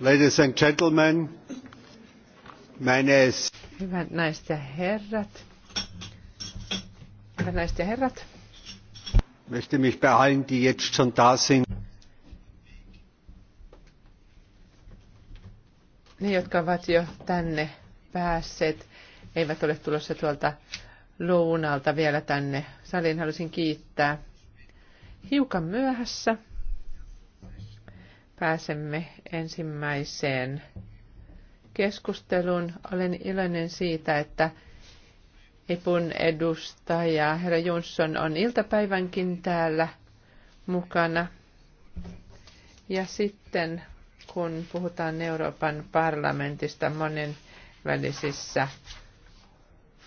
Ladies and gentlemen, meine... Hyvät naiset ja herrat. Hyvät naiset ja herrat. Möchte mich bei allen, die jetzt schon da sind. Ne, jotka ovat jo tänne päässeet, eivät ole tulossa tuolta lounalta vielä tänne saliin. Halusin kiittää hiukan myöhässä. Pääsemme ensimmäiseen keskusteluun. Olen iloinen siitä, että EPUn edustaja herra Jonsson on iltapäivänkin täällä mukana. Ja sitten kun puhutaan Euroopan parlamentista monen välisissä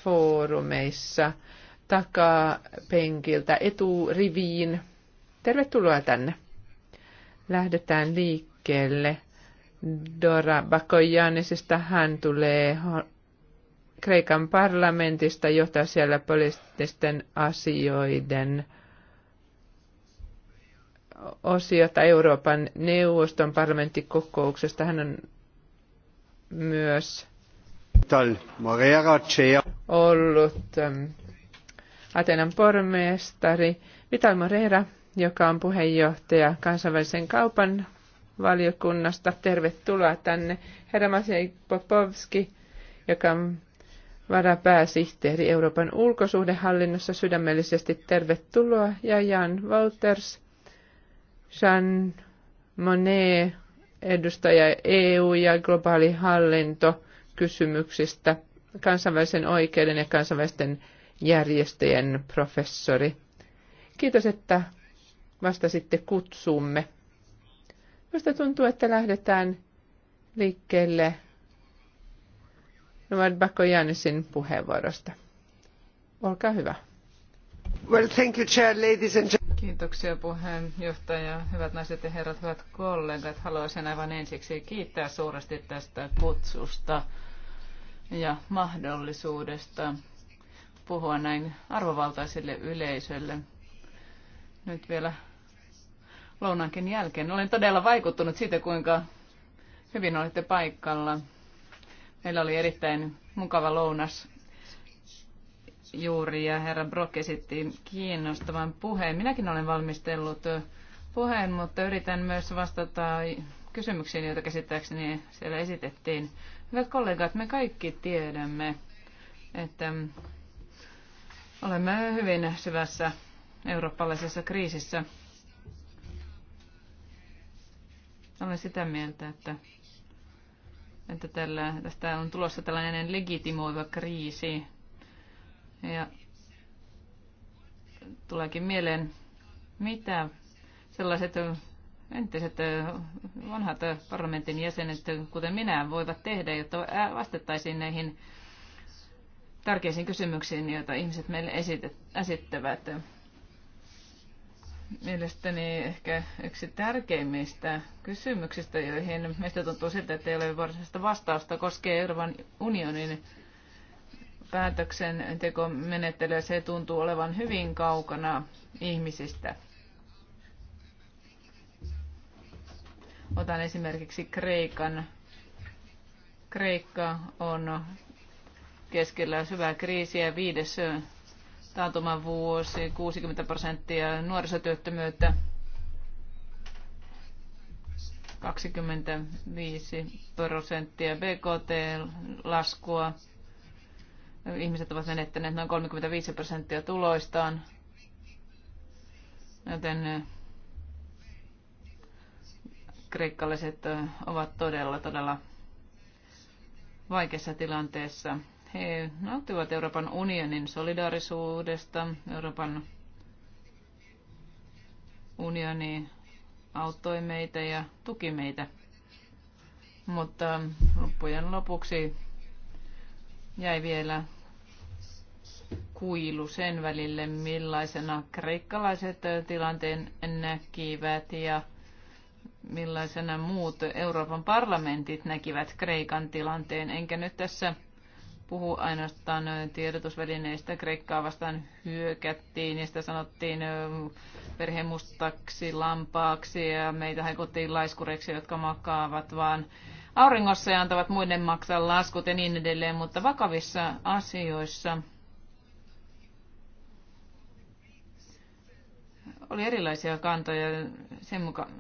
foorumeissa takapenkiltä eturiviin. Tervetuloa tänne. Lähdetään liikkeelle Dora Bakoyanisista Hän tulee Kreikan parlamentista, johtaa siellä poliittisten asioiden osiota Euroopan neuvoston parlamenttikokouksesta. Hän on myös ollut ähm, Atenan pormestari Vital Moreira, joka on puheenjohtaja kansainvälisen kaupan valiokunnasta. Tervetuloa tänne. Herra Masiej Popovski, joka on varapääsihteeri Euroopan ulkosuhdehallinnossa sydämellisesti tervetuloa. Ja Jan Walters, Jean Monet, edustaja EU ja globaali hallinto kysymyksistä kansainvälisen oikeuden ja kansainvälisten järjestöjen professori. Kiitos, että vastasitte kutsumme. Minusta tuntuu, että lähdetään liikkeelle Novad Bakojanisin puheenvuorosta. Olkaa hyvä. Well, thank you, chair, ladies and gentlemen. Kiitoksia puheenjohtaja. Hyvät naiset ja herrat, hyvät kollegat. Haluaisin aivan ensiksi kiittää suuresti tästä kutsusta ja mahdollisuudesta puhua näin arvovaltaiselle yleisölle. Nyt vielä lounankin jälkeen. Olen todella vaikuttunut siitä, kuinka hyvin olette paikalla. Meillä oli erittäin mukava lounas juuri ja herra Brock esitti kiinnostavan puheen. Minäkin olen valmistellut puheen, mutta yritän myös vastata kysymyksiin, joita käsittääkseni siellä esitettiin. Hyvät kollegat, me kaikki tiedämme, että olemme hyvin syvässä eurooppalaisessa kriisissä. Olen sitä mieltä, että, että tällä, tästä on tulossa tällainen legitimoiva kriisi. Ja tuleekin mieleen, mitä sellaiset entiset vanhat parlamentin jäsenet, kuten minä, voivat tehdä, jotta vastettaisiin näihin tärkeisiin kysymyksiin, joita ihmiset meille esittävät. Mielestäni ehkä yksi tärkeimmistä kysymyksistä, joihin meistä tuntuu siltä, että ei ole varsinaista vastausta, koskee Euroopan unionin päätöksentekomenettelyä. Se tuntuu olevan hyvin kaukana ihmisistä. Otan esimerkiksi Kreikan. Kreikka on keskellä syvää kriisiä viides taantuman vuosi, 60 prosenttia nuorisotyöttömyyttä, 25 prosenttia BKT-laskua. Ihmiset ovat menettäneet noin 35 prosenttia tuloistaan, joten kreikkalaiset ovat todella, todella vaikeassa tilanteessa. He nauttivat Euroopan unionin solidaarisuudesta. Euroopan unioni auttoi meitä ja tuki meitä. Mutta loppujen lopuksi jäi vielä kuilu sen välille, millaisena kreikkalaiset tilanteen näkivät ja millaisena muut Euroopan parlamentit näkivät Kreikan tilanteen. Enkä nyt tässä puhu ainoastaan tiedotusvälineistä. Kreikkaa vastaan hyökättiin ja sitä sanottiin perhemustaksi, lampaaksi ja meitä haikuttiin laiskureiksi, jotka makaavat vaan auringossa ja antavat muiden maksaa laskut ja niin edelleen, mutta vakavissa asioissa oli erilaisia kantoja sen mukaan,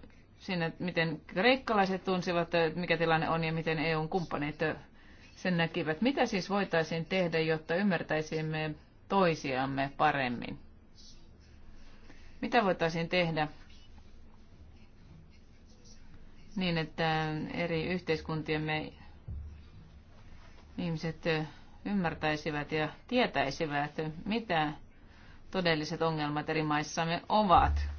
siinä, miten kreikkalaiset tunsivat, mikä tilanne on ja miten EUn kumppanit sen näkivät. Mitä siis voitaisiin tehdä, jotta ymmärtäisimme toisiamme paremmin? Mitä voitaisiin tehdä niin, että eri yhteiskuntiemme ihmiset ymmärtäisivät ja tietäisivät, mitä todelliset ongelmat eri maissamme ovat?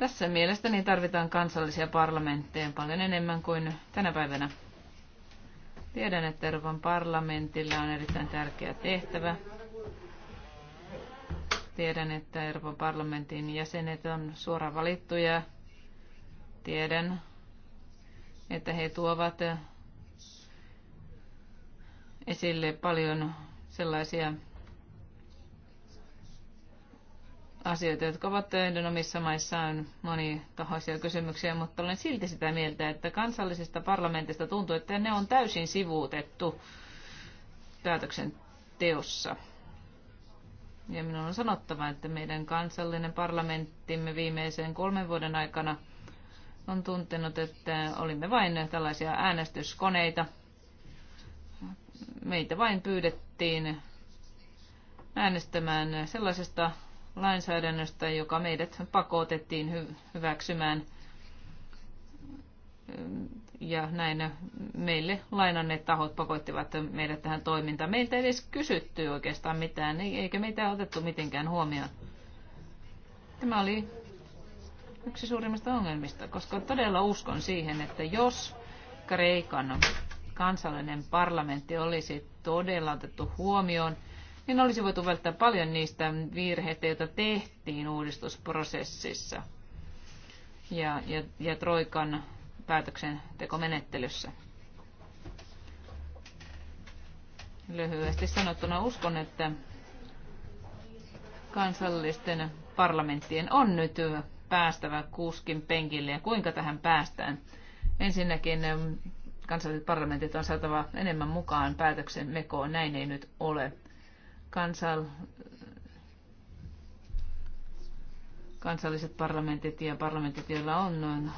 Tässä mielestäni tarvitaan kansallisia parlamentteja paljon enemmän kuin tänä päivänä. Tiedän, että Euroopan parlamentilla on erittäin tärkeä tehtävä. Tiedän, että Euroopan parlamentin jäsenet on suoraan valittuja. Tiedän, että he tuovat esille paljon sellaisia asioita, jotka ovat töiden omissa on monitahoisia kysymyksiä, mutta olen silti sitä mieltä, että kansallisesta parlamentista tuntuu, että ne on täysin sivuutettu päätöksenteossa. Ja minun on sanottava, että meidän kansallinen parlamenttimme viimeisen kolmen vuoden aikana on tuntenut, että olimme vain tällaisia äänestyskoneita. Meitä vain pyydettiin äänestämään sellaisesta lainsäädännöstä, joka meidät pakotettiin hyväksymään. Ja näin meille lainanneet tahot pakottivat meidät tähän toimintaan. Meiltä ei edes kysytty oikeastaan mitään, eikä meitä otettu mitenkään huomioon. Tämä oli yksi suurimmista ongelmista, koska todella uskon siihen, että jos Kreikan kansallinen parlamentti olisi todella otettu huomioon – niin olisi voitu välttää paljon niistä virheitä joita tehtiin uudistusprosessissa ja, ja, ja Troikan päätöksentekomenettelyssä. Lyhyesti sanottuna uskon, että kansallisten parlamenttien on nyt päästävä kuskin penkille ja kuinka tähän päästään. Ensinnäkin eh, kansalliset parlamentit on saatava enemmän mukaan päätöksen mekoon Näin ei nyt ole kansal, kansalliset parlamentit ja parlamentit, joilla on,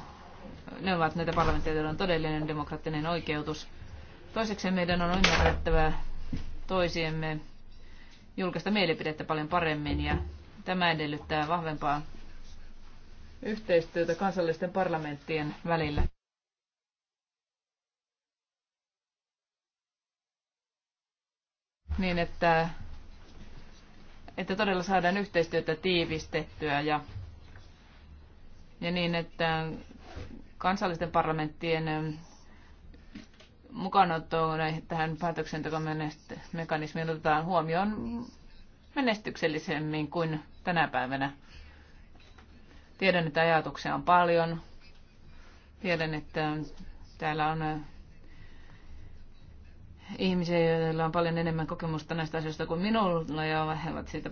ne ovat näitä parlamentteja, joilla on todellinen demokraattinen oikeutus. Toiseksi meidän on ymmärrettävä toisiemme julkista mielipidettä paljon paremmin ja tämä edellyttää vahvempaa yhteistyötä kansallisten parlamenttien välillä. Niin, että että todella saadaan yhteistyötä tiivistettyä ja, ja niin, että kansallisten parlamenttien ähm, mukanotto tähän päätöksentekomekanismiin otetaan huomioon menestyksellisemmin kuin tänä päivänä. Tiedän, että ajatuksia on paljon. Tiedän, että täällä on ihmisiä, joilla on paljon enemmän kokemusta näistä asioista kuin minulla ja he ovat siitä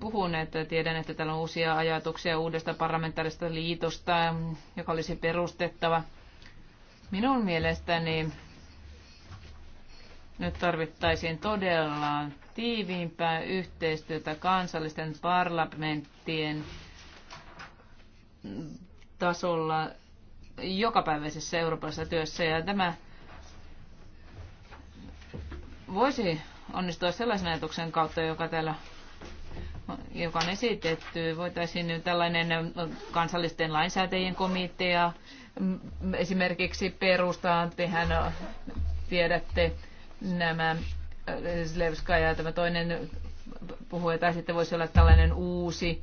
puhuneet. Tiedän, että täällä on uusia ajatuksia uudesta parlamentaarista liitosta, joka olisi perustettava. Minun mielestäni nyt tarvittaisiin todella tiiviimpää yhteistyötä kansallisten parlamenttien tasolla jokapäiväisessä eurooppalaisessa työssä. Ja tämä voisi onnistua sellaisen ajatuksen kautta, joka täällä joka on esitetty, voitaisiin tällainen kansallisten lainsäätäjien komitea mm, esimerkiksi perustaa, tehän tiedätte nämä Slevska äh, ja tämä toinen puhuja, tai sitten voisi olla tällainen uusi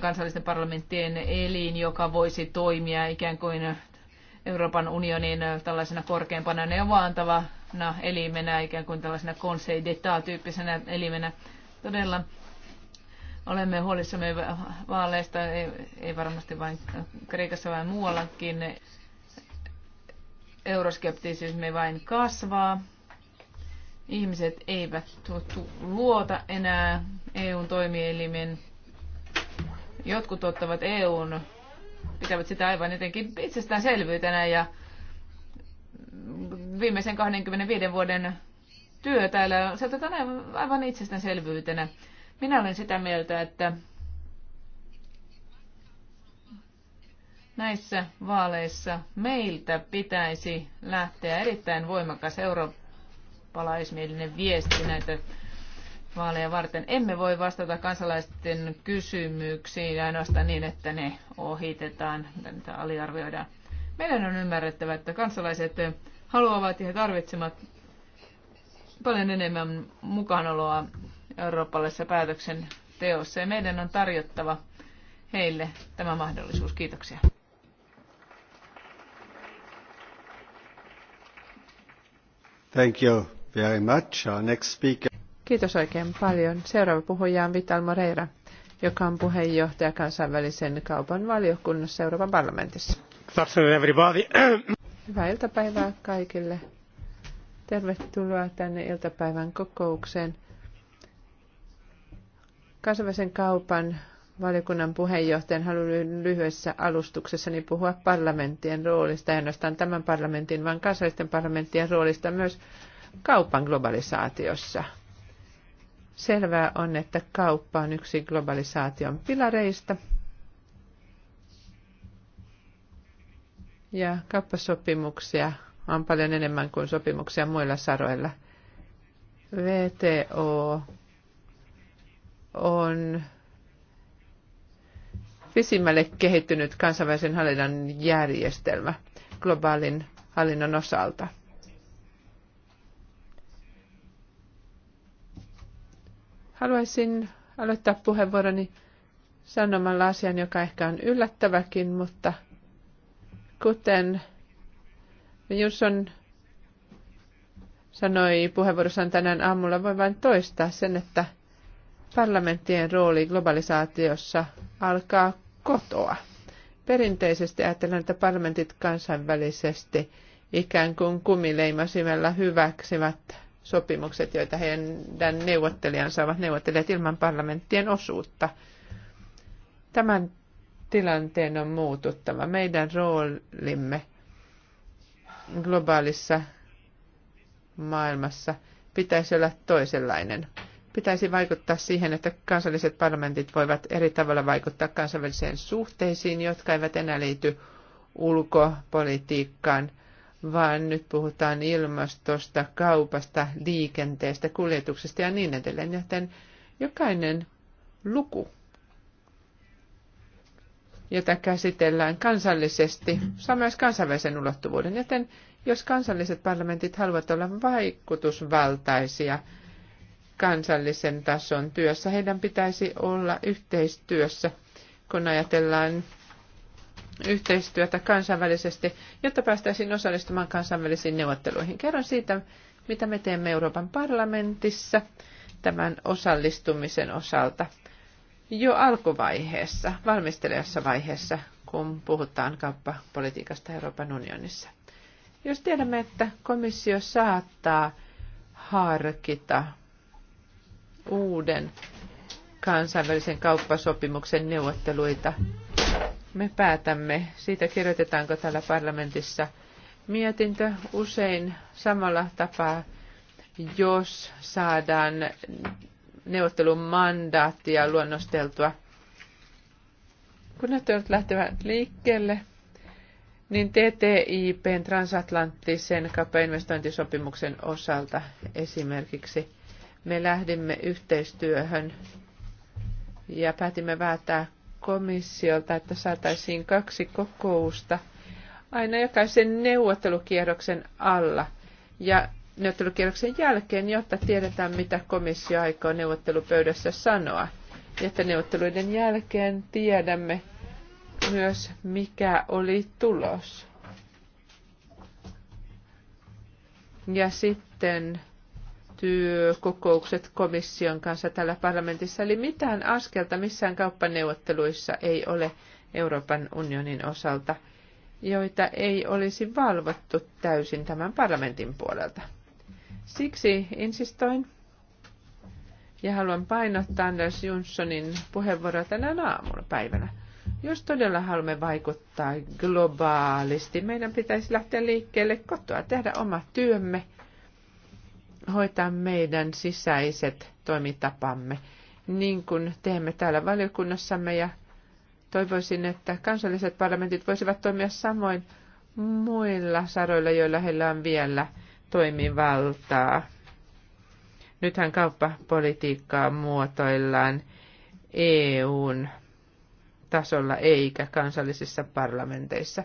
kansallisten parlamenttien elin, joka voisi toimia ikään kuin Euroopan unionin äh, tällaisena korkeimpana neuvoantava No, elimenä, ikään kuin tällaisena conseil d'etat-tyyppisenä elimenä. Todella olemme huolissamme vaaleista, ei, ei varmasti vain Kreikassa, vaan muuallakin. Euroskeptisismi vain kasvaa. Ihmiset eivät luota enää EUn toimielimen. Jotkut ottavat EUn, pitävät sitä aivan jotenkin itsestäänselvyytenä ja viimeisen 25 vuoden työ täällä. Se otetaan aivan itsestäänselvyytenä. Minä olen sitä mieltä, että näissä vaaleissa meiltä pitäisi lähteä erittäin voimakas eurooppalaismielinen viesti näitä vaaleja varten. Emme voi vastata kansalaisten kysymyksiin ainoastaan niin, että ne ohitetaan, niitä aliarvioidaan. Meidän on ymmärrettävä, että kansalaiset haluavat ja he tarvitsevat paljon enemmän mukanaoloa eurooppalaisessa päätöksenteossa ja meidän on tarjottava heille tämä mahdollisuus. Kiitoksia. Thank you very much. Our next speaker. Kiitos oikein paljon. Seuraava puhuja on Vital Moreira, joka on puheenjohtaja kansainvälisen kaupan valiokunnassa Euroopan parlamentissa. Good everybody. Hyvää iltapäivää kaikille. Tervetuloa tänne iltapäivän kokoukseen. Kansainvälisen kaupan valiokunnan puheenjohtajan haluan lyhyessä alustuksessani puhua parlamenttien roolista, ja nostan tämän parlamentin, vaan kansallisten parlamenttien roolista myös kaupan globalisaatiossa. Selvää on, että kauppa on yksi globalisaation pilareista – Ja kappasopimuksia on paljon enemmän kuin sopimuksia muilla saroilla. VTO on pisimmälle kehittynyt kansainvälisen hallinnan järjestelmä globaalin hallinnon osalta. Haluaisin aloittaa puheenvuoroni sanomalla asian, joka ehkä on yllättäväkin, mutta – Kuten Jusson sanoi puheenvuorossaan tänään aamulla, voin vain toistaa sen, että parlamenttien rooli globalisaatiossa alkaa kotoa. Perinteisesti ajatellaan, että parlamentit kansainvälisesti ikään kuin kumileimasimella hyväksivät sopimukset, joita heidän neuvottelijansa ovat neuvottelijat ilman parlamenttien osuutta. Tämän tilanteen on muututtava. Meidän roolimme globaalissa maailmassa pitäisi olla toisenlainen. Pitäisi vaikuttaa siihen, että kansalliset parlamentit voivat eri tavalla vaikuttaa kansainvälisiin suhteisiin, jotka eivät enää liity ulkopolitiikkaan, vaan nyt puhutaan ilmastosta, kaupasta, liikenteestä, kuljetuksesta ja niin edelleen. Joten jokainen luku jota käsitellään kansallisesti, saa myös kansainvälisen ulottuvuuden. Joten jos kansalliset parlamentit haluavat olla vaikutusvaltaisia kansallisen tason työssä, heidän pitäisi olla yhteistyössä, kun ajatellaan yhteistyötä kansainvälisesti, jotta päästäisiin osallistumaan kansainvälisiin neuvotteluihin. Kerron siitä, mitä me teemme Euroopan parlamentissa tämän osallistumisen osalta – jo alkuvaiheessa, valmistelevassa vaiheessa, kun puhutaan kauppapolitiikasta Euroopan unionissa. Jos tiedämme, että komissio saattaa harkita uuden kansainvälisen kauppasopimuksen neuvotteluita, me päätämme siitä, kirjoitetaanko täällä parlamentissa mietintö usein samalla tapaa, jos saadaan neuvottelun mandaattia luonnosteltua. Kun neuvottelut lähtevät liikkeelle, niin TTIPn transatlanttisen kapeinvestointisopimuksen osalta esimerkiksi me lähdimme yhteistyöhön ja päätimme väätää komissiolta, että saataisiin kaksi kokousta aina jokaisen neuvottelukierroksen alla. Ja neuvottelukierroksen jälkeen, jotta tiedetään, mitä komissio aikoo neuvottelupöydässä sanoa. Ja että neuvotteluiden jälkeen tiedämme myös, mikä oli tulos. Ja sitten työkokoukset komission kanssa täällä parlamentissa. Eli mitään askelta missään kauppaneuvotteluissa ei ole Euroopan unionin osalta, joita ei olisi valvottu täysin tämän parlamentin puolelta. Siksi insistoin ja haluan painottaa Anders Jonssonin puheenvuoroa tänään aamulla päivänä. Jos todella haluamme vaikuttaa globaalisti, meidän pitäisi lähteä liikkeelle kotoa, tehdä oma työmme, hoitaa meidän sisäiset toimintapamme, niin kuin teemme täällä valiokunnassamme ja toivoisin, että kansalliset parlamentit voisivat toimia samoin muilla saroilla, joilla heillä on vielä – toimivaltaa. Nythän kauppapolitiikkaa muotoillaan EUn tasolla eikä kansallisissa parlamenteissa.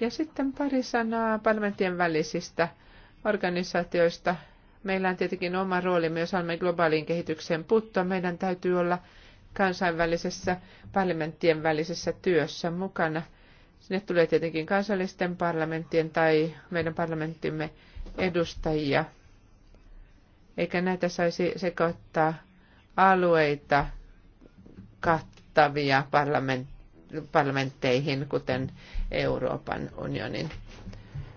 Ja sitten pari sanaa parlamenttien välisistä organisaatioista. Meillä on tietenkin oma rooli, myös haluamme globaaliin kehitykseen puuttua. Meidän täytyy olla kansainvälisessä parlamenttien välisessä työssä mukana. Sinne tulee tietenkin kansallisten parlamenttien tai meidän parlamenttimme edustajia, eikä näitä saisi sekoittaa alueita kattavia parlamentteihin, kuten Euroopan unionin.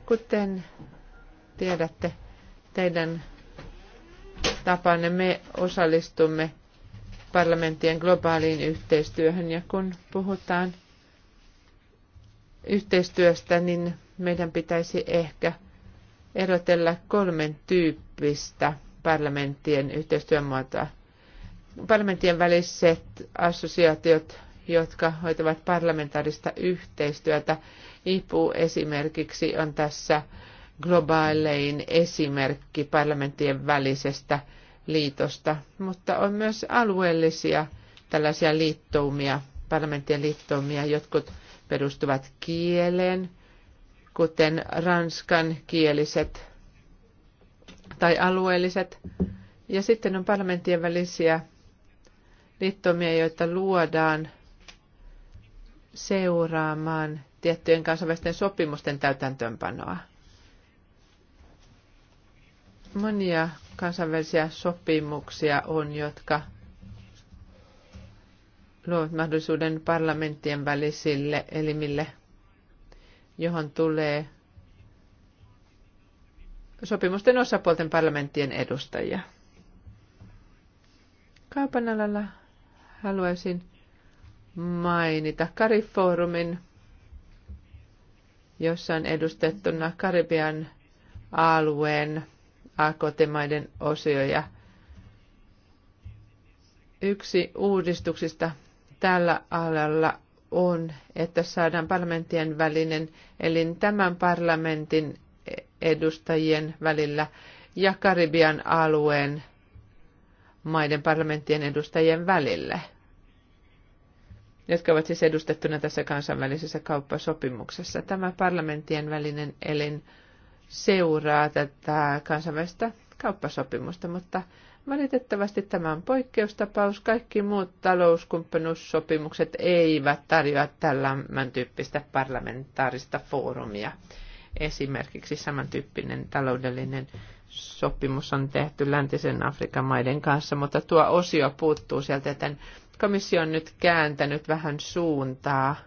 Kuten tiedätte, teidän tapanne me osallistumme parlamenttien globaaliin yhteistyöhön ja kun puhutaan yhteistyöstä, niin meidän pitäisi ehkä – erotella kolmen tyyppistä parlamenttien yhteistyömuotoa. Parlamenttien väliset assosiaatiot, jotka hoitavat parlamentaarista yhteistyötä. IPU esimerkiksi on tässä globaalein esimerkki parlamenttien välisestä liitosta, mutta on myös alueellisia tällaisia liittoumia, parlamenttien liittoumia. Jotkut perustuvat kieleen, kuten ranskan kieliset tai alueelliset. Ja sitten on parlamenttien välisiä liittomia, joita luodaan seuraamaan tiettyjen kansainvälisten sopimusten täytäntöönpanoa. Monia kansainvälisiä sopimuksia on, jotka luovat mahdollisuuden parlamenttien välisille elimille – johon tulee sopimusten osapuolten parlamenttien edustajia. Kaupan alalla haluaisin mainita Karifoorumin, jossa on edustettuna Karibian alueen AKT-maiden osioja. Yksi uudistuksista tällä alalla on, että saadaan parlamenttien välinen, eli tämän parlamentin edustajien välillä ja Karibian alueen maiden parlamenttien edustajien välille, jotka ovat siis edustettuna tässä kansainvälisessä kauppasopimuksessa. Tämä parlamenttien välinen elin seuraa tätä kansainvälistä kauppasopimusta, mutta Valitettavasti tämä on poikkeustapaus. Kaikki muut talouskumppanuussopimukset eivät tarjoa tämän tyyppistä parlamentaarista foorumia. Esimerkiksi samantyyppinen taloudellinen sopimus on tehty läntisen Afrikan maiden kanssa, mutta tuo osio puuttuu sieltä, joten komissio on nyt kääntänyt vähän suuntaa –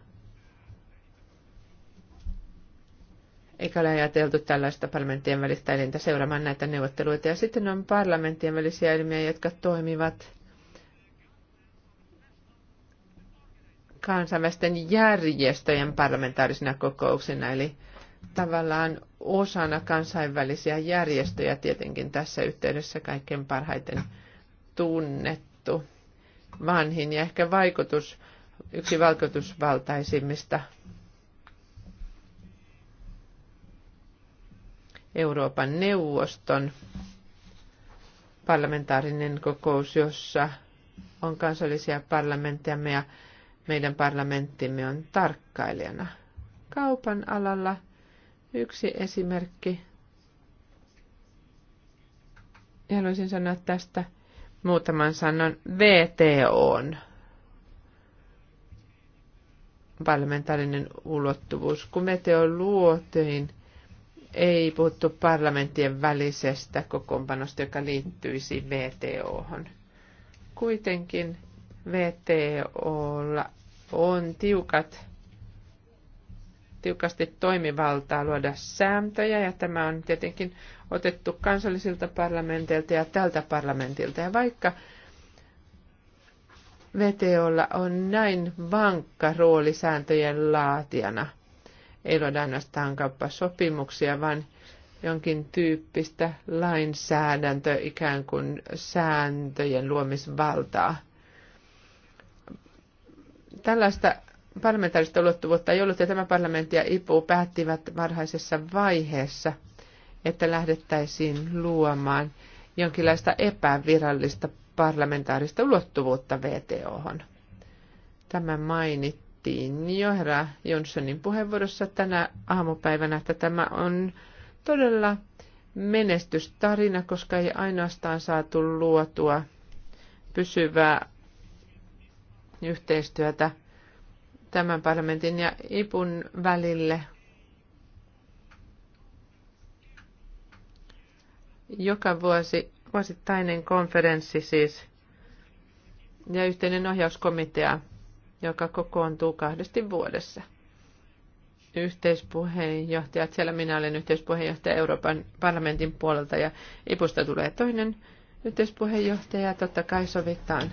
eikä ole ajateltu tällaista parlamenttien välistä elintä seuraamaan näitä neuvotteluita. Ja sitten on parlamenttien välisiä elimiä, jotka toimivat kansainvälisten järjestöjen parlamentaarisina kokouksina, eli tavallaan osana kansainvälisiä järjestöjä tietenkin tässä yhteydessä kaikkein parhaiten tunnettu vanhin ja ehkä vaikutus, yksi vaikutusvaltaisimmista Euroopan neuvoston parlamentaarinen kokous, jossa on kansallisia parlamentteja ja meidän parlamenttimme on tarkkailijana. Kaupan alalla yksi esimerkki. Ja haluaisin sanoa tästä muutaman sanan VTOn parlamentaarinen ulottuvuus. Kun VTO luotiin ei puhuttu parlamenttien välisestä kokoonpanosta, joka liittyisi VTOhon. Kuitenkin VTOlla on tiukat, tiukasti toimivaltaa luoda sääntöjä ja tämä on tietenkin otettu kansallisilta parlamenteilta ja tältä parlamentilta. Ja vaikka VTOlla on näin vankka rooli sääntöjen laatijana – ei luoda ainoastaan kauppasopimuksia, vaan jonkin tyyppistä lainsäädäntö, ikään kuin sääntöjen luomisvaltaa. Tällaista parlamentaarista ulottuvuutta ei ollut, ja tämä parlamentti ja IPU päättivät varhaisessa vaiheessa, että lähdettäisiin luomaan jonkinlaista epävirallista parlamentaarista ulottuvuutta VTOhon. Tämä mainit sanottiin jo herra Jonssonin puheenvuorossa tänä aamupäivänä, että tämä on todella menestystarina, koska ei ainoastaan saatu luotua pysyvää yhteistyötä tämän parlamentin ja IPUn välille, joka vuosi vuosittainen konferenssi siis ja yhteinen ohjauskomitea joka kokoontuu kahdesti vuodessa. Yhteispuheenjohtajat, siellä minä olen yhteispuheenjohtaja Euroopan parlamentin puolelta ja IPUsta tulee toinen yhteispuheenjohtaja totta kai sovitaan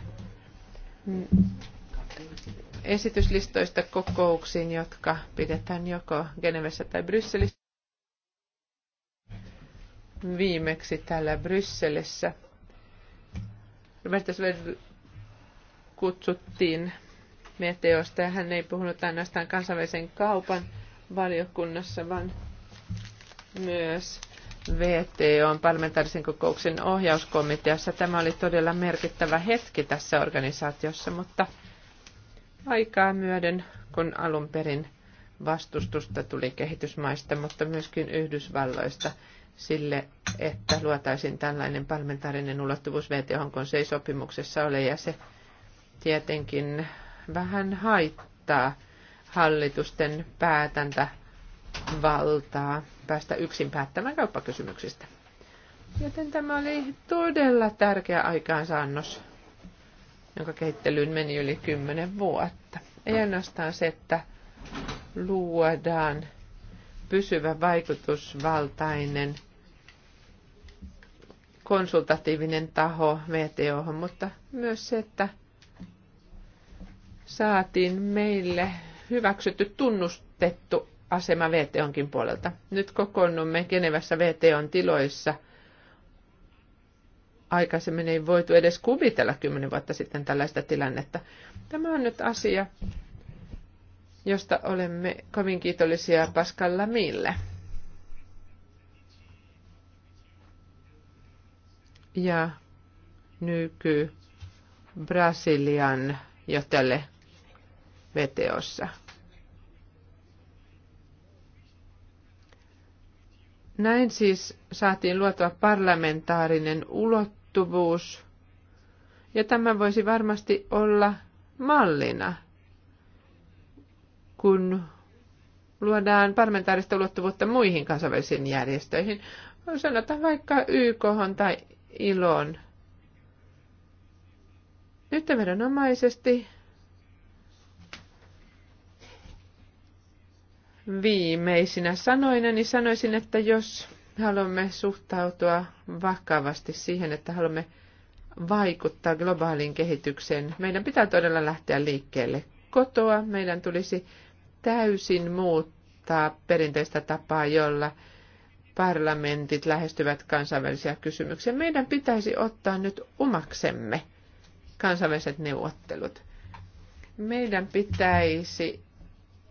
esityslistoista kokouksiin, jotka pidetään joko Genevessä tai Brysselissä. Viimeksi täällä Brysselissä. Robertas kutsuttiin ja Hän ei puhunut ainoastaan kansainvälisen kaupan valiokunnassa, vaan myös VTOn parlamentaarisen kokouksen ohjauskomiteassa. Tämä oli todella merkittävä hetki tässä organisaatiossa, mutta aikaa myöden, kun alun perin vastustusta tuli kehitysmaista, mutta myöskin Yhdysvalloista sille, että luotaisiin tällainen parlamentaarinen ulottuvuus VTOhon, kun se ei sopimuksessa ole, ja se tietenkin vähän haittaa hallitusten päätäntä valtaa päästä yksin päättämään kauppakysymyksistä. Joten tämä oli todella tärkeä aikaansaannos, jonka kehittelyyn meni yli kymmenen vuotta. Ei mm. ainoastaan se, että luodaan pysyvä vaikutusvaltainen konsultatiivinen taho VTO, mutta myös se, että saatiin meille hyväksytty tunnustettu asema VTOnkin puolelta. Nyt kokoonnumme Genevässä VTOn tiloissa. Aikaisemmin ei voitu edes kuvitella kymmenen vuotta sitten tällaista tilannetta. Tämä on nyt asia, josta olemme kovin kiitollisia Paskalla Mille. Ja nyky Brasilian johtajalle Veteossa. Näin siis saatiin luotua parlamentaarinen ulottuvuus, ja tämä voisi varmasti olla mallina, kun luodaan parlamentaarista ulottuvuutta muihin kansainvälisiin järjestöihin, sanotaan vaikka YK tai ILOon. omaisesti. viimeisinä sanoina, niin sanoisin, että jos haluamme suhtautua vakavasti siihen, että haluamme vaikuttaa globaaliin kehitykseen, meidän pitää todella lähteä liikkeelle kotoa. Meidän tulisi täysin muuttaa perinteistä tapaa, jolla parlamentit lähestyvät kansainvälisiä kysymyksiä. Meidän pitäisi ottaa nyt omaksemme kansainväliset neuvottelut. Meidän pitäisi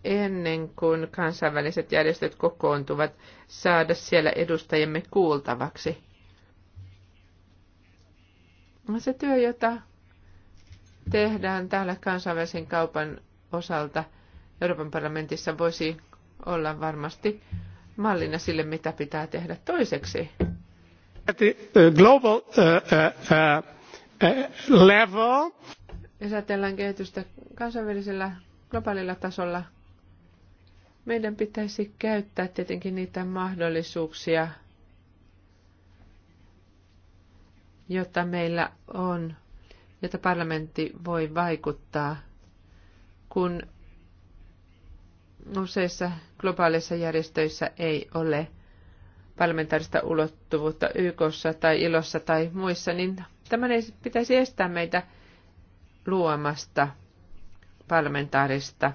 ennen kuin kansainväliset järjestöt kokoontuvat, saada siellä edustajemme kuultavaksi. Se työ, jota tehdään täällä kansainvälisen kaupan osalta Euroopan parlamentissa, voisi olla varmasti mallina sille, mitä pitää tehdä toiseksi. Uh, global, uh, uh, uh, uh, level. Jos ajatellaan kehitystä kansainvälisellä globaalilla tasolla – meidän pitäisi käyttää tietenkin niitä mahdollisuuksia, jota meillä on, jota parlamentti voi vaikuttaa, kun useissa globaaleissa järjestöissä ei ole parlamentaarista ulottuvuutta YKssa tai ILOssa tai muissa, niin tämän ei pitäisi estää meitä luomasta parlamentaarista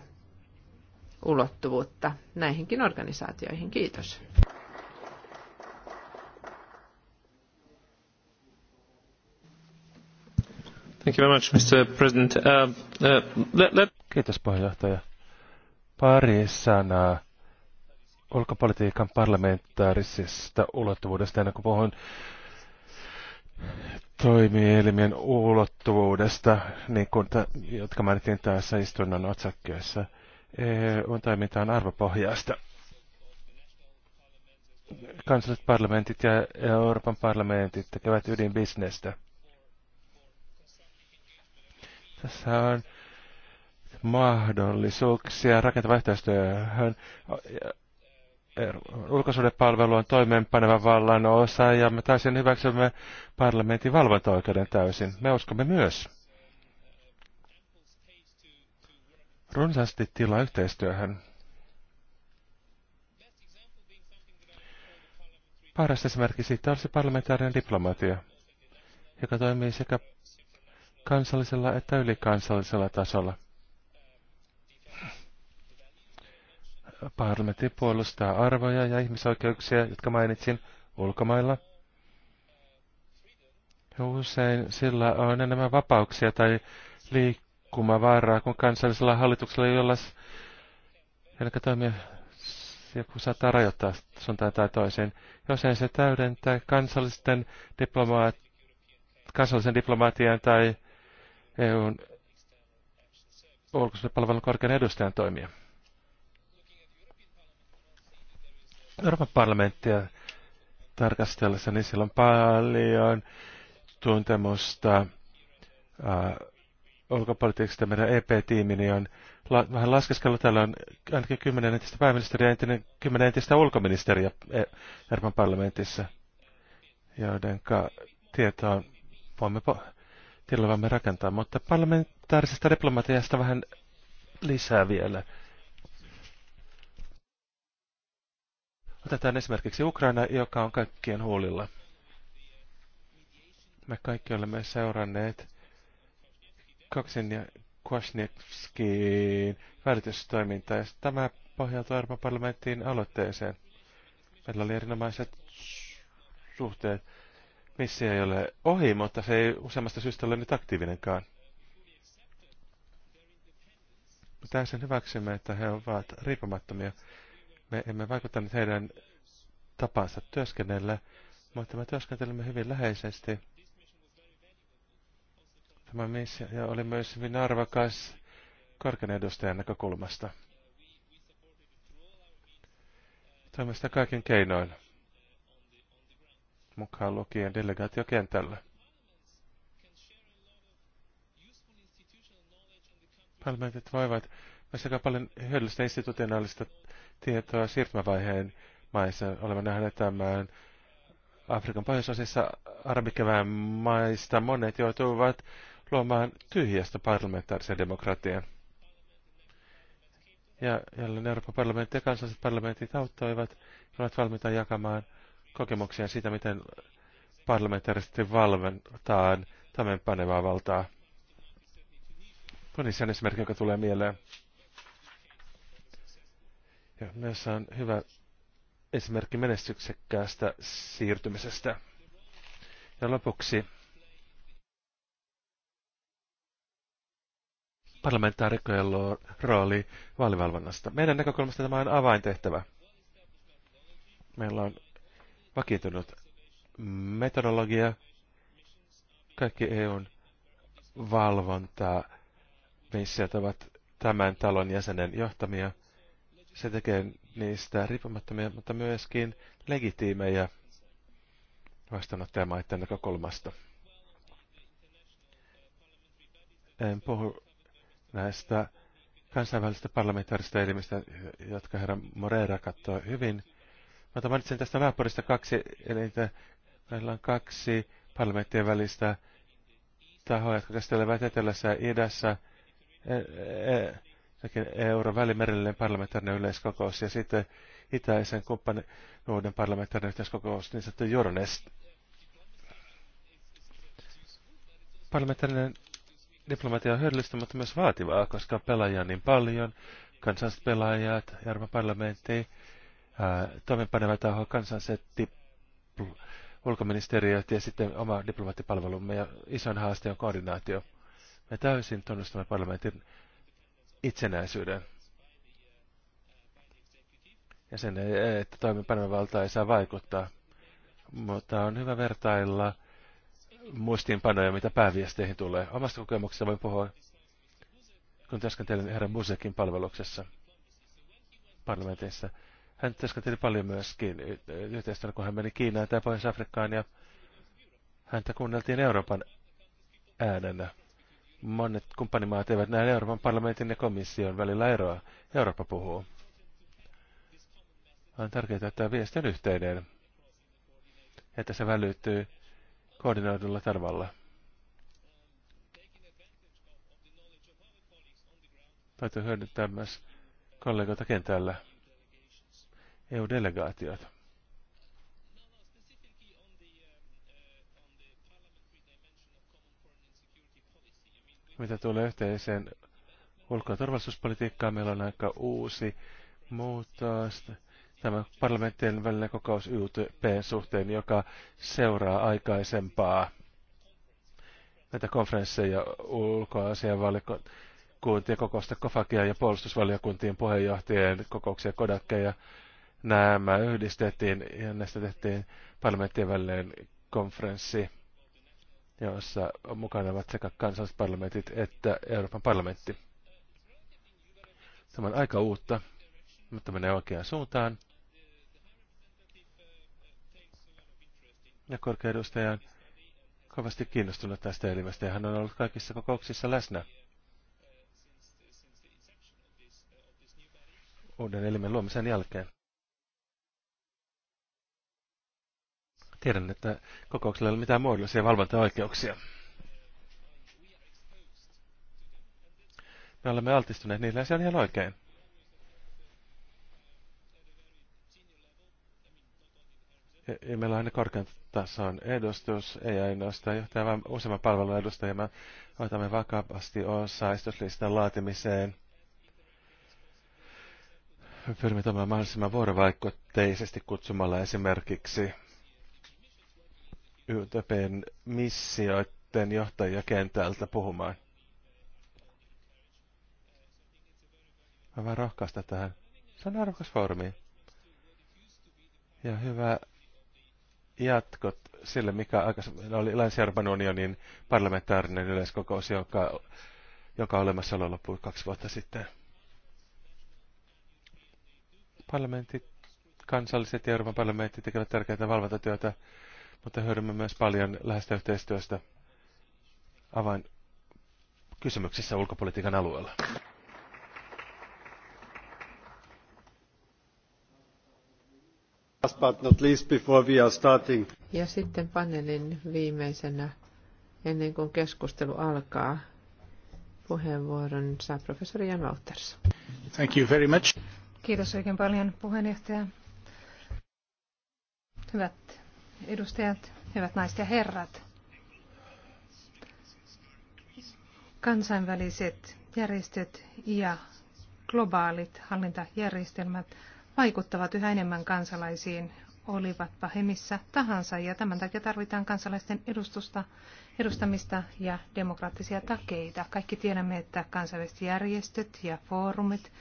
ulottuvuutta näihinkin organisaatioihin. Kiitos. Thank you very much, Mr. President. Uh, uh, let, let... Kiitos puheenjohtaja. Pari sanaa ulkopolitiikan parlamentaarisesta ulottuvuudesta ennen kuin puhun toimielimien ulottuvuudesta, niin kuin ta, jotka mainittiin tässä istunnon otsakkeessa. E on toimintaan on arvopohjaista. Kansalliset parlamentit ja Euroopan parlamentit tekevät ydinbisnestä. Tässä on mahdollisuuksia rakentavaan yhteistyöhön. Ulkosuudepalvelu on toimeenpaneva vallan osa ja me täysin hyväksymme parlamentin valvontaoikeuden täysin. Me uskomme myös runsaasti tilaa yhteistyöhön. Paras esimerkki siitä olisi parlamentaarinen diplomatia, joka toimii sekä kansallisella että ylikansallisella tasolla. Parlamentti puolustaa arvoja ja ihmisoikeuksia, jotka mainitsin ulkomailla. Ja usein sillä on enemmän vapauksia tai liik liikkumaa vaaraa kuin kansallisella hallituksella, jolla jotka toimia joku saattaa rajoittaa suuntaan tai toiseen. Jos ei se täydentää kansallisten diplomaat, kansallisen diplomaatian tai EUn palvelun korkean edustajan toimia. Euroopan parlamenttia tarkastellessa, niin siellä on paljon tuntemusta äh, ulkopolitiikasta meidän ep niin on la, vähän laskeskellut. Täällä on ainakin kymmenen entistä pääministeriä ja entinen, kymmenen entistä ulkoministeriä e-, Euroopan parlamentissa, joiden tietoa voimme tilavamme rakentaa. Mutta parlamentaarisesta diplomatiasta vähän lisää vielä. Otetaan esimerkiksi Ukraina, joka on kaikkien huulilla. Me kaikki olemme seuranneet Kaksin ja Kwasniewskiin välitystoimintaan. ja tämä pohjautui Euroopan parlamenttiin aloitteeseen. Meillä oli erinomaiset suhteet. missä ei ole ohi, mutta se ei useammasta syystä ole nyt aktiivinenkaan. Me täysin hyväksymme, että he ovat riippumattomia. Me emme vaikuttaneet heidän tapansa työskennellä, mutta me työskentelemme hyvin läheisesti – Tämä missio oli myös hyvin arvokas korkean edustajan näkökulmasta. Toimista kaiken keinoin, mukaan lukien delegaatiokentällä. Parlamentit voivat myös aika paljon hyödyllistä institutionaalista tietoa siirtymävaiheen maissa. Olemme nähneet tämän Afrikan pohjoisosissa arabikevään maista. Monet joutuvat luomaan tyhjästä parlamentaarisen demokratian. Ja jälleen Euroopan parlamentti ja kansalliset parlamentit auttoivat ja ovat valmiita jakamaan kokemuksia siitä, miten parlamentaarisesti valventaan panevaa valtaa. Tunisian esimerkki, joka tulee mieleen. Ja myös on hyvä esimerkki menestyksekkäästä siirtymisestä. Ja lopuksi parlamentaarikkojen rooli vaalivalvonnasta. Meidän näkökulmasta tämä on avaintehtävä. Meillä on vakiintunut metodologia, kaikki EUn valvontaa, missiot ovat tämän talon jäsenen johtamia. Se tekee niistä riippumattomia, mutta myöskin legitiimejä vastaanottajamaiden näkökulmasta. En puhu näistä kansainvälistä parlamentaarista elimistä, jotka herra Moreira katsoo hyvin. Mutta mainitsen tästä naapurista kaksi elintä. Meillä on kaksi parlamenttien välistä tahoa, jotka käsittelevät etelässä ja idässä. E e, e- Euro välimerellinen parlamentaarinen yleiskokous ja sitten itäisen kumppanuuden parlamentaarinen yhteiskokous, niin sanottu Euronest. Parlamentaarinen diplomatia on hyödyllistä, mutta myös vaativaa, koska pelaajia on niin paljon, kansalliset pelaajat, Jarmo parlamentti, toimenpaneva taho, kansalliset ulkoministeriöt ja sitten oma diplomaattipalvelumme ja isoin haaste on koordinaatio. Me täysin tunnustamme parlamentin itsenäisyyden. Ja sen, että toimenpanevalta ei saa vaikuttaa. Mutta on hyvä vertailla muistiinpanoja, mitä pääviesteihin tulee. Omasta kokemuksesta voin puhua, kun työskentelin herran Musekin palveluksessa parlamentissa. Hän työskenteli paljon myöskin yhteistyöllä, kun hän meni Kiinaan tai Pohjois-Afrikkaan ja häntä kuunneltiin Euroopan äänenä. Monet kumppanimaat eivät näe Euroopan parlamentin ja komission välillä eroa. Eurooppa puhuu. On tärkeää, että tämä viesti on yhteinen, että se välyttyy koordinoidulla tarvalla. Taito hyödyntää myös kollegoita kentällä. EU-delegaatiot. Mitä tulee yhteiseen ulko- ja turvallisuuspolitiikkaan, meillä on aika uusi muutos tämä parlamenttien välinen kokous YTPn suhteen, joka seuraa aikaisempaa näitä konferensseja ulkoasianvaliokuntien kokousta Kofakia ja puolustusvaliokuntien puheenjohtajien kokouksia Kodakkeja. Nämä yhdistettiin ja näistä tehtiin parlamenttien välinen konferenssi, jossa mukana ovat sekä kansalliset parlamentit että Euroopan parlamentti. Tämä on aika uutta, mutta menee oikeaan suuntaan. ja korkeudustaja on kovasti kiinnostunut tästä elimestä ja hän on ollut kaikissa kokouksissa läsnä. Uuden elimen luomisen jälkeen. Tiedän, että kokouksella ei ole mitään muodollisia valvontaoikeuksia. Me olemme altistuneet niille ja se on ihan oikein. Ja, meillä on aina korkean tason edustus, ei ainoastaan johtaja, vaan useamman palvelun edustaja. Me otamme vakavasti osaa istuslistan laatimiseen. Pyrimme toimimaan mahdollisimman vuorovaikutteisesti kutsumalla esimerkiksi YTPn missioiden johtajia kentältä puhumaan. Mä vaan rohkaista tähän. Se on arvokas foorumi. Ja hyvä jatkot sille, mikä aikaisemmin oli länsi arban unionin parlamentaarinen yleiskokous, joka jonka olemassaolo loppui kaksi vuotta sitten. Parlamentit, kansalliset ja Euroopan parlamentti tekevät tärkeää valvontatyötä, mutta hyödymme myös paljon lähestä yhteistyöstä avain kysymyksissä ulkopolitiikan alueella. but not least before we are starting. Ja sitten panelin viimeisenä, ennen kuin keskustelu alkaa, puheenvuoron saa professori Jan Wouters. Thank you very much. Kiitos oikein paljon puheenjohtaja. Hyvät edustajat, hyvät naiset ja herrat. Kansainväliset järjestöt ja globaalit hallintajärjestelmät – vaikuttavat yhä enemmän kansalaisiin, olivatpa he missä tahansa, ja tämän takia tarvitaan kansalaisten edustusta, edustamista ja demokraattisia takeita. Kaikki tiedämme, että kansainväliset järjestöt ja foorumit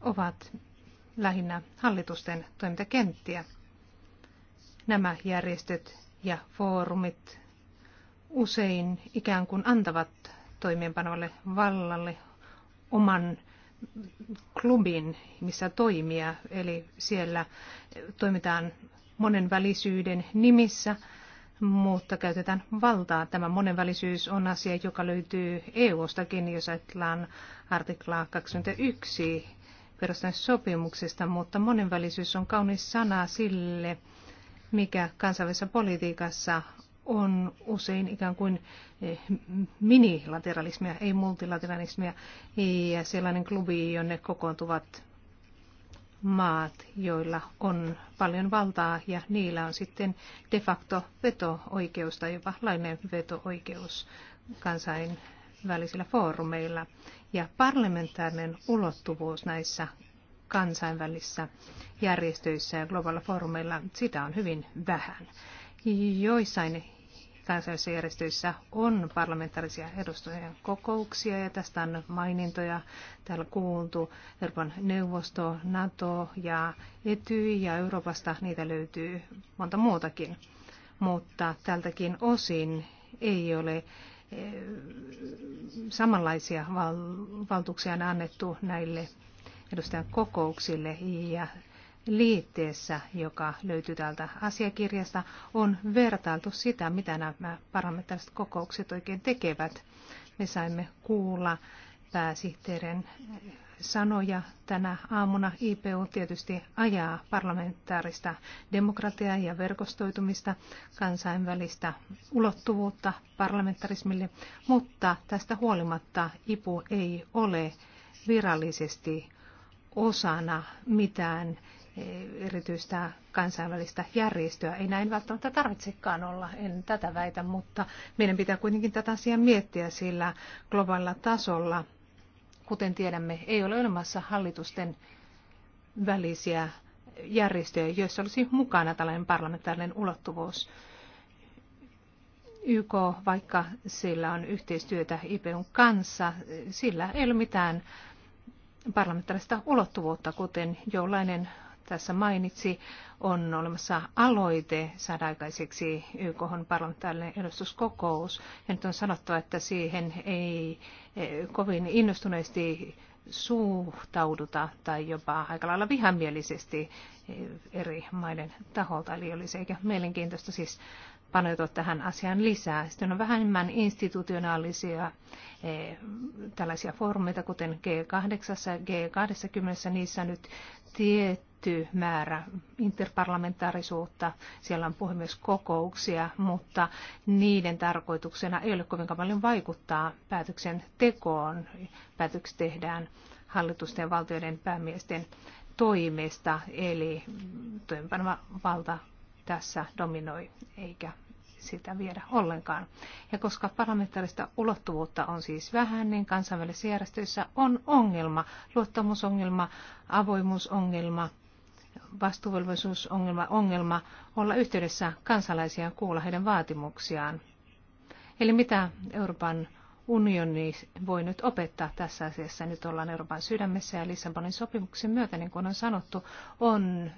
ovat lähinnä hallitusten toimintakenttiä. Nämä järjestöt ja foorumit usein ikään kuin antavat toimeenpanolle vallalle oman klubin, missä toimia. Eli siellä toimitaan monenvälisyyden nimissä, mutta käytetään valtaa. Tämä monenvälisyys on asia, joka löytyy EU-stakin, jos ajatellaan artiklaa 21 perustamissopimuksesta, mutta monenvälisyys on kaunis sana sille, mikä kansainvälisessä politiikassa on usein ikään kuin eh, minilateralismia, ei multilateralismia, ja sellainen klubi, jonne kokoontuvat maat, joilla on paljon valtaa ja niillä on sitten de facto veto-oikeus tai jopa lainen veto-oikeus kansainvälisillä foorumeilla. Ja parlamentaarinen ulottuvuus näissä kansainvälisissä järjestöissä ja globaalilla foorumeilla, sitä on hyvin vähän. Joissain kansainvälisissä järjestöissä on parlamentaarisia edustajien kokouksia ja tästä on mainintoja täällä kuultu. Euroopan neuvosto, NATO ja ETY ja Euroopasta niitä löytyy monta muutakin. Mutta tältäkin osin ei ole eh, samanlaisia val- valtuuksia on annettu näille edustajan kokouksille ja liitteessä, joka löytyy täältä asiakirjasta, on vertailtu sitä, mitä nämä parlamentaariset kokoukset oikein tekevät. Me saimme kuulla pääsihteerin sanoja tänä aamuna. IPU tietysti ajaa parlamentaarista demokratiaa ja verkostoitumista, kansainvälistä ulottuvuutta parlamentarismille, mutta tästä huolimatta IPU ei ole virallisesti osana mitään erityistä kansainvälistä järjestöä. Ei näin välttämättä tarvitsekaan olla, en tätä väitä, mutta meidän pitää kuitenkin tätä asiaa miettiä, sillä globaalilla tasolla, kuten tiedämme, ei ole olemassa hallitusten välisiä järjestöjä, joissa olisi mukana tällainen parlamentaarinen ulottuvuus. YK, vaikka sillä on yhteistyötä IPUn kanssa, sillä ei ole mitään parlamentaarista ulottuvuutta, kuten jollainen tässä mainitsi, on olemassa aloite saada aikaiseksi YK parlamentaarinen edustuskokous. Ja nyt on sanottu, että siihen ei e, kovin innostuneesti suhtauduta tai jopa aika lailla vihamielisesti e, eri maiden taholta. Eli olisi eikä mielenkiintoista siis paneutua tähän asiaan lisää. Sitten on vähemmän institutionaalisia e, tällaisia foorumeita, kuten G8 ja G20, niissä nyt tietty tietty määrä interparlamentaarisuutta, siellä on puhemieskokouksia, mutta niiden tarkoituksena ei ole kovinkaan paljon vaikuttaa päätöksentekoon. Päätökset tehdään hallitusten ja valtioiden päämiesten toimesta, eli toimenpanova valta tässä dominoi eikä sitä viedä ollenkaan. Ja koska parlamentaarista ulottuvuutta on siis vähän, niin kansainvälisissä järjestöissä on ongelma, luottamusongelma, avoimuusongelma vastuuvelvollisuusongelma ongelma olla yhteydessä kansalaisia ja kuulla heidän vaatimuksiaan. Eli mitä Euroopan unioni voi nyt opettaa tässä asiassa. Nyt ollaan Euroopan sydämessä ja Lissabonin sopimuksen myötä, niin kuin on sanottu, on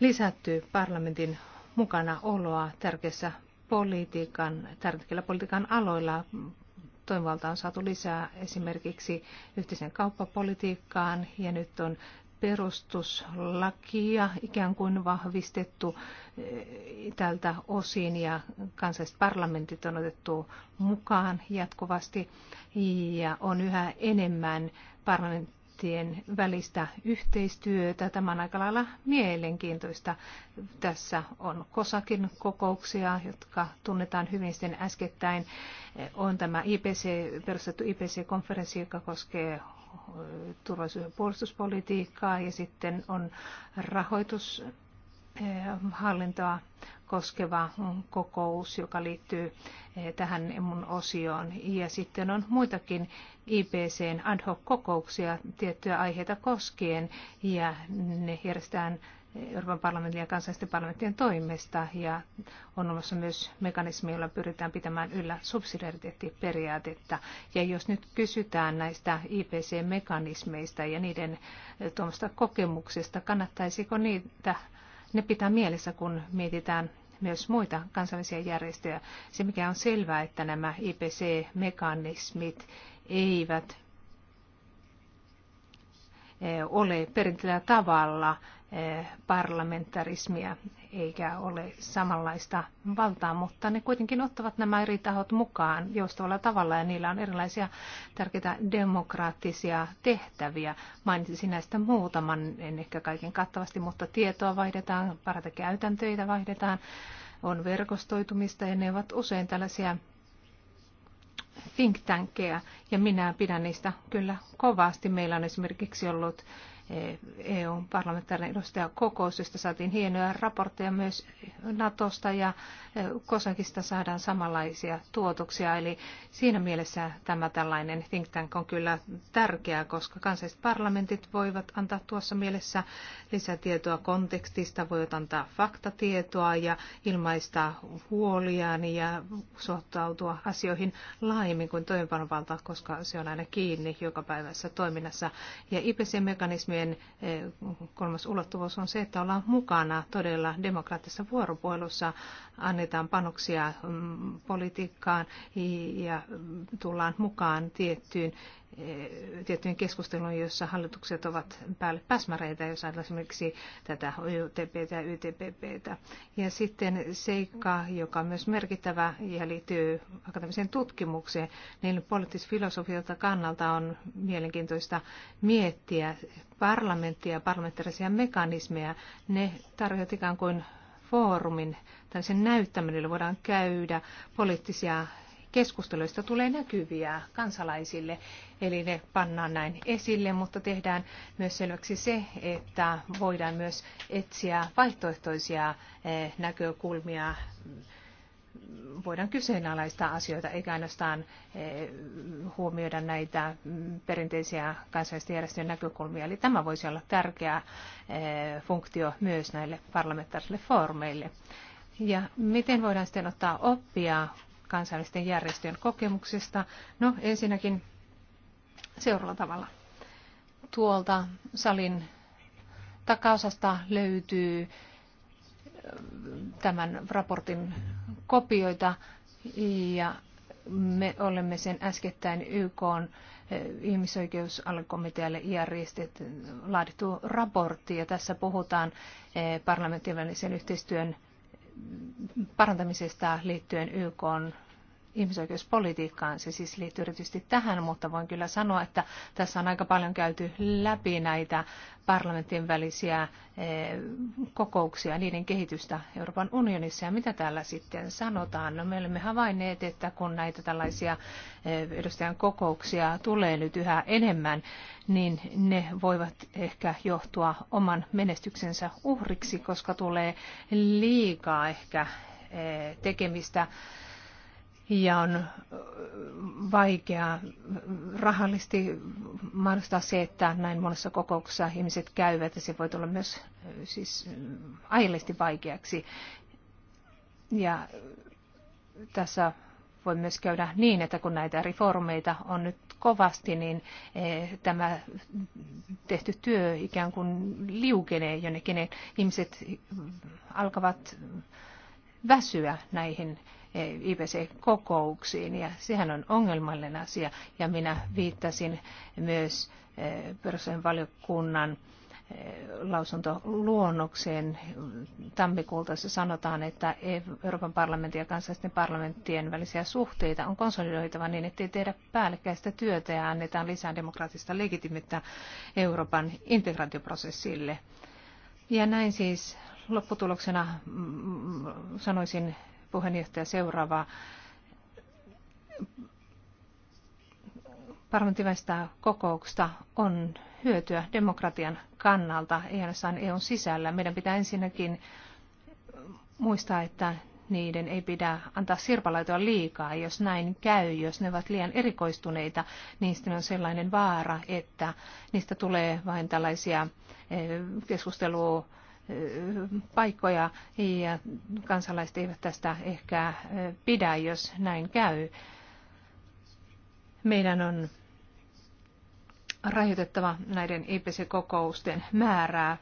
lisätty parlamentin mukana oloa tärkeissä politiikan, tärkeillä politiikan aloilla. Toimivalta on saatu lisää esimerkiksi yhteisen kauppapolitiikkaan ja nyt on perustuslakia ikään kuin vahvistettu eh, tältä osin ja kansalliset parlamentit on otettu mukaan jatkuvasti ja on yhä enemmän parlamenttien välistä yhteistyötä. Tämä on aika lailla mielenkiintoista. Tässä on kosakin kokouksia, jotka tunnetaan hyvin sitten äskettäin. Eh, on tämä IPC, perustettu IPC-konferenssi, joka koskee turvallisuus- ja puolustuspolitiikkaa ja sitten on rahoitushallintoa eh, koskeva kokous, joka liittyy eh, tähän mun osioon. Ja sitten on muitakin IPCn ad hoc-kokouksia tiettyjä aiheita koskien ja ne järjestetään Euroopan parlamentin ja kansallisten parlamenttien toimesta ja on olemassa myös mekanismi, jolla pyritään pitämään yllä subsidiariteettiperiaatetta. Ja jos nyt kysytään näistä IPC-mekanismeista ja niiden eh, tuomasta kokemuksesta, kannattaisiko niitä ne pitää mielessä, kun mietitään myös muita kansallisia järjestöjä. Se, mikä on selvää, että nämä IPC-mekanismit eivät eh, ole perinteellä tavalla Eh, parlamentarismia eikä ole samanlaista valtaa, mutta ne kuitenkin ottavat nämä eri tahot mukaan joustavalla tavalla ja niillä on erilaisia tärkeitä demokraattisia tehtäviä. Mainitsin näistä muutaman, en ehkä kaiken kattavasti, mutta tietoa vaihdetaan, parata käytäntöitä vaihdetaan, on verkostoitumista ja ne ovat usein tällaisia think tankkeja ja minä pidän niistä kyllä kovasti. Meillä on esimerkiksi ollut EUn parlamentaarinen edustajakokous, josta saatiin hienoja raportteja myös Natosta ja Kosakista saadaan samanlaisia tuotoksia. Eli siinä mielessä tämä tällainen think tank on kyllä tärkeää, koska kansalliset parlamentit voivat antaa tuossa mielessä lisätietoa kontekstista, voivat antaa faktatietoa ja ilmaista huoliaan ja suhtautua asioihin laajemmin kuin toimeenpanovalta, koska se on aina kiinni jokapäiväisessä toiminnassa. Ja IPC-mekanismi mekanismien eh, kolmas ulottuvuus on se, että ollaan mukana todella demokraattisessa vuoropuhelussa, annetaan panoksia mm, politiikkaan ja mm, tullaan mukaan tiettyyn tiettyyn keskustelujen, jossa hallitukset ovat päälle päsmäreitä, jos ajatellaan esimerkiksi tätä UTP ja YTPP. Ja sitten seikka, joka on myös merkittävä ja liittyy akateemiseen tutkimukseen, niin poliittisfilosofilta kannalta on mielenkiintoista miettiä parlamenttia ja parlamentaarisia mekanismeja. Ne tarjoavat ikään kuin foorumin tämmöisen näyttämölle voidaan käydä poliittisia keskusteluista tulee näkyviä kansalaisille, eli ne pannaan näin esille, mutta tehdään myös selväksi se, että voidaan myös etsiä vaihtoehtoisia eh, näkökulmia voidaan kyseenalaistaa asioita, eikä ainoastaan eh, huomioida näitä mm, perinteisiä kansallisten järjestöjen näkökulmia. Eli tämä voisi olla tärkeä eh, funktio myös näille parlamentaarisille foorumeille. Ja miten voidaan sitten ottaa oppia kansainvälisten järjestöjen kokemuksista. No ensinnäkin seuraavalla tavalla. Tuolta salin takaosasta löytyy tämän raportin kopioita ja me olemme sen äskettäin YK ihmisoikeusalkomitealle järjestet laadittu raportti ja tässä puhutaan parlamentin välisen yhteistyön parantamisesta liittyen YK:n ihmisoikeuspolitiikkaan. Se siis liittyy erityisesti tähän, mutta voin kyllä sanoa, että tässä on aika paljon käyty läpi näitä parlamentin välisiä eh, kokouksia, niiden kehitystä Euroopan unionissa ja mitä täällä sitten sanotaan. No, me olemme havainneet, että kun näitä tällaisia eh, edustajan kokouksia tulee nyt yhä enemmän, niin ne voivat ehkä johtua oman menestyksensä uhriksi, koska tulee liikaa ehkä eh, tekemistä ja on vaikea rahallisesti mahdollistaa se, että näin monessa kokouksessa ihmiset käyvät ja se voi tulla myös siis aiheellisesti vaikeaksi. Ja tässä voi myös käydä niin, että kun näitä reformeita on nyt kovasti, niin e, tämä tehty työ ikään kuin liukenee jonnekin. Ihmiset alkavat väsyä näihin IPC-kokouksiin ja sehän on ongelmallinen asia ja minä viittasin myös eh, perustuslain valiokunnan eh, lausuntoluonnokseen tammikuulta, jossa sanotaan, että Euroopan parlamentin ja kansallisten parlamenttien välisiä suhteita on konsolidoitava niin, ettei tehdä päällekkäistä työtä ja annetaan lisää demokraattista legitimittä Euroopan integraatioprosessille. Ja näin siis lopputuloksena mm, mm, sanoisin puheenjohtaja seuraava Parlamentiväistä kokouksesta on hyötyä demokratian kannalta, ei ainoastaan EUn sisällä. Meidän pitää ensinnäkin muistaa, että niiden ei pidä antaa sirpalaitoa liikaa. Jos näin käy, jos ne ovat liian erikoistuneita, niistä on sellainen vaara, että niistä tulee vain tällaisia eh, keskustelua paikkoja ja kansalaiset eivät tästä ehkä eh, pidä, jos näin käy. Meidän on rajoitettava näiden IPC-kokousten määrää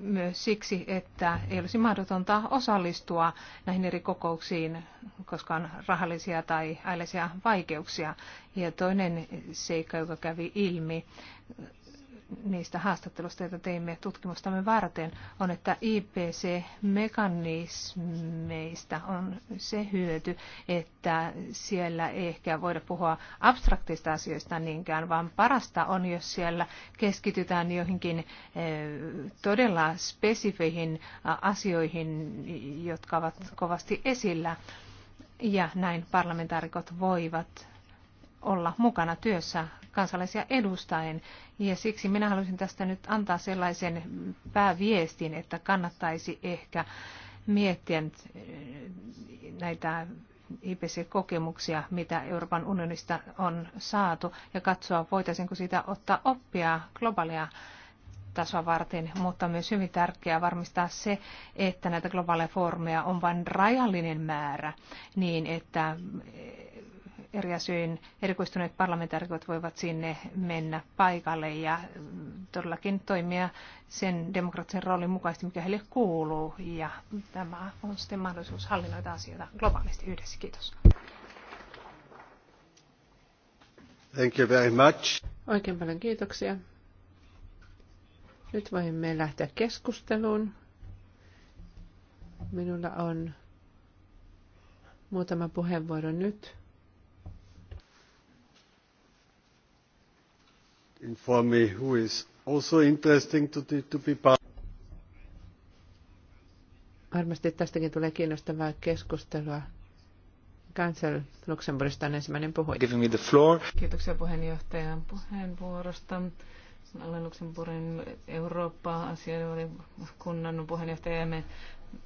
myös siksi, että ei olisi mahdotonta osallistua näihin eri kokouksiin, koska on rahallisia tai äillisiä vaikeuksia. Ja toinen seikka, joka kävi ilmi niistä haastattelusta, joita teimme tutkimustamme varten, on, että IPC-mekanismeista on se hyöty, että siellä ei ehkä voida puhua abstraktista asioista niinkään, vaan parasta on, jos siellä keskitytään johonkin eh, todella spesifeihin asioihin, jotka ovat kovasti esillä. Ja näin parlamentaarikot voivat olla mukana työssä kansalaisia edustaen. Ja siksi minä haluaisin tästä nyt antaa sellaisen pääviestin, että kannattaisi ehkä miettiä eh, näitä IPC-kokemuksia, mitä Euroopan unionista on saatu, ja katsoa, voitaisiinko sitä ottaa oppia globaalia tasoa varten, mutta myös hyvin tärkeää varmistaa se, että näitä globaaleja foorumeja on vain rajallinen määrä, niin että eh, eri syin erikoistuneet parlamentaarikot voivat sinne mennä paikalle ja mm, todellakin toimia sen demokraattisen roolin mukaisesti, mikä heille kuuluu. Ja tämä on sitten mahdollisuus hallinnoida asioita globaalisti yhdessä. Kiitos. Thank you very much. Oikein paljon kiitoksia. Nyt voimme lähteä keskusteluun. Minulla on muutama puheenvuoro nyt. inform me who is also interesting to, to be part. Varmasti tästäkin tulee kiinnostavaa keskustelua. Kansel Luxemburgista on ensimmäinen puhuja. Giving me the floor. Kiitoksia puheenjohtajan puheenvuorosta. Olen Luxemburgin Eurooppa-asianvaliokunnan puheenjohtaja ja me,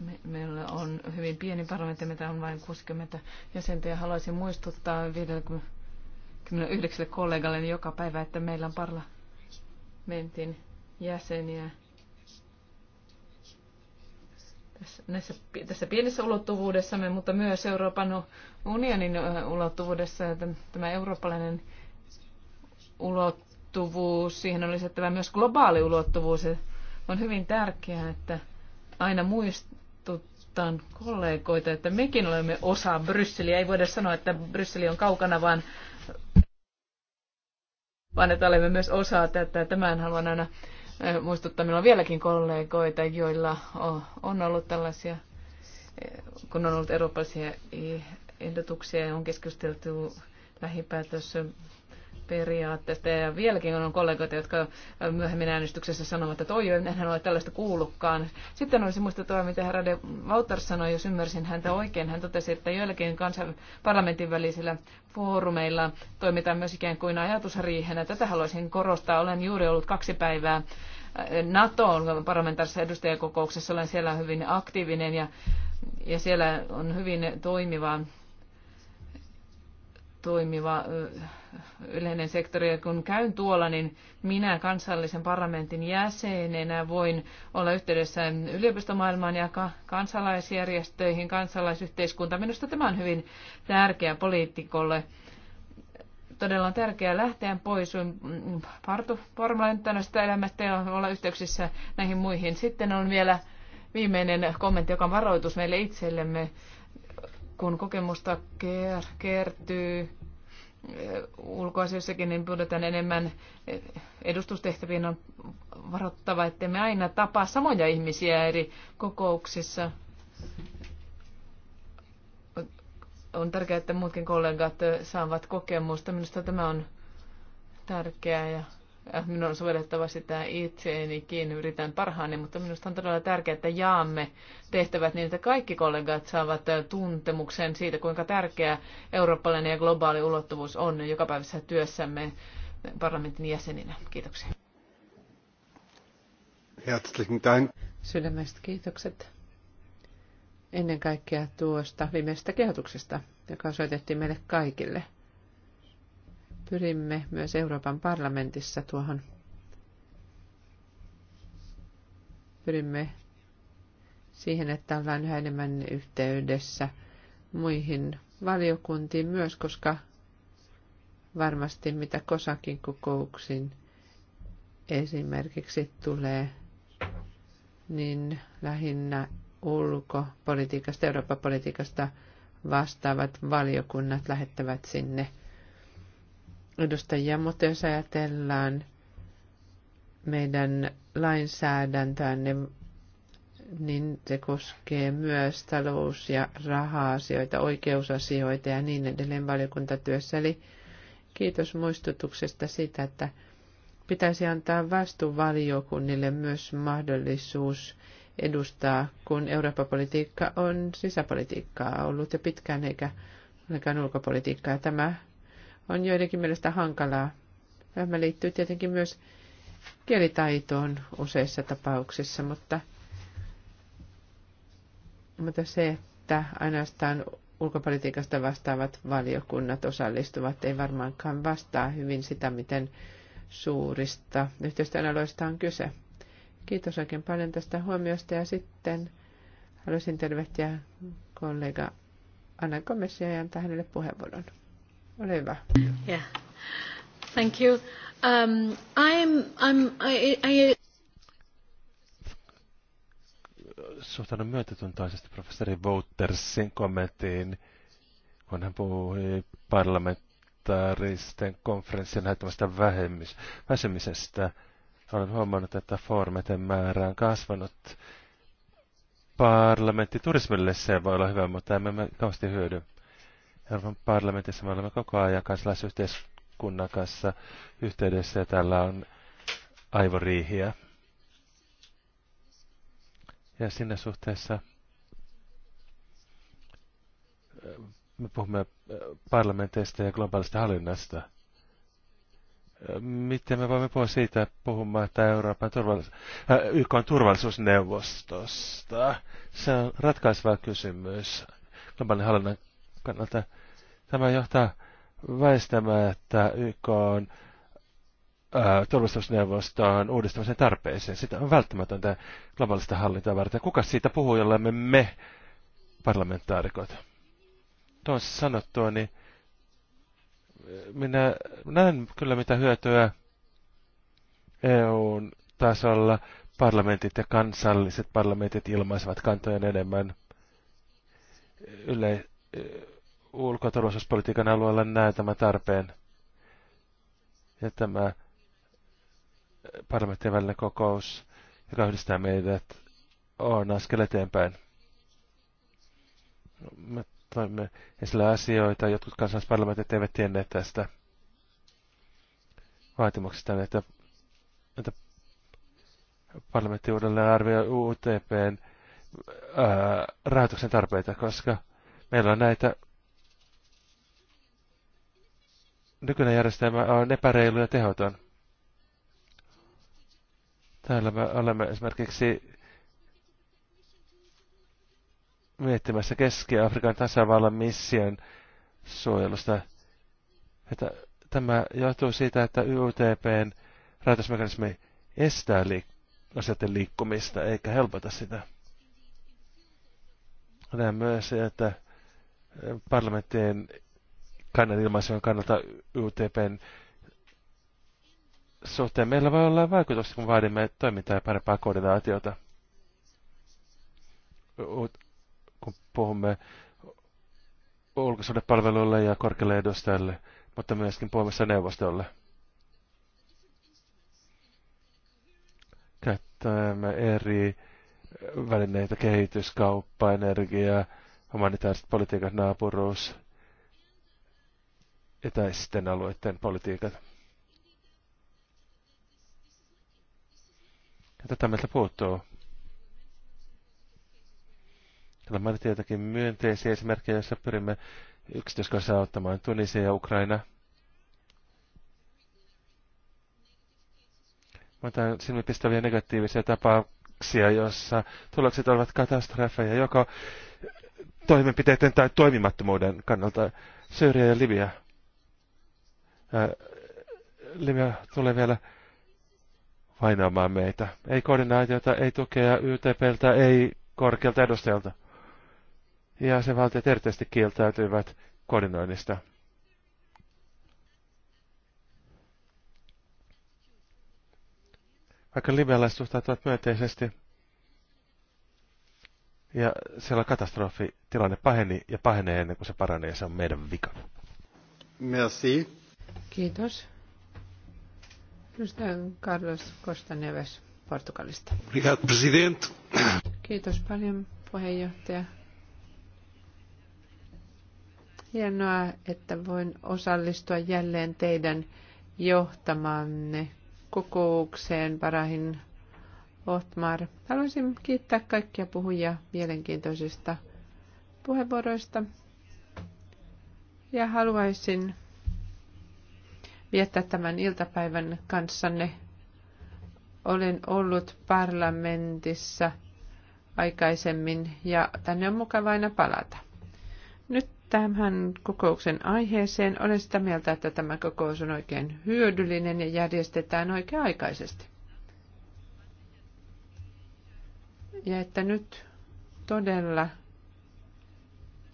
me, meillä on hyvin pieni parlamentti, meitä on vain 60 jäsentä ja haluaisin muistuttaa 50 29 kollegalleni niin joka päivä, että meillä on parlamentin jäseniä tässä, näissä, tässä pienessä ulottuvuudessamme, mutta myös Euroopan unionin ulottuvuudessa. Tämä eurooppalainen ulottuvuus, siihen on lisättävä myös globaali ulottuvuus. On hyvin tärkeää, että aina muistutan kollegoita, että mekin olemme osa Brysseliä. Ei voida sanoa, että Brysseli on kaukana, vaan vaan että olemme myös osa tätä. Tämän haluan aina muistuttaa. Meillä on vieläkin kollegoita, joilla on ollut tällaisia, kun on ollut eurooppalaisia ehdotuksia ja on keskusteltu lähipäätössä periaatteesta. Ja vieläkin on kollegoita, jotka myöhemmin äänestyksessä sanovat, että oi, hän ole tällaista kuullutkaan. Sitten olisi tuo, mitä herra de Wouter sanoi, jos ymmärsin häntä oikein. Hän totesi, että joillakin kansan parlamentin välisillä foorumeilla toimitaan myös ikään kuin ajatusriihenä. Tätä haluaisin korostaa. Olen juuri ollut kaksi päivää äh, NATOn parlamentaarisessa edustajakokouksessa. Olen siellä hyvin aktiivinen ja, ja siellä on hyvin toimiva toimiva yleinen sektori. Ja kun käyn tuolla, niin minä kansallisen parlamentin jäsenenä voin olla yhteydessä yliopistomaailmaan ja kansalaisjärjestöihin, kansalaisyhteiskunta. Minusta tämä on hyvin tärkeä poliitikolle. Todella on tärkeää lähteä pois mm, partupormalaintanasta elämästä ja olla yhteyksissä näihin muihin. Sitten on vielä viimeinen kommentti, joka on varoitus meille itsellemme kun kokemusta ker- kertyy eh, ulkoasioissakin, niin pyydetään enemmän eh, edustustehtäviin on varottava, että me aina tapaa samoja ihmisiä eri kokouksissa. On tärkeää, että muutkin kollegat eh, saavat kokemusta. Minusta tämä on tärkeää ja Äh, minun on sovellettava sitä itseenikin, yritän parhaani, mutta minusta on todella tärkeää, että jaamme tehtävät niin, että kaikki kollegat saavat äh, tuntemuksen siitä, kuinka tärkeä eurooppalainen ja globaali ulottuvuus on jokapäiväisessä työssämme parlamentin jäseninä. Kiitoksia. Herzlichen Sydämestä kiitokset. Ennen kaikkea tuosta viimeisestä kehotuksesta, joka osoitettiin meille kaikille – Pyrimme myös Euroopan parlamentissa tuohon. Pyrimme siihen, että ollaan yhä enemmän yhteydessä muihin valiokuntiin myös, koska varmasti mitä kosakin kokouksiin esimerkiksi tulee, niin lähinnä ulkopolitiikasta, Eurooppa-politiikasta vastaavat valiokunnat lähettävät sinne – edustajia, mutta jos ajatellaan meidän lainsäädäntöämme, niin se koskee myös talous- ja raha-asioita, oikeusasioita ja niin edelleen valiokuntatyössä. Eli kiitos muistutuksesta siitä, että pitäisi antaa vastuuvaliokunnille myös mahdollisuus edustaa, kun Eurooppa-politiikka on sisäpolitiikkaa ollut jo pitkään eikä ainakaan ulkopolitiikkaa. Tämä on joidenkin mielestä hankalaa. Tämä liittyy tietenkin myös kielitaitoon useissa tapauksissa, mutta, mutta se, että ainoastaan ulkopolitiikasta vastaavat valiokunnat osallistuvat, ei varmaankaan vastaa hyvin sitä, miten suurista yhteistyön aloista on kyse. Kiitos oikein paljon tästä huomiosta ja sitten haluaisin tervehtiä kollega Anna Gomesia ja antaa hänelle puheenvuoron. Ole hyvä. Yeah. Thank you. Um, I'm, I'm, I, I... Suhtaudun myötätuntoisesti professori Woutersin kommenttiin, kun hän puhui parlamentaaristen konferenssien näyttämästä vähemmis, väsymisestä. Olen huomannut, että foorumeiden määrä on kasvanut Parlamentti turismille se voi olla hyvä, mutta emme kauheasti hyödy. Euroopan parlamentissa me olemme koko ajan kansalaisyhteiskunnan kanssa yhteydessä ja täällä on aivoriihiä. Ja siinä suhteessa äh, me puhumme äh, parlamenteista ja globaalista hallinnasta. Äh, miten me voimme puhua siitä että Euroopan turvallis- äh, YK on turvallisuusneuvostosta? Se on ratkaiseva kysymys globaalin hallinnan kannalta. Tämä johtaa että YK on turvallisuusneuvostoon uudistamisen tarpeeseen. Sitä on välttämätöntä globaalista hallintaa varten. Kuka siitä puhuu, jolla me, me parlamentaarikot? Toisin sanottua, niin minä näen kyllä mitä hyötyä EUn tasolla parlamentit ja kansalliset parlamentit ilmaisevat kantojen enemmän yle, ulko- ja alueella näe tämän tarpeen. Ja tämä parlamenttien välinen kokous, joka yhdistää meidät, on askel eteenpäin. Me toimme esillä asioita, jotkut kansallisparlamentit eivät tienneet tästä vaatimuksesta, että, että parlamentti uudelleen arvioi UTPn ää, rahoituksen tarpeita, koska meillä on näitä nykyinen järjestelmä on epäreilu ja tehoton. Täällä me olemme esimerkiksi miettimässä Keski-Afrikan tasavallan mission suojelusta. Että tämä johtuu siitä, että YUTPn rajoitusmekanismi estää liik- asioiden liikkumista eikä helpota sitä. Näen myös, että parlamenttien kannan ilmaisun kannalta UTPn suhteen. Meillä voi olla vaikutusta, kun vaadimme toimintaa ja parempaa koordinaatiota. Kun puhumme ulkosuhdepalveluille ja korkealle edustajalle, mutta myöskin puhumassa neuvostolle. Käyttämme eri välineitä, kehityskauppa, energia, humanitaariset politiikat, naapuruus – etäisten alueiden politiikat. Ja tätä meiltä puuttuu. Täällä mainitin jotakin myönteisiä esimerkkejä, joissa pyrimme yksityiskohdassa auttamaan Tunisia ja Ukraina. Mutta silmipistäviä negatiivisia tapauksia, joissa tulokset ovat katastrofeja joko toimenpiteiden tai toimimattomuuden kannalta. Syyria ja Libya. Livia tulee vielä vainaamaan meitä. Ei koordinaatiota, ei tukea YTPltä, ei korkealta edustajalta. Ja se valtiot erityisesti kieltäytyivät koordinoinnista. Vaikka libyalaiset suhtautuvat myönteisesti, ja siellä katastrofitilanne paheni ja pahenee ennen kuin se paranee, ja se on meidän vika. Merci. Kiitos. Edustaja Carlos Costa Neves, Portugalista. Obrigado, president. Kiitos paljon, puheenjohtaja. Hienoa, että voin osallistua jälleen teidän johtamanne kokoukseen, Parahin Ohtmar. Haluaisin kiittää kaikkia puhujia mielenkiintoisista puheenvuoroista. Ja haluaisin viettää tämän iltapäivän kanssanne. Olen ollut parlamentissa aikaisemmin ja tänne on mukava aina palata. Nyt tämän kokouksen aiheeseen olen sitä mieltä, että tämä kokous on oikein hyödyllinen ja järjestetään oikea-aikaisesti. Ja että nyt todella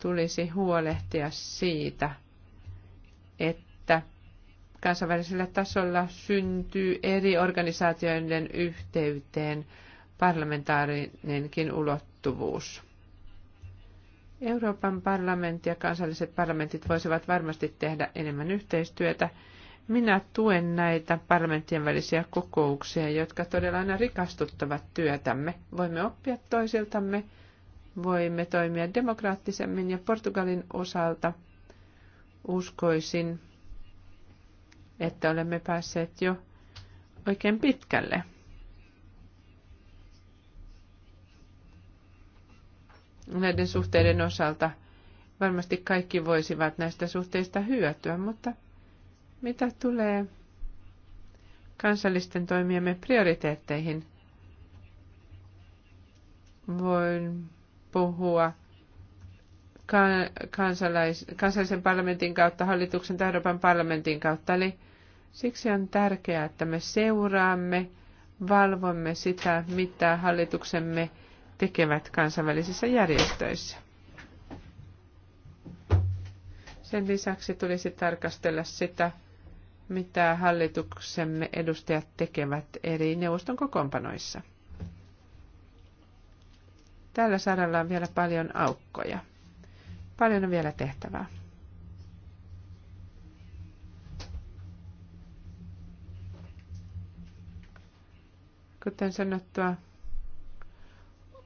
tulisi huolehtia siitä, että kansainvälisellä tasolla syntyy eri organisaatioiden yhteyteen parlamentaarinenkin ulottuvuus. Euroopan parlamentti ja kansalliset parlamentit voisivat varmasti tehdä enemmän yhteistyötä. Minä tuen näitä parlamenttien välisiä kokouksia, jotka todella aina rikastuttavat työtämme. Voimme oppia toisiltamme, voimme toimia demokraattisemmin ja Portugalin osalta uskoisin, että olemme päässeet jo oikein pitkälle. Näiden suhteiden osalta varmasti kaikki voisivat näistä suhteista hyötyä, mutta mitä tulee kansallisten toimiemme prioriteetteihin, voin puhua kansalais, kansallisen parlamentin kautta, hallituksen tai Euroopan parlamentin kautta. Eli Siksi on tärkeää, että me seuraamme, valvomme sitä, mitä hallituksemme tekevät kansainvälisissä järjestöissä. Sen lisäksi tulisi tarkastella sitä, mitä hallituksemme edustajat tekevät eri neuvoston kokoonpanoissa. Tällä saralla on vielä paljon aukkoja. Paljon on vielä tehtävää. Kuten sanottua,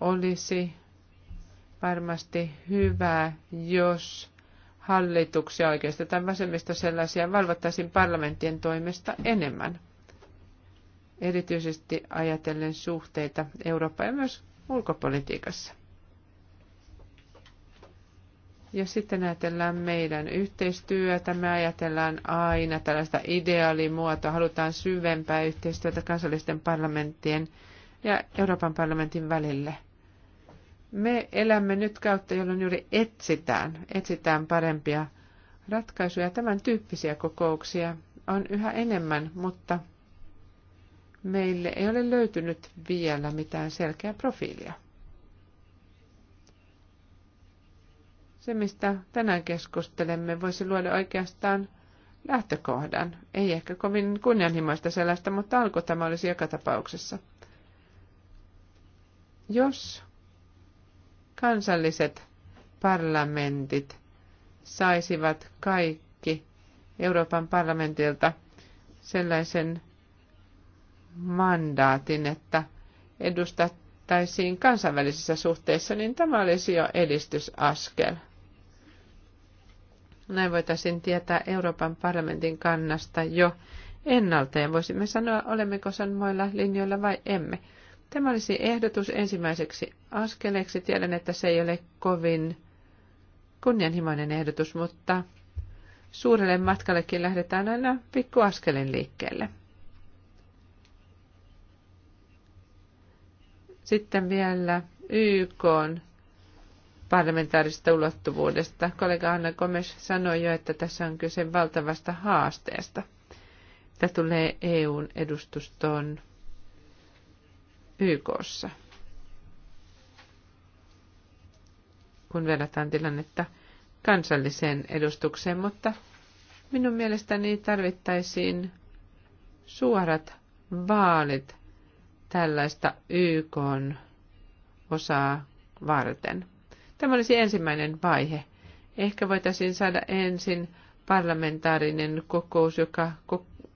olisi varmasti hyvä, jos hallituksia oikeastaan tai vasemmista sellaisia valvottaisiin parlamenttien toimesta enemmän. Erityisesti ajatellen suhteita Eurooppaan ja myös ulkopolitiikassa. Ja sitten ajatellaan meidän yhteistyötä, me ajatellaan aina tällaista ideaalimuotoa, halutaan syvempää yhteistyötä kansallisten parlamenttien ja Euroopan parlamentin välille. Me elämme nyt kautta, jolloin juuri etsitään, etsitään parempia ratkaisuja. Tämän tyyppisiä kokouksia on yhä enemmän, mutta meille ei ole löytynyt vielä mitään selkeää profiilia. Se, mistä tänään keskustelemme, voisi luoda oikeastaan lähtökohdan. Ei ehkä kovin kunnianhimoista sellaista, mutta alku tämä olisi joka tapauksessa. Jos kansalliset parlamentit saisivat kaikki Euroopan parlamentilta sellaisen mandaatin, että edustattaisiin kansainvälisissä suhteissa, niin tämä olisi jo edistysaskel. Näin voitaisiin tietää Euroopan parlamentin kannasta jo ennalta ja voisimme sanoa, olemmeko samoilla linjoilla vai emme. Tämä olisi ehdotus ensimmäiseksi askeleeksi. Tiedän, että se ei ole kovin kunnianhimoinen ehdotus, mutta suurelle matkallekin lähdetään aina pikkuaskelin liikkeelle. Sitten vielä YK on parlamentaarista ulottuvuudesta. Kollega Anna Gomes sanoi jo, että tässä on kyse valtavasta haasteesta. Tämä tulee EUn edustustoon YKssa. kun verrataan tilannetta kansalliseen edustukseen, mutta minun mielestäni tarvittaisiin suorat vaalit tällaista YK osaa varten. Tämä olisi ensimmäinen vaihe. Ehkä voitaisiin saada ensin parlamentaarinen kokous, joka ko-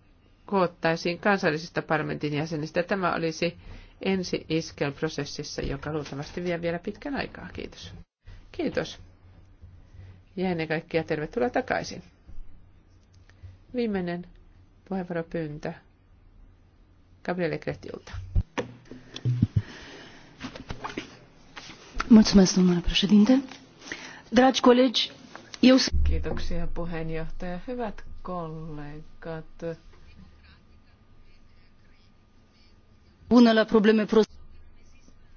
koottaisiin kansallisista parlamentin jäsenistä. Tämä olisi ensi iskel prosessissa, joka luultavasti vie vielä pitkän aikaa. Kiitos. Kiitos. Ja ennen kaikkea tervetuloa takaisin. Viimeinen puheenvuoropyyntö Gabriele Kretilta. domnule președinte. Dragi colegi, eu... Kiitoksia puheenjohtaja. Hyvät kollegat. Unella probleme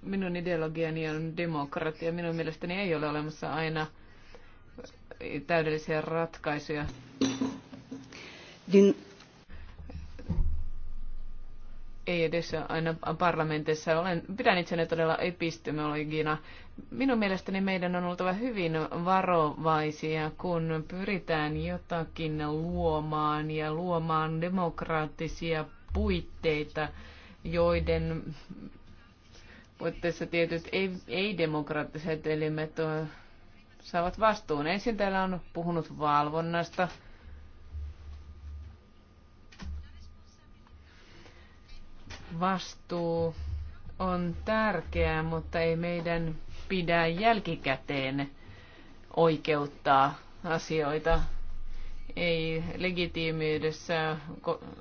Minun ideologiani on demokratia. Minun mielestäni ei ole olemassa aina täydellisiä ratkaisuja. Din ei edes aina parlamentissa. Olen, pidän itseäni todella epistemologina. Minun mielestäni meidän on oltava hyvin varovaisia, kun pyritään jotakin luomaan ja luomaan demokraattisia puitteita, joiden puitteissa tietyt ei-demokraattiset ei elimet saavat vastuun. Ensin täällä on puhunut valvonnasta, vastuu on tärkeää, mutta ei meidän pidä jälkikäteen oikeuttaa asioita. Ei legitiimiydessä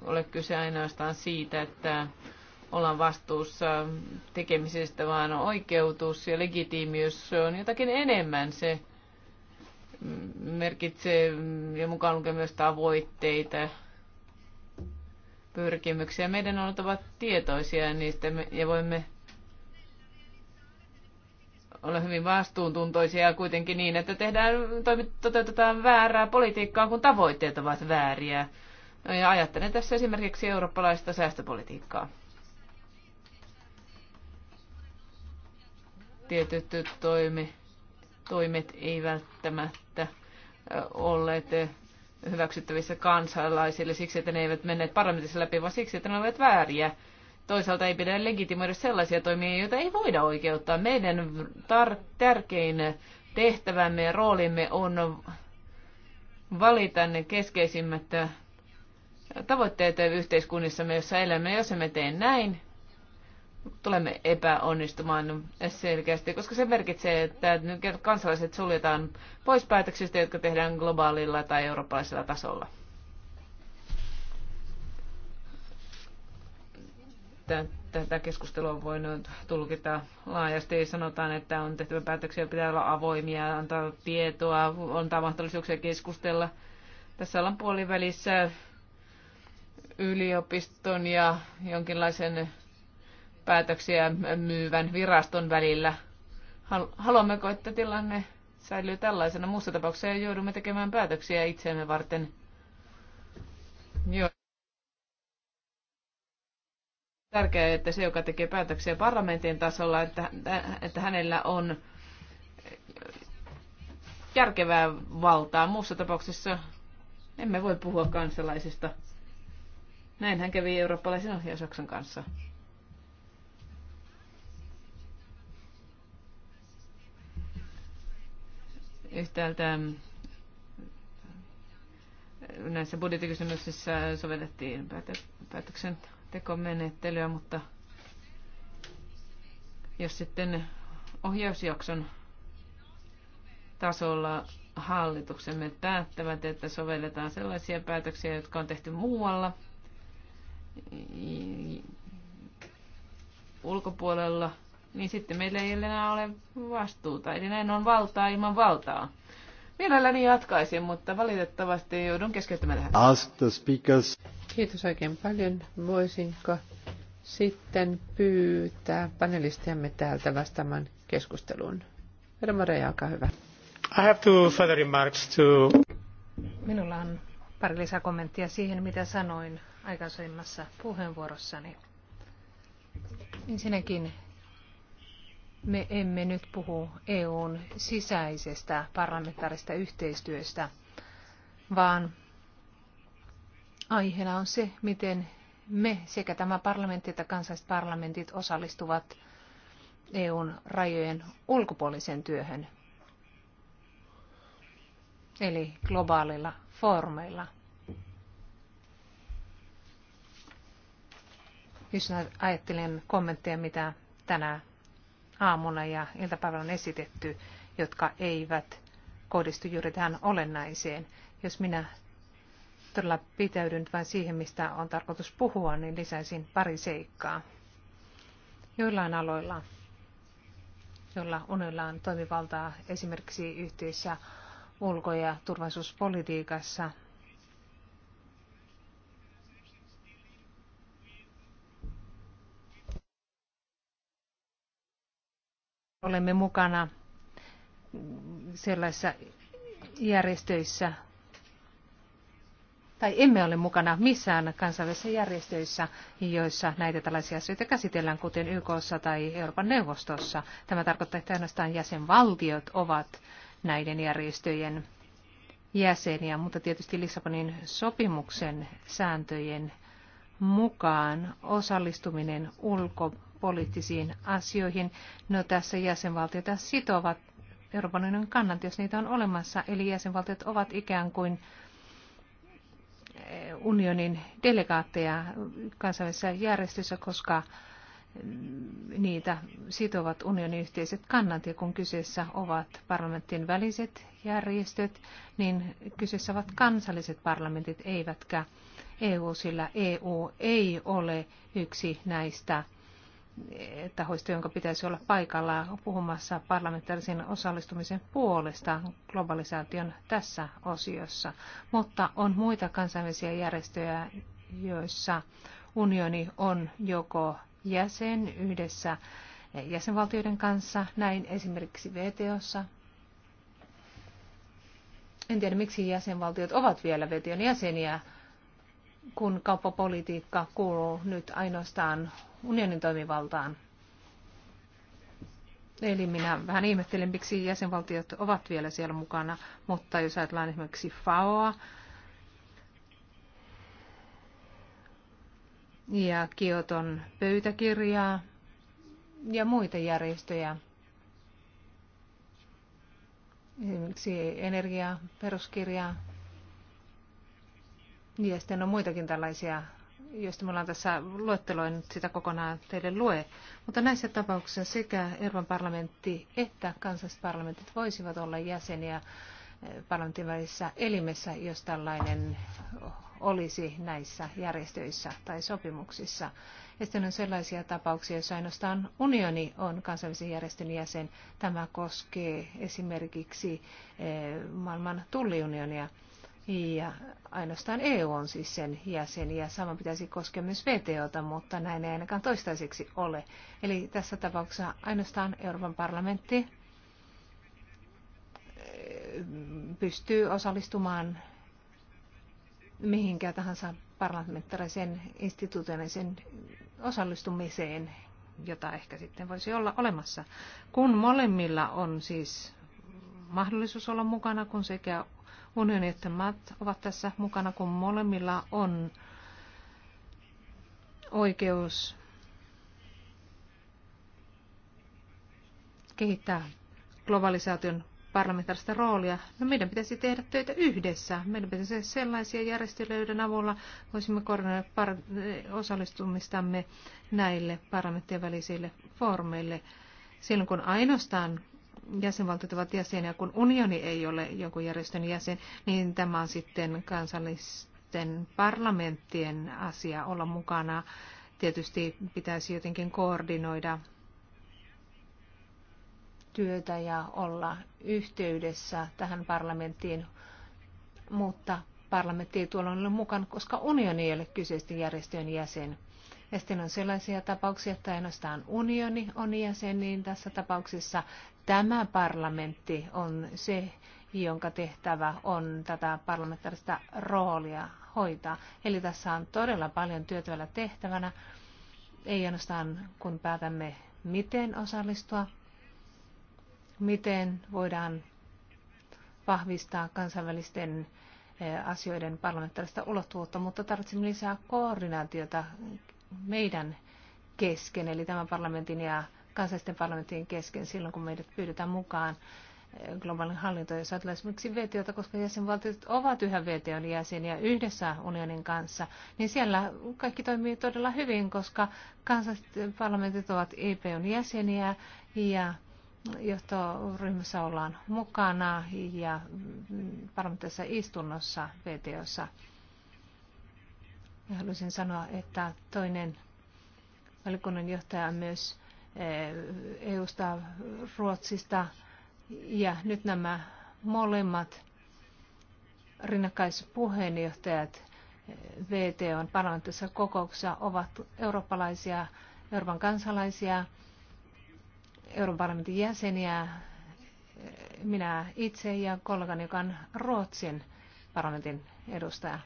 ole kyse ainoastaan siitä, että ollaan vastuussa tekemisestä, vaan oikeutus ja legitiimiys on jotakin enemmän. Se merkitsee ja mukaan lukee myös tavoitteita, pyrkimyksiä. Meidän on oltava tietoisia niistä ja voimme olla hyvin vastuuntuntoisia kuitenkin niin, että tehdään, toteutetaan väärää politiikkaa, kun tavoitteet ovat vääriä. Ja ajattelen tässä esimerkiksi eurooppalaista säästöpolitiikkaa. Tietyt toimi, toimet ei välttämättä olleet hyväksyttävissä kansalaisille siksi, että ne eivät menneet parlamentissa läpi, vaan siksi, että ne olivat vääriä. Toisaalta ei pidä legitimoida sellaisia toimia, joita ei voida oikeuttaa. Meidän tar- tärkein tehtävämme ja roolimme on valita ne keskeisimmät tavoitteet yhteiskunnissamme, jossa elämme. Jos emme tee näin, tulemme epäonnistumaan selkeästi, koska se merkitsee, että kansalaiset suljetaan pois päätöksistä, jotka tehdään globaalilla tai eurooppalaisella tasolla. Tätä keskustelua voinut tulkita laajasti. Sanotaan, että on tehtävä päätöksiä, pitää olla avoimia, antaa tietoa, antaa mahdollisuuksia keskustella. Tässä ollaan puolivälissä yliopiston ja jonkinlaisen päätöksiä myyvän viraston välillä. Haluammeko, että tilanne säilyy tällaisena? Muussa tapauksessa joudumme tekemään päätöksiä itseemme varten. Joo. Tärkeää, että se, joka tekee päätöksiä parlamentin tasolla, että, että hänellä on järkevää valtaa. Muussa tapauksessa emme voi puhua kansalaisista. Näinhän kävi eurooppalaisen ohjausjakson kanssa. Yhtäältä ähm, näissä budjettikysymyksissä sovellettiin päätöksentekomenettelyä, mutta jos sitten ohjausjakson tasolla hallituksemme päättävät, että sovelletaan sellaisia päätöksiä, jotka on tehty muualla ulkopuolella – niin sitten meillä ei enää ole vastuuta. Eli näin on valtaa ilman valtaa. Mielelläni jatkaisin, mutta valitettavasti joudun keskeyttämään tähän. Ask the speakers. Kiitos oikein paljon. Voisinko sitten pyytää panelistiamme täältä vastaamaan keskusteluun? Herra Moreja, olkaa hyvä. I have two further remarks to... Minulla on pari lisäkommenttia siihen, mitä sanoin aikaisemmassa puheenvuorossani. Ensinnäkin me emme nyt puhu EUn sisäisestä parlamentaarista yhteistyöstä, vaan aiheena on se, miten me sekä tämä parlamentti että kansalliset parlamentit osallistuvat EUn rajojen ulkopuolisen työhön, eli globaalilla foorumeilla. Jos ajattelen kommentteja, mitä tänään aamuna ja iltapäivällä esitetty, jotka eivät kohdistu juuri tähän olennaiseen. Jos minä todella pitäydyn vain siihen, mistä on tarkoitus puhua, niin lisäisin pari seikkaa. Joillain aloilla, joilla unella on toimivaltaa esimerkiksi yhteisessä ulko- ja turvallisuuspolitiikassa, olemme mukana sellaisissa järjestöissä, tai emme ole mukana missään kansainvälisissä järjestöissä, joissa näitä tällaisia asioita käsitellään, kuten YKssa tai Euroopan neuvostossa. Tämä tarkoittaa, että ainoastaan jäsenvaltiot ovat näiden järjestöjen jäseniä, mutta tietysti Lissabonin sopimuksen sääntöjen mukaan osallistuminen ulko poliittisiin asioihin. No tässä jäsenvaltiota sitovat Euroopan unionin kannat, jos niitä on olemassa. Eli jäsenvaltiot ovat ikään kuin eh, unionin delegaatteja kansainvälisessä järjestössä, koska mm, niitä sitovat unionin yhteiset kannat ja kun kyseessä ovat parlamenttien väliset järjestöt, niin kyseessä ovat kansalliset parlamentit eivätkä EU, sillä EU ei ole yksi näistä tahoista, jonka pitäisi olla paikalla puhumassa parlamentaarisen osallistumisen puolesta globalisaation tässä osiossa. Mutta on muita kansainvälisiä järjestöjä, joissa unioni on joko jäsen yhdessä jäsenvaltioiden kanssa, näin esimerkiksi VTOssa. En tiedä, miksi jäsenvaltiot ovat vielä VTOn jäseniä, kun kauppapolitiikka kuuluu nyt ainoastaan unionin toimivaltaan. Eli minä vähän ihmettelen, miksi jäsenvaltiot ovat vielä siellä mukana, mutta jos ajatellaan esimerkiksi FAOa ja Kioton pöytäkirjaa ja muita järjestöjä, esimerkiksi energiaperuskirjaa, niin, ja sitten on muitakin tällaisia, joista me ollaan tässä luetteloin sitä kokonaan teille lue. Mutta näissä tapauksissa sekä Euroopan parlamentti että kansalliset parlamentit voisivat olla jäseniä eh, parlamentin välisessä elimessä, jos tällainen olisi näissä järjestöissä tai sopimuksissa. Ja sitten on sellaisia tapauksia, joissa ainoastaan unioni on kansainvälisen järjestön jäsen. Tämä koskee esimerkiksi eh, maailman tulliunionia. Ja ainoastaan EU on siis sen jäsen ja sama pitäisi koskea myös VTOta, mutta näin ei ainakaan toistaiseksi ole. Eli tässä tapauksessa ainoastaan Euroopan parlamentti eh, pystyy osallistumaan mihinkään tahansa parlamentaarisen instituutioiden osallistumiseen, jota ehkä sitten voisi olla olemassa. Kun molemmilla on siis mahdollisuus olla mukana, kun sekä unionin maat ovat tässä mukana, kun molemmilla on oikeus kehittää globalisaation parlamentaarista roolia. No meidän pitäisi tehdä töitä yhdessä. Meidän pitäisi tehdä sellaisia järjestelyjä, joiden avulla voisimme koordinoida par- osallistumistamme näille parlamenttien välisille foorumeille. Silloin kun ainoastaan jäsenvaltiot ovat jäseniä, kun unioni ei ole jonkun järjestön jäsen, niin tämä on sitten kansallisten parlamenttien asia olla mukana. Tietysti pitäisi jotenkin koordinoida työtä ja olla yhteydessä tähän parlamenttiin, mutta parlamentti ei tuolla ole mukana, koska unioni ei ole kyseisten järjestöjen jäsen. Ja sitten on sellaisia tapauksia, että ainoastaan unioni on jäsen, niin tässä tapauksessa tämä parlamentti on se, jonka tehtävä on tätä parlamentaarista roolia hoitaa. Eli tässä on todella paljon työtä tehtävänä, ei ainoastaan kun päätämme, miten osallistua, miten voidaan vahvistaa kansainvälisten eh, asioiden parlamentaarista ulottuvuutta, mutta tarvitsemme lisää koordinaatiota meidän kesken, eli tämän parlamentin ja kansallisten parlamenttien kesken silloin, kun meidät pyydetään mukaan eh, globaalin hallinto, jos ajatellaan esimerkiksi VTOta, koska jäsenvaltiot ovat yhä VTOn jäseniä yhdessä unionin kanssa, niin siellä kaikki toimii todella hyvin, koska kansalliset parlamentit ovat EPn jäseniä ja johtoryhmässä ollaan mukana ja parlamentissa istunnossa VTOssa. Ja haluaisin sanoa, että toinen valiokunnan johtaja on myös eh, EUsta, Ruotsista ja nyt nämä molemmat rinnakkaispuheenjohtajat eh, VTOn parlamentissa kokouksessa ovat eurooppalaisia, Euroopan kansalaisia, Euroopan parlamentin jäseniä, eh, minä itse ja kollegani, joka on Ruotsin parlamentin edustaja.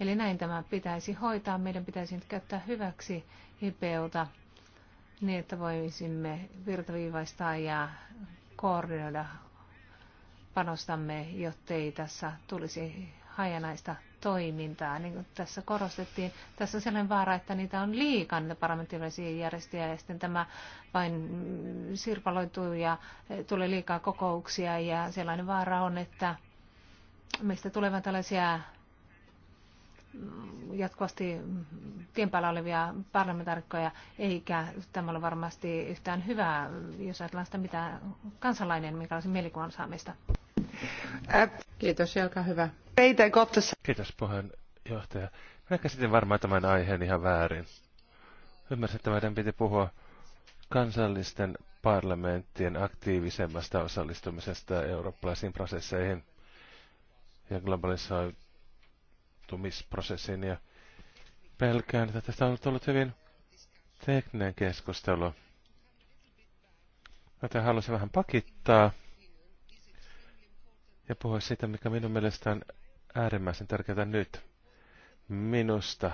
Eli näin tämä pitäisi hoitaa. Meidän pitäisi nyt käyttää hyväksi hipeuta niin, että voisimme virtaviivaistaa ja koordinoida panostamme, jottei tässä tulisi hajanaista toimintaa. Niin kuin tässä korostettiin, tässä on sellainen vaara, että niitä on liikaa, niitä parlamenttilaisia järjestöjä, ja sitten tämä vain sirpaloituu ja tulee liikaa kokouksia, ja sellainen vaara on, että meistä tulevat tällaisia jatkuvasti tien päällä olevia parlamentaarikkoja, eikä tämä ole varmasti yhtään hyvää, jos ajatellaan sitä, mitä kansalainen, minkälaisen mielikuvan saamista. Kiitos, olkaa hyvä. Kiitos puheenjohtaja. Ehkä sitten varmaan tämän aiheen ihan väärin. Ymmärsin, että meidän piti puhua kansallisten parlamenttien aktiivisemmasta osallistumisesta eurooppalaisiin prosesseihin ja globalisoitumiseen vakiintumisprosessin ja pelkään, että tästä on tullut hyvin tekninen keskustelu. Joten haluaisin vähän pakittaa ja puhua siitä, mikä minun mielestäni on äärimmäisen tärkeää nyt. Minusta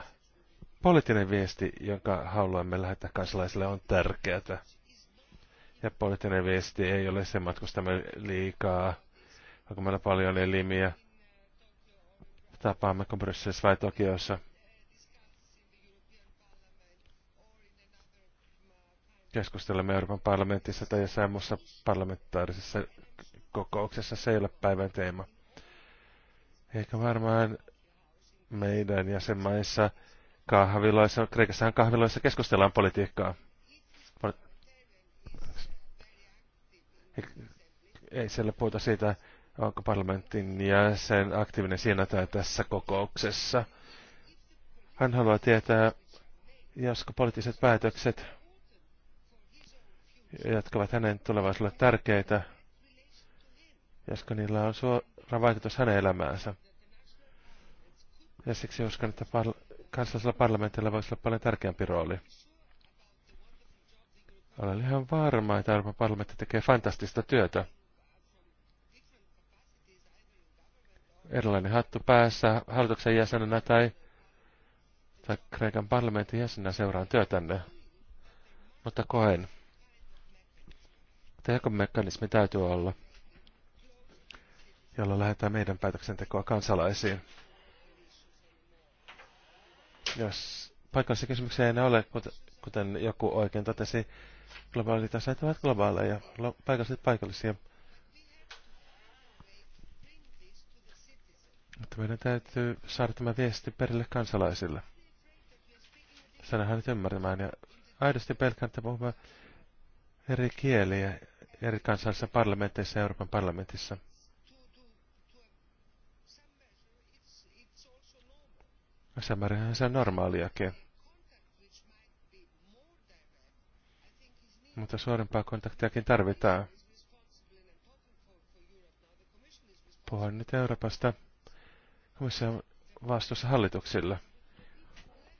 poliittinen viesti, jonka haluamme lähettää kansalaisille, on tärkeää. Ja poliittinen viesti ei ole se matkustamme liikaa, onko meillä paljon elimiä, tapaamme Brysselissä vai Tokiossa. Keskustelemme Euroopan parlamentissa tai jossain muussa parlamentaarisessa kokouksessa. Se ei ole päivän teema. Eikä varmaan meidän jäsenmaissa kahviloissa, Kreikassahan kahviloissa keskustellaan politiikkaa. Ei siellä puhuta siitä, onko parlamentin jäsen aktiivinen siinä tai tässä kokouksessa. Hän haluaa tietää, josko poliittiset päätökset, jotka ovat hänen tulevaisuudelle tärkeitä, josko niillä on suora vaikutus hänen elämäänsä. Ja siksi uskon, että parla- kansallisella parlamentilla voisi olla paljon tärkeämpi rooli. Olen ihan varma, että Euroopan parlamentti tekee fantastista työtä. erilainen hattu päässä hallituksen jäsenenä tai, tai Kreikan parlamentin jäsenenä seuraan työtänne. Mutta koen, mekanismi täytyy olla, jolla lähdetään meidän päätöksentekoa kansalaisiin. Jos paikallisia kysymyksiä ei enää ole, kuten joku oikein totesi, globaalit asiat ovat globaaleja, paikalliset paikallisia. Mutta meidän täytyy saada tämä viesti perille kansalaisille. Saadaan hänet ymmärtämään ja aidosti pelkään, että puhumme eri kieliä eri kansallisissa parlamenteissa ja Euroopan parlamentissa. Samarihan se on normaaliakin. Mutta suorempaa kontaktiakin tarvitaan. Puhun nyt Euroopasta muissa vastuussa hallituksille,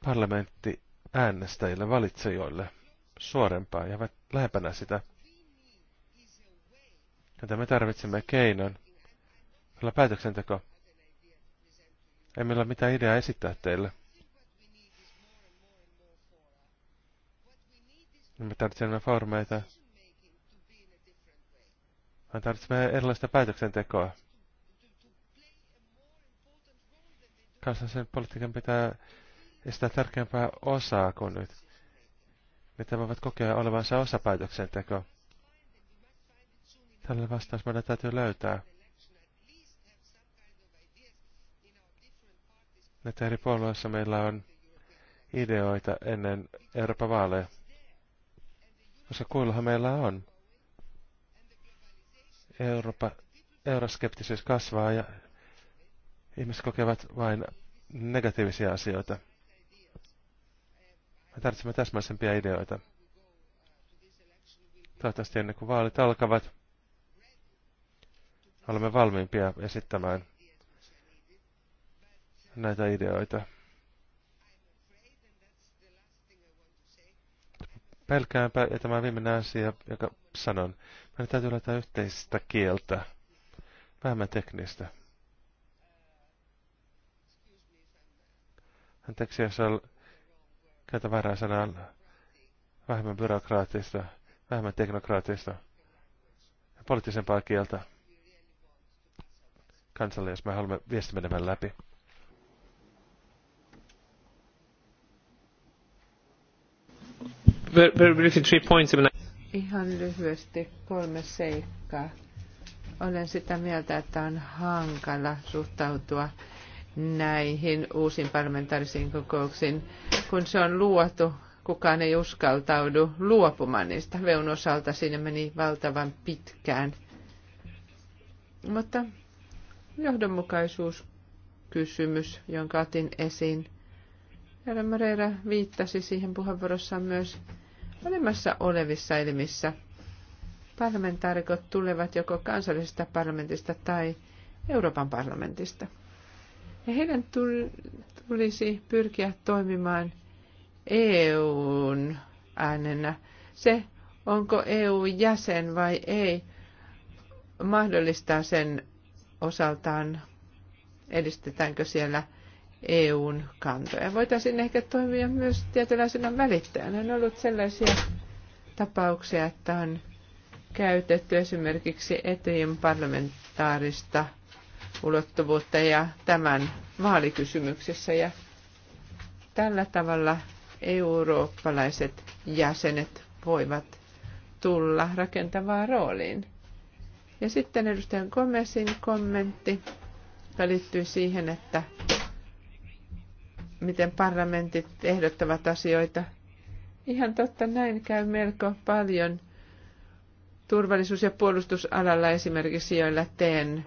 parlamentti äänestäjille, valitsejoille, suorempaa ja lähempänä sitä. Joten me tarvitsemme keinon, jolla päätöksenteko. Ei meillä ole mitään ideaa esittää teille. Niin me tarvitsemme formeita. Me tarvitsemme erilaista päätöksentekoa. kansallisen politiikan pitää estää tärkeämpää osaa kuin nyt. Mitä voivat kokea olevansa osa päätöksentekoa. Tälle vastaus meidän täytyy löytää. Näitä eri puolueissa meillä on ideoita ennen Euroopan vaaleja. Koska kuillahan meillä on. Eurooppa, euroskeptisyys kasvaa ja Ihmiset kokevat vain negatiivisia asioita. Me tarvitsemme täsmäisempiä ideoita. Toivottavasti ennen kuin vaalit alkavat, olemme valmiimpia esittämään näitä ideoita. Pelkäänpä, ja tämä on viimeinen asia, joka sanon, meidän täytyy löytää yhteistä kieltä, vähemmän teknistä. Anteeksi, jos on, käytä väärää sanaa. Vähemmän byrokraattista, vähemmän teknokraattista ja poliittisempaa kieltä kansalle, jos me haluamme viesti menemään läpi. Ihan lyhyesti kolme seikkaa. Olen sitä mieltä, että on hankala suhtautua näihin uusiin parlamentaarisiin kokouksiin. Kun se on luotu, kukaan ei uskaltaudu luopumaan niistä. Veun osalta siinä meni valtavan pitkään. Mutta johdonmukaisuuskysymys, jonka otin esiin. Herra Moreira viittasi siihen puheenvuorossaan myös olemassa olevissa elimissä. Parlamentaarikot tulevat joko kansallisesta parlamentista tai Euroopan parlamentista. Ja heidän tulisi pyrkiä toimimaan EUn äänenä. Se, onko EU jäsen vai ei, mahdollistaa sen osaltaan, edistetäänkö siellä EUn kantoja. Voitaisiin ehkä toimia myös tietynlaisena välittäjänä. On ollut sellaisia tapauksia, että on käytetty esimerkiksi etyjin parlamentaarista ulottuvuutta ja tämän vaalikysymyksessä. Ja tällä tavalla eurooppalaiset jäsenet voivat tulla rakentavaan rooliin. Ja sitten edustajan Komesin kommentti, joka liittyy siihen, että miten parlamentit ehdottavat asioita. Ihan totta, näin käy melko paljon turvallisuus- ja puolustusalalla esimerkiksi, joilla teen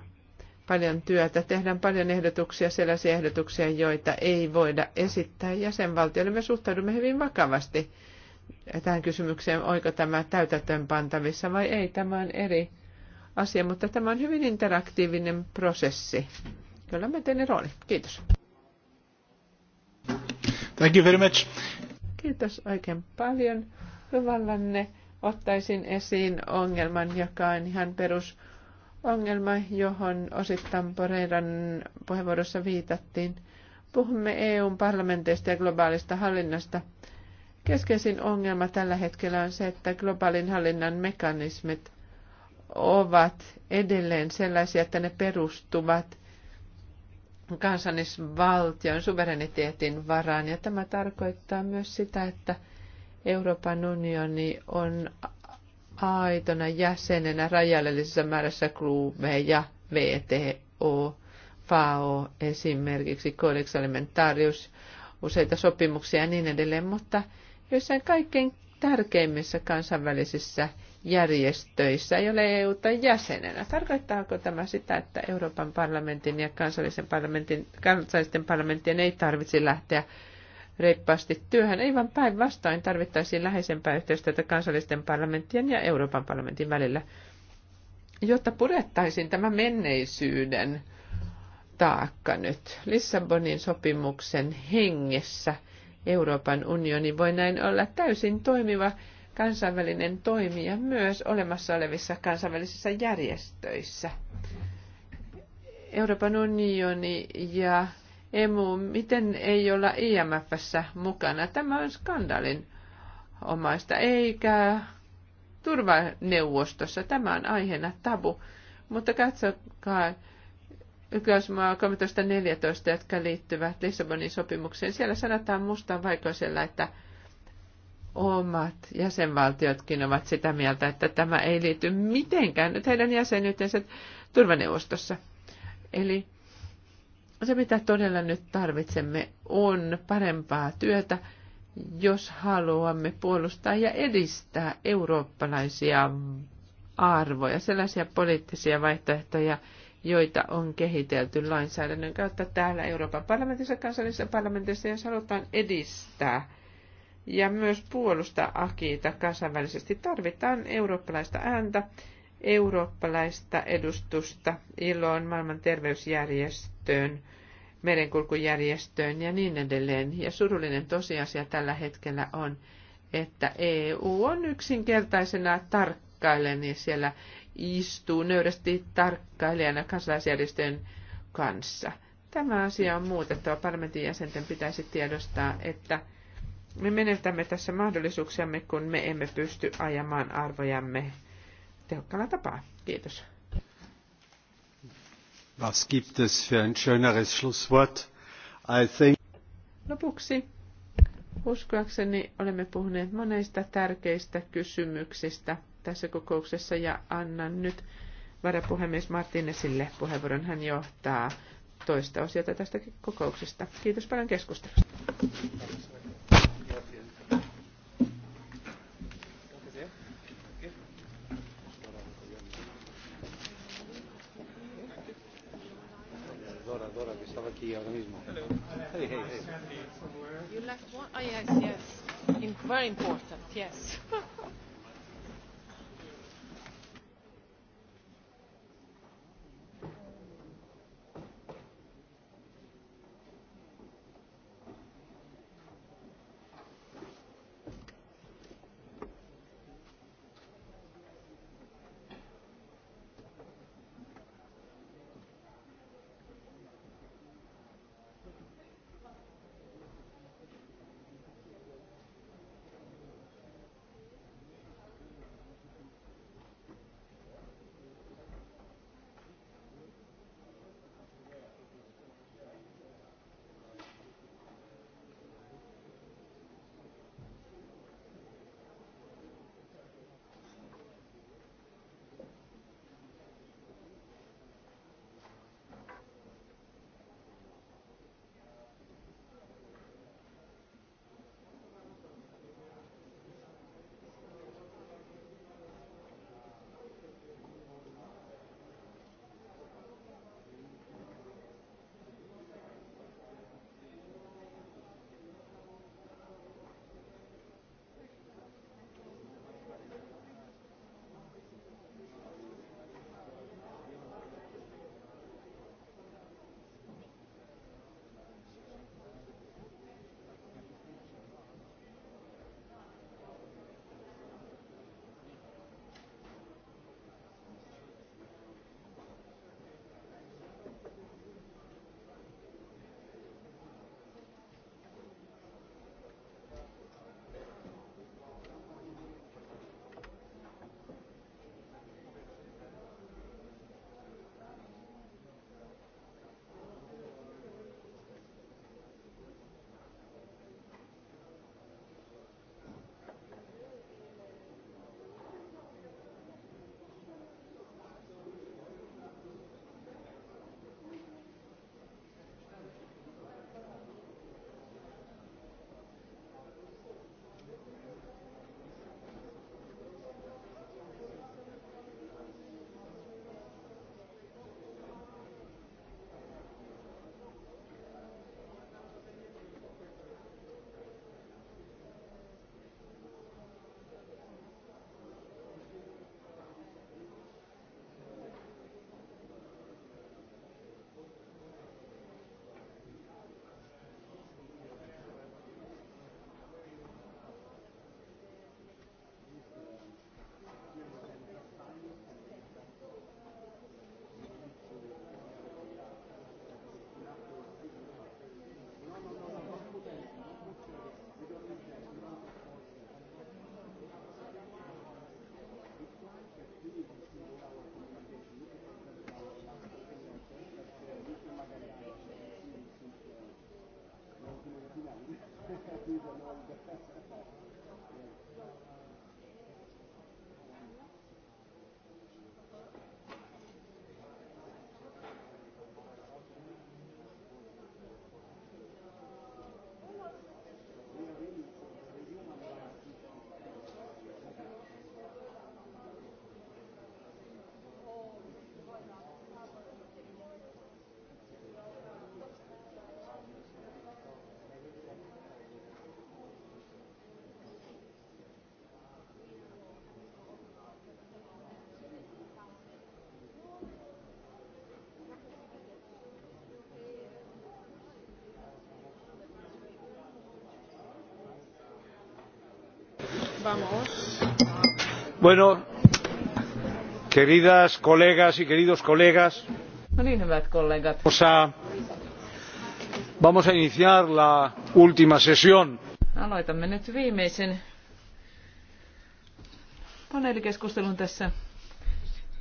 paljon työtä. Tehdään paljon ehdotuksia, sellaisia ehdotuksia, joita ei voida esittää jäsenvaltioille. Me suhtaudumme hyvin vakavasti tähän kysymykseen, oiko tämä täytäntöönpantavissa vai ei. Tämä on eri asia, mutta tämä on hyvin interaktiivinen prosessi. Kyllä mä teemme rooli. Kiitos. Thank you very much. Kiitos oikein paljon. Luvallanne ottaisin esiin ongelman, joka on ihan perus ongelma, johon osittain Poreiran puheenvuorossa viitattiin. Puhumme EUn parlamenteista ja globaalista hallinnasta. Keskeisin ongelma tällä hetkellä on se, että globaalin hallinnan mekanismit ovat edelleen sellaisia, että ne perustuvat kansallisvaltion suvereniteetin varaan. Ja tämä tarkoittaa myös sitä, että Euroopan unioni on aitona jäsenenä rajallisessa määrässä klubeja, VTO, FAO esimerkiksi, Codex Alimentarius, useita sopimuksia ja niin edelleen, mutta joissain kaikkein tärkeimmissä kansainvälisissä järjestöissä ei ole EUta jäsenenä. Tarkoittaako tämä sitä, että Euroopan parlamentin ja kansallisen parlamentin, kansallisten parlamenttien ei tarvitse lähteä reippaasti työhön, ei vaan päinvastoin tarvittaisiin läheisempää yhteistyötä kansallisten parlamenttien ja Euroopan parlamentin välillä, jotta purettaisiin tämä menneisyyden taakka nyt. Lissabonin sopimuksen hengessä Euroopan unioni voi näin olla täysin toimiva kansainvälinen toimija myös olemassa olevissa kansainvälisissä järjestöissä. Euroopan unioni ja emu, miten ei olla IMFssä mukana. Tämä on skandaalin omaista, eikä turvaneuvostossa. Tämä on aiheena tabu. Mutta katsokaa ykkösmaa 13.14, jotka liittyvät Lissabonin sopimukseen. Siellä sanotaan mustan vaikoisella, että omat jäsenvaltiotkin ovat sitä mieltä, että tämä ei liity mitenkään nyt heidän jäsenyytensä turvaneuvostossa. Eli se, mitä todella nyt tarvitsemme, on parempaa työtä, jos haluamme puolustaa ja edistää eurooppalaisia arvoja, sellaisia poliittisia vaihtoehtoja, joita on kehitelty lainsäädännön kautta täällä Euroopan parlamentissa, kansallisessa parlamentissa, jos halutaan edistää ja myös puolustaa Akiita kansainvälisesti. Tarvitaan eurooppalaista ääntä, eurooppalaista edustusta, ilon maailman terveysjärjestö järjestöön, merenkulkujärjestöön ja niin edelleen. Ja surullinen tosiasia tällä hetkellä on, että EU on yksinkertaisena tarkkailijana niin siellä istuu nöyrästi tarkkailijana kansalaisjärjestöjen kanssa. Tämä asia on muutettava. Parlamentin jäsenten pitäisi tiedostaa, että me menetämme tässä mahdollisuuksiamme, kun me emme pysty ajamaan arvojamme tehokkaalla tapaa. Kiitos. Was gibt es für ein schöneres Schlusswort? I think... Lopuksi uskoakseni olemme puhuneet monista tärkeistä kysymyksistä tässä kokouksessa ja annan nyt varapuhemies Martinesille puheenvuoron. Hän johtaa toista osiota tästä kokouksesta. Kiitos paljon keskustelusta. Dora, Dora que estaba aquí ahora mismo. Hey, hey, hey. You left one? Oh, yes, yes. In, very important, yes. Bueno, queridas colegas y queridos colegas, no niin, Vamos a, vamos a iniciar la última sesión. Aloitamme nyt viimeisen paneelikeskustelun tässä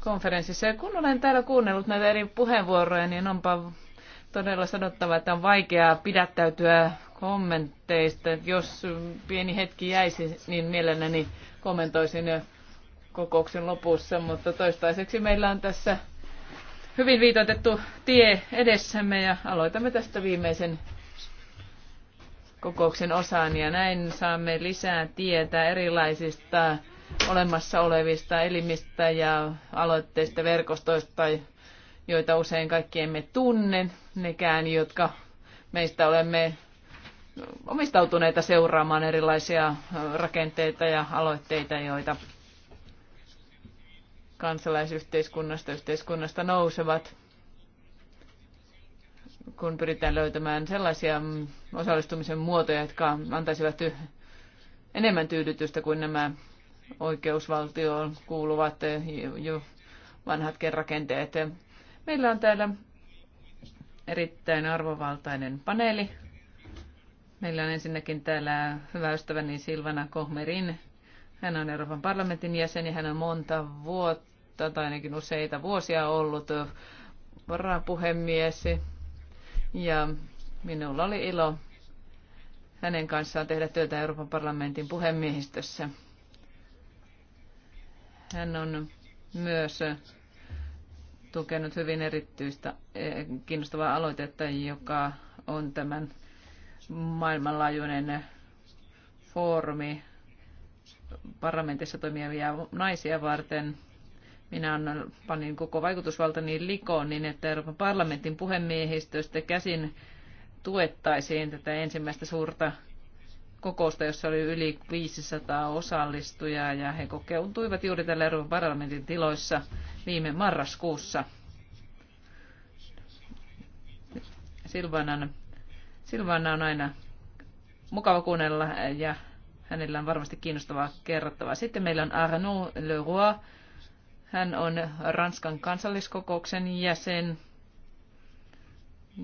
konferenssissa. Ja kun olen täällä kuunnellut näitä eri puheenvuoroja, niin onpa todella sanottava, että on vaikeaa pidättäytyä kommenteista. Jos pieni hetki jäisi, niin mielelläni kommentoisin kokouksen lopussa, mutta toistaiseksi meillä on tässä hyvin viitoitettu tie edessämme ja aloitamme tästä viimeisen kokouksen osaan ja näin saamme lisää tietää erilaisista olemassa olevista elimistä ja aloitteista, verkostoista, joita usein kaikki emme tunne, nekään, jotka meistä olemme omistautuneita seuraamaan erilaisia rakenteita ja aloitteita, joita kansalaisyhteiskunnasta yhteiskunnasta nousevat, kun pyritään löytämään sellaisia mm, osallistumisen muotoja, jotka antaisivat enemmän tyydytystä kuin nämä oikeusvaltioon kuuluvat jo vanhatkin rakenteet. Meillä on täällä erittäin arvovaltainen paneeli Meillä on ensinnäkin täällä hyvä ystäväni Silvana Kohmerin. Hän on Euroopan parlamentin jäsen ja hän on monta vuotta tai ainakin useita vuosia ollut varapuhemies. Ja minulla oli ilo hänen kanssaan tehdä työtä Euroopan parlamentin puhemiehistössä. Hän on myös tukenut hyvin erityistä eh, kiinnostavaa aloitetta, joka on tämän maailmanlaajuinen foorumi parlamentissa toimivia naisia varten. Minä panin koko vaikutusvaltani likoon niin, että Euroopan parlamentin puhemiehistöstä käsin tuettaisiin tätä ensimmäistä suurta kokousta, jossa oli yli 500 osallistujaa ja he kokeutuivat juuri tällä Euroopan parlamentin tiloissa viime marraskuussa. Silvanan Silvana on aina mukava kuunnella ja hänellä on varmasti kiinnostavaa kerrottavaa. Sitten meillä on Arnaud Leroy. Hän on Ranskan kansalliskokouksen jäsen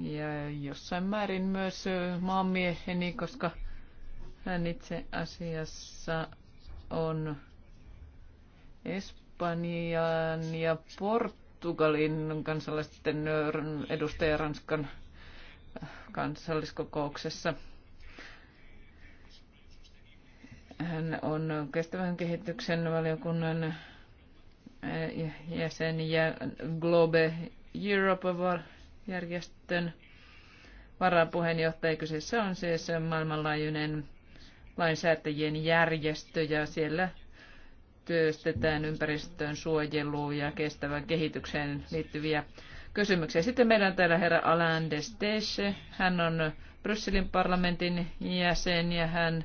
ja jossain määrin myös maanmieheni, koska hän itse asiassa on Espanjan ja Portugalin kansalaisten edustaja Ranskan kansalliskokouksessa. Hän on kestävän kehityksen valiokunnan eh, jäsen ja Globe Europe järjestön varapuheenjohtaja. Kyseessä on siis maailmanlaajuinen lainsäätäjien järjestö ja siellä työstetään ympäristön suojeluun ja kestävän kehitykseen liittyviä kysymyksiä. Sitten meillä on täällä herra Alain Destesche. Hän on Brysselin parlamentin jäsen ja hän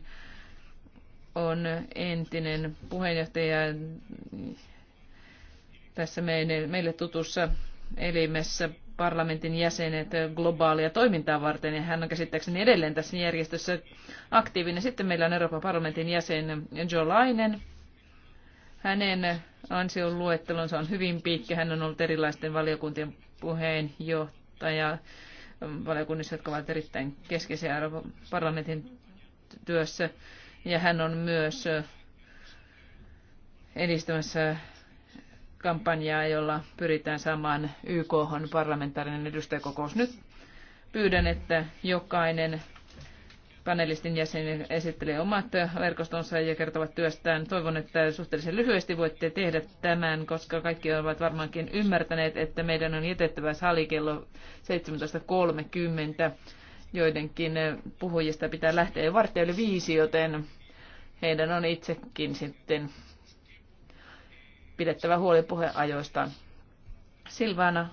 on entinen puheenjohtaja tässä meille, meille tutussa elimessä parlamentin jäsenet globaalia toimintaa varten, ja hän on käsittääkseni edelleen tässä järjestössä aktiivinen. Sitten meillä on Euroopan parlamentin jäsen Jo Lainen. Hänen ansion luettelonsa on hyvin pitkä. Hän on ollut erilaisten valiokuntien puheenjohtaja valiokunnissa, jotka ovat erittäin keskeisiä Euroopan parlamentin työssä. Ja hän on myös edistämässä kampanjaa, jolla pyritään saamaan YK parlamentaarinen edustajakokous. Nyt pyydän, että jokainen panelistin jäsenen esittelee omat verkostonsa ja kertovat työstään. Toivon, että suhteellisen lyhyesti voitte tehdä tämän, koska kaikki ovat varmaankin ymmärtäneet, että meidän on jätettävä sali kello 17.30. Joidenkin puhujista pitää lähteä jo varttia yli viisi, joten heidän on itsekin sitten pidettävä huoli puheajoistaan. Silvana,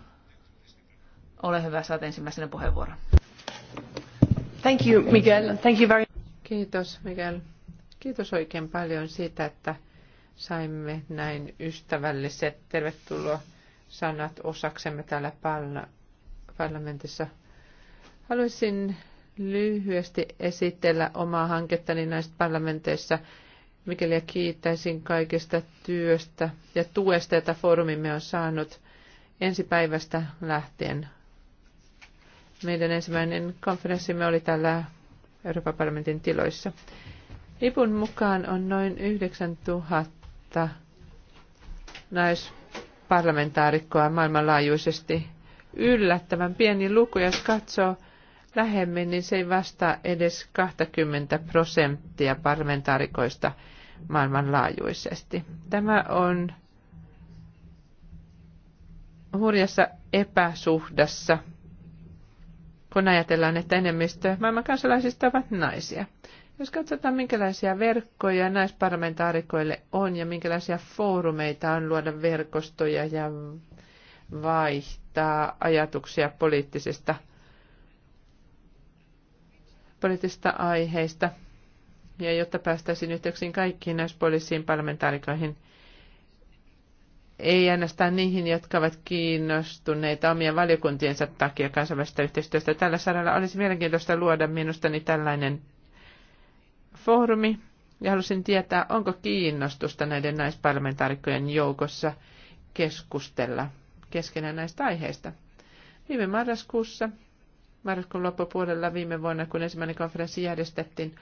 ole hyvä, saat ensimmäisenä puheenvuoron. Thank you, Miguel. Thank you very... Kiitos, Miguel. Kiitos oikein paljon siitä, että saimme näin ystävälliset tervetuloa sanat osaksemme täällä parlamentissa. Haluaisin lyhyesti esitellä omaa hankettani näistä parlamenteissa, mikäli kiittäisin kaikesta työstä ja tuesta, jota foorumimme on saanut ensi päivästä lähtien meidän ensimmäinen konferenssimme oli täällä Euroopan parlamentin tiloissa. IPUn mukaan on noin 9000 naisparlamentaarikkoa maailmanlaajuisesti. Yllättävän pieni luku, jos katsoo lähemmin, niin se ei vastaa edes 20 prosenttia parlamentaarikoista maailmanlaajuisesti. Tämä on hurjassa epäsuhdassa – kun ajatellaan, että enemmistö maailman kansalaisista ovat naisia. Jos katsotaan, minkälaisia verkkoja naisparlamentaarikoille on ja minkälaisia foorumeita on luoda verkostoja ja vaihtaa ajatuksia poliittisista, poliittisista aiheista. Ja jotta päästäisiin yhteyksiin kaikkiin naispoliisiin parlamentaarikoihin – ei ainoastaan niihin, jotka ovat kiinnostuneita omien valiokuntiensa takia kansainvälisestä yhteistyöstä. Tällä saralla olisi mielenkiintoista luoda minustani niin tällainen foorumi, ja halusin tietää, onko kiinnostusta näiden naisparlamentaarikkojen joukossa keskustella keskenään näistä aiheista. Viime marraskuussa, marraskuun loppupuolella viime vuonna, kun ensimmäinen konferenssi järjestettiin,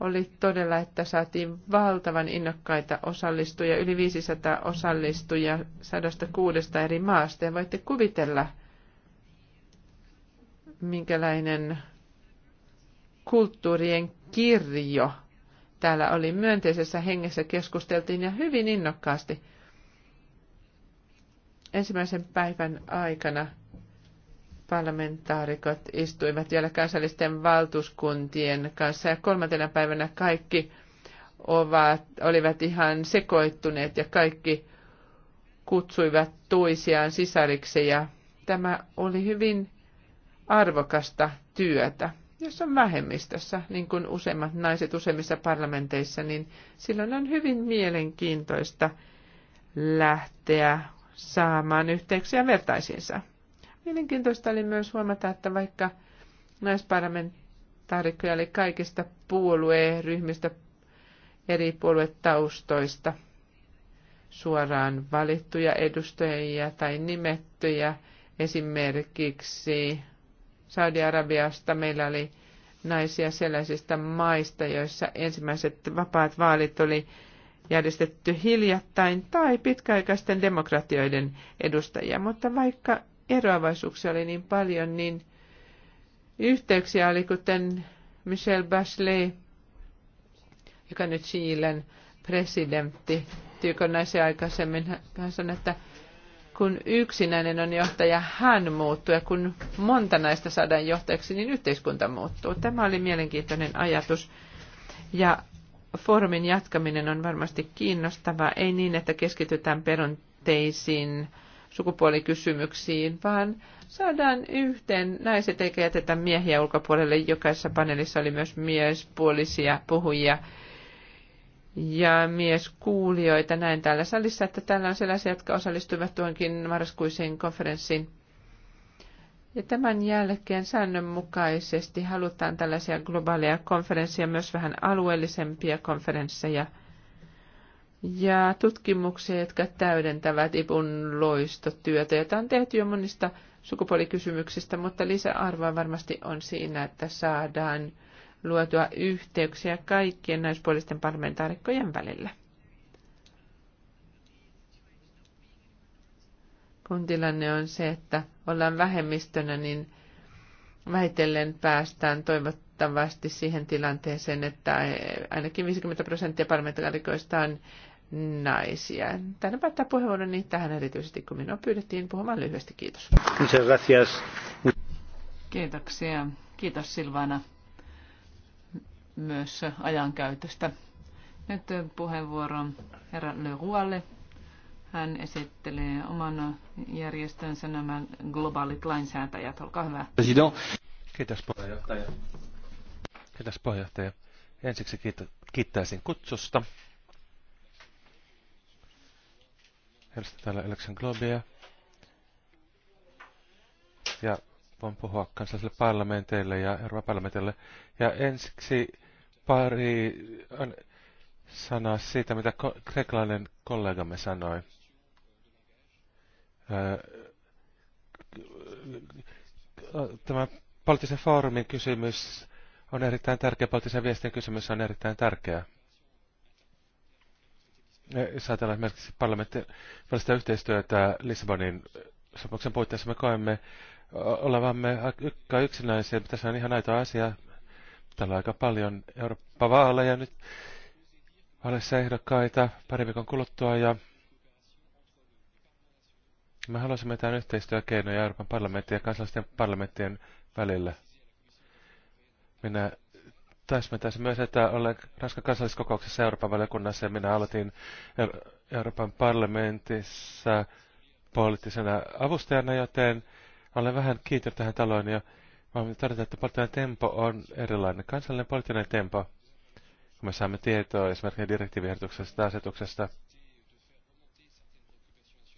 oli todella, että saatiin valtavan innokkaita osallistujia, yli 500 osallistujia 106 eri maasta. Ja voitte kuvitella, minkälainen kulttuurien kirjo täällä oli. Myönteisessä hengessä keskusteltiin ja hyvin innokkaasti. Ensimmäisen päivän aikana parlamentaarikot istuivat vielä kansallisten valtuuskuntien kanssa ja kolmantena päivänä kaikki ovat, olivat ihan sekoittuneet ja kaikki kutsuivat toisiaan sisariksi ja tämä oli hyvin arvokasta työtä. Jos on vähemmistössä, niin kuin useimmat naiset useimmissa parlamenteissa, niin silloin on hyvin mielenkiintoista lähteä saamaan yhteyksiä vertaisiinsa. Mielenkiintoista oli myös huomata, että vaikka naisparlamentaarikkoja oli kaikista puolueryhmistä, eri puoluetaustoista suoraan valittuja edustajia tai nimettyjä. Esimerkiksi Saudi-Arabiasta meillä oli naisia sellaisista maista, joissa ensimmäiset vapaat vaalit oli järjestetty hiljattain tai pitkäaikaisten demokratioiden edustajia. Mutta vaikka eroavaisuuksia oli niin paljon, niin yhteyksiä oli, kuten Michel Bachelet, joka nyt Chilen presidentti, tyykon naisen aikaisemmin, hän sanoi, että kun yksinäinen on johtaja, hän muuttuu, ja kun monta näistä saadaan johtajaksi, niin yhteiskunta muuttuu. Tämä oli mielenkiintoinen ajatus, ja foorumin jatkaminen on varmasti kiinnostava, ei niin, että keskitytään perinteisiin sukupuolikysymyksiin, vaan saadaan yhteen naiset eikä jätetä miehiä ulkopuolelle. Jokaisessa paneelissa oli myös miespuolisia puhujia ja mieskuulijoita. Näin täällä salissa, että täällä on sellaisia, jotka osallistuivat tuonkin marraskuiseen konferenssiin. Ja tämän jälkeen säännönmukaisesti halutaan tällaisia globaaleja konferensseja, myös vähän alueellisempia konferensseja – ja tutkimuksia, jotka täydentävät ibun loistotyötä, jota on tehty jo monista sukupuolikysymyksistä, mutta lisäarvoa varmasti on siinä, että saadaan luotua yhteyksiä kaikkien naispuolisten parlamentaarikkojen välillä. Kun tilanne on se, että ollaan vähemmistönä, niin vähitellen päästään toivottavasti siihen tilanteeseen, että ainakin 50 prosenttia parlamentaarikoista on naisia. Tänne päättää puheenvuoroni tähän erityisesti, kun minua pyydettiin puhumaan lyhyesti. Kiitos. Kiitoksia. Kiitos Silvana myös ajankäytöstä. Nyt puheenvuoro herra Rualle. Hän esittelee oman järjestönsä nämä globaalit lainsäätäjät. Olkaa hyvä. Kiitos puheenjohtaja. Kiitos puheenjohtaja. Ensiksi kiittäisin kutsusta. Edustan täällä Election Globia. Ja voin puhua kansalliselle parlamenteille ja Euroopan parlamentille. Ja ensiksi pari sanaa siitä, mitä ko- kreikkalainen kollegamme sanoi. tämä poliittisen foorumin kysymys on erittäin tärkeä, poliittisen viestin kysymys on erittäin tärkeä. Jos ajatellaan esimerkiksi parlamentin välistä yhteistyötä Lissabonin sopimuksen puitteissa, me koemme olevamme aika yksinäisiä. Tässä on ihan aito asia. Täällä on aika paljon Eurooppa-vaaleja nyt vaaleissa ehdokkaita pari viikon kuluttua ja me haluaisimme tämän yhteistyökeinoja Euroopan parlamentin ja kansallisten parlamenttien välillä. Minä täsmentäisin myös, että olen Ranskan kansalliskokouksessa Euroopan valiokunnassa ja minä aloitin Euroopan parlamentissa poliittisena avustajana, joten olen vähän kiittänyt tähän taloon ja voin todeta, että poliittinen tempo on erilainen. Kansallinen poliittinen tempo, kun me saamme tietoa esimerkiksi direktiiviehdotuksesta asetuksesta,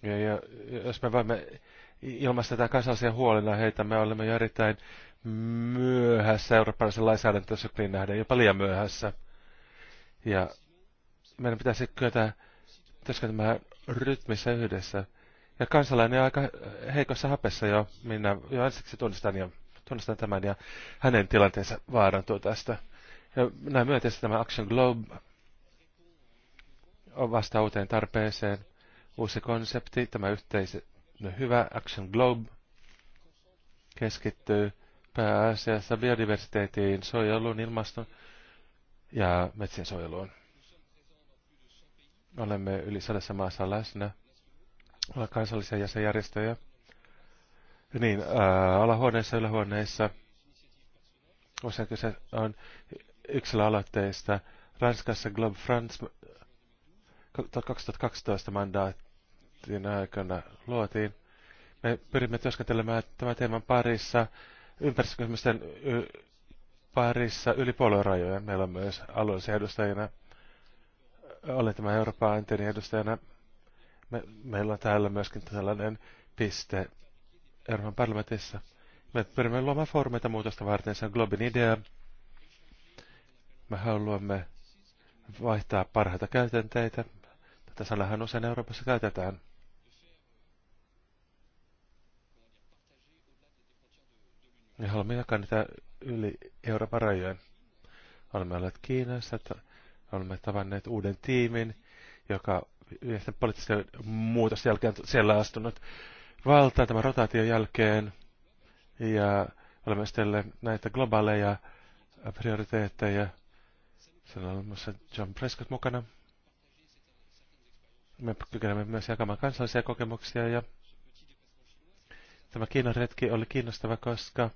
ja, ja jos me voimme ilmaista kansallisia heitä, Me olemme jo erittäin myöhässä eurooppalaisen lainsäädäntösykliin nähden, jopa liian myöhässä. Ja meidän pitäisi kyetä työskentämään rytmissä yhdessä. Ja kansalainen on aika heikossa hapessa jo, minä jo ensiksi tunnistan, ja, tunnistan tämän ja hänen tilanteensa vaarantuu tästä. Ja näin myönteisesti tämä Action Globe on vasta uuteen tarpeeseen. Uusi konsepti, tämä yhteis No hyvä Action Globe keskittyy pääasiassa biodiversiteettiin, suojeluun, ilmaston ja metsien suojeluun. Olemme yli sadassa maassa läsnä. Olemme kansallisia jäsenjärjestöjä. Niin, ää, äh, alahuoneissa ja ylähuoneissa. Usein kyse on yksilöaloitteista. Ranskassa Globe France 2012 äh, mandaatti parlamentin aikana luotiin. Me pyrimme työskentelemään tämän teeman parissa, ympäristökysymysten parissa yli puoluerajojen. Meillä on myös alueellisia edustajina. Olen tämä Euroopan antennin edustajana. Me, meillä on täällä myöskin tällainen piste Euroopan parlamentissa. Me pyrimme luomaan foorumeita muutosta varten. Se on Globin idea. Me haluamme vaihtaa parhaita käytänteitä. Tätä sanahan usein Euroopassa käytetään. Me haluamme jakaa niitä yli Euroopan rajojen. Olemme olleet Kiinassa, olemme tavanneet uuden tiimin, joka yhdessä poliittisen muutos jälkeen siellä astunut valtaan tämän rotaation jälkeen. Ja olemme esitelleet näitä globaaleja prioriteetteja. Siellä on muassa John Prescott mukana. Me kykenemme myös jakamaan kansallisia kokemuksia ja tämä Kiinan retki oli kiinnostava, koska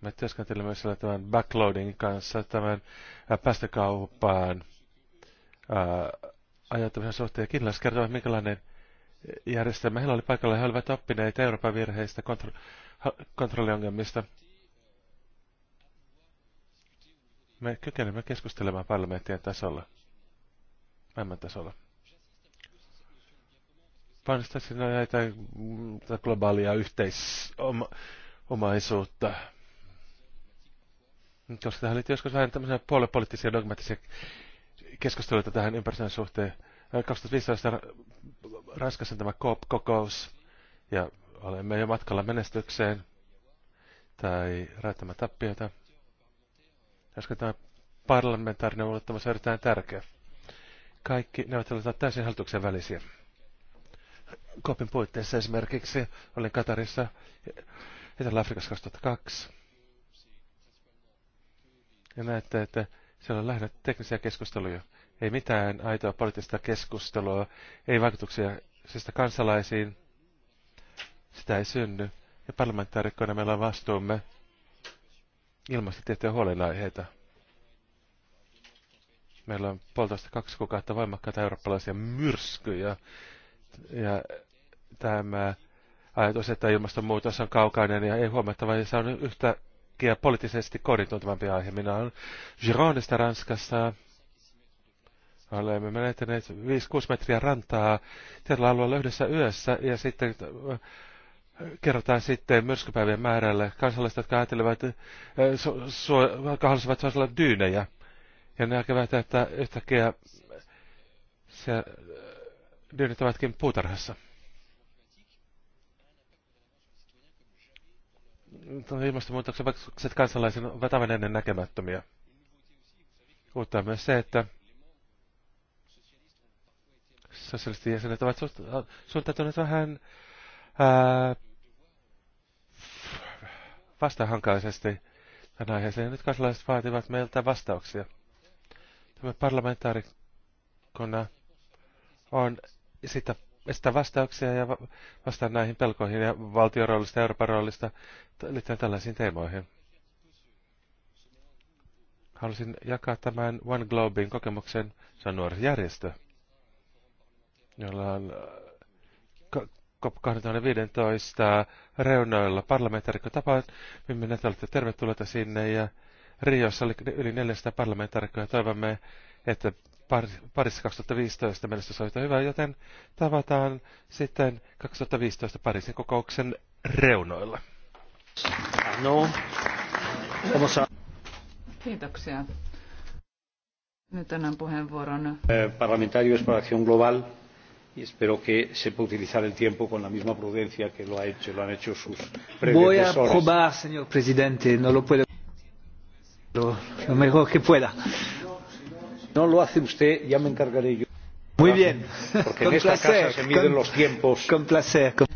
me työskentelemme siellä tämän backloading kanssa, tämän päästökauppaan ajattamisen suhteen. Kiinalaiset kertovat, minkälainen järjestelmä heillä oli paikalla. He olivat oppineet Euroopan virheistä, kontro kontrolliongelmista. Me kykenemme keskustelemaan parlamenttien tasolla, maailman tasolla. Painostaisin näitä mm, globaalia yhteisomaisuutta. Oma, koska tähän liittyy joskus vähän tämmöisiä puolipoliittisia dogmatisia keskusteluita tähän ympäristöön suhteen. 2015 äh, Ranskassa tämä COP-kokous, ja olemme jo matkalla menestykseen tai rajoittamaan tappioita. Koska tämä parlamentaarinen ulottamus on erittäin tärkeä. Kaikki neuvottelut ovat täysin hallituksen välisiä. Kopin puitteissa esimerkiksi olin Katarissa Etelä-Afrikassa 2002 ja näette, että siellä on lähinnä teknisiä keskusteluja. Ei mitään aitoa poliittista keskustelua, ei vaikutuksia sitä kansalaisiin. Sitä ei synny. Ja parlamentaarikkoina meillä on vastuumme ilmaista tiettyjä huolenaiheita. Meillä on puolitoista kaksi kuukautta voimakkaita eurooppalaisia myrskyjä. Ja tämä ajatus, että ilmastonmuutos on kaukainen ja ei huomattava, ja se on yhtä kaikkia poliittisesti koordinoituvampi aihe. Minä olen Gironesta Ranskassa. Olemme menettäneet 5-6 metriä rantaa tällä alueella yhdessä yössä ja sitten äh, kerrotaan sitten myrskypäivien määrälle kansalaiset, jotka ajattelevat, että äh, su- haluaisivat suosilla dyynejä. Ja ne näkevät, että yhtäkkiä se, äh, dyynit ovatkin puutarhassa. ilmastonmuutoksen vaikutukset kansalaisen ovat aivan ennen näkemättömiä. Uutta myös se, että sosialistien jäsenet ovat äh, suuntautuneet vähän äh, vastahankaisesti tämän aiheeseen. nyt kansalaiset vaativat meiltä vastauksia. Tämä parlamentaarikona on sitä esittää vastauksia ja vastaa näihin pelkoihin ja valtion roolista ja Euroopan roolista liittyen tällaisiin teemoihin. Haluaisin jakaa tämän One Globin kokemuksen. Se on nuori järjestö, jolla on 2015 äh, reunoilla parlamentaarikko tapaan. Minä te olette tervetulleita sinne ja Riossa oli yli 400 parlamentaarikkoa ja toivomme että parissa 2015 menestys on yhtä hyvä, joten tavataan sitten 2015 Pariisin kokouksen reunoilla. No. Kiitoksia. Nyt annan puheenvuoron. Eh, Parlamentarios para Acción Global y espero que se pueda utilizar el tiempo con la misma prudencia que lo, ha hecho, lo han hecho sus Voy a probar, señor presidente, no lo puedo lo mejor que pueda. No lo hace usted, ya me encargaré yo. Muy bien. Porque con en esta placer, casa se miden con, los tiempos. Con placer. Con...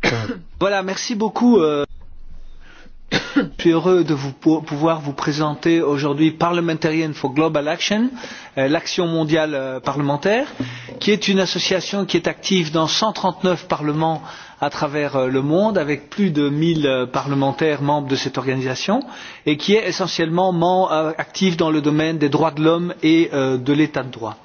voilà, merci beaucoup. Uh suis heureux de vous pouvoir vous présenter aujourd'hui Parliamentarian for Global Action, euh, l'action mondiale euh, parlementaire, qui est une association qui est active dans 139 parlements à travers euh, le monde, avec plus de 1000 parlementaires membres de cette organisation, et qui est essentiellement active dans le domaine des droits de l'homme et de l'état de droit.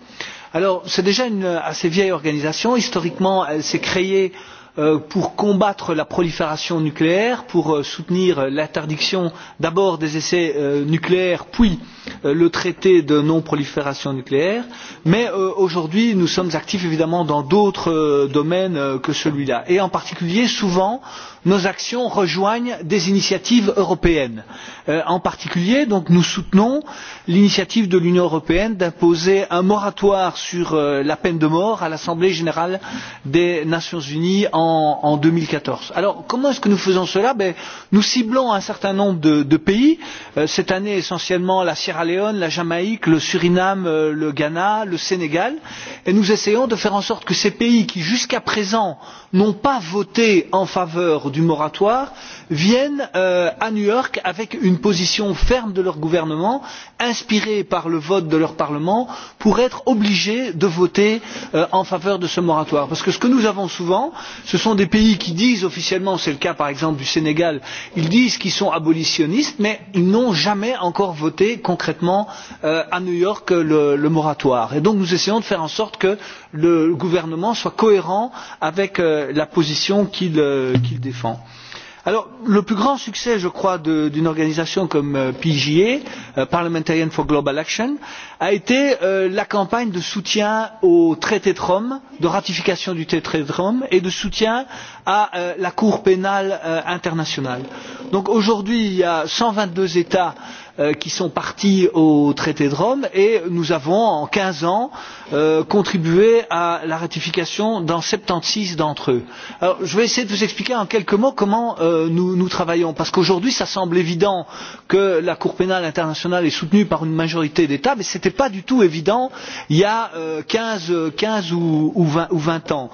Alors, c'est déjà une assez vieille organisation. Historiquement, elle s'est créée euh, Euh, pour combattre la prolifération nucléaire pour euh, soutenir l'interdiction d'abord des essais euh, nucléaires puis le traité de non prolifération nucléaire mais aujourd'hui nous sommes actifs évidemment dans d'autres domaines que celui là et en particulier souvent dans nos actions rejoignent des initiatives européennes. Euh, en particulier nous soutenons l'initiative de l'union européenne d'imposer un moratoire sur euh, la peine de mort à l'assemblée générale des nations unies en. deux mille quatorze comment faisons nous cela? nous ciblons un certain nombre de, pays euh, cette année essentiellement la sierra leone la jamaïque le suriname le ghana le sénégal et nous essayons de faire en sorte que ces pays qui jusqu'à présent n'ont pas voté en faveur du moratoire viennent euh, à new york avec une position ferme de leur gouvernement inspirée par le vote de leur parlement pour être obligés de voter euh, en faveur de ce moratoire. parce que ce que nous avons souvent ce sont des pays qui disent officiellement c'est le cas par exemple du sénégal qu'ils sont abolitionnistes mais ils n'ont jamais encore voté concrètement euh, à new york le, le moratoire. et donc nous essayons de faire en sorte que le gouvernement soit cohérent avec euh, la position qu'il euh, défend. le plus grand succès je crois d'une organisation comme euh, pga parliamentarians for global action a été la campagne de soutien au traité de rome de ratification du traité de rome et de soutien à la cour pénale internationale. aujourd'hui il y a cent vingt deux états Euh, qui sont partis au traité de Rome et nous avons en quinze ans euh, contribué à la ratification dans 76 d'entre eux. Alors, je vais essayer de vous expliquer en quelques mots comment euh, nous, nous travaillons parce qu'aujourd'hui ça semble évident que la Cour pénale internationale est soutenue par une majorité d'États mais ce n'était pas du tout évident il y a 15, 15 ou, ou, 20, ou 20 ans.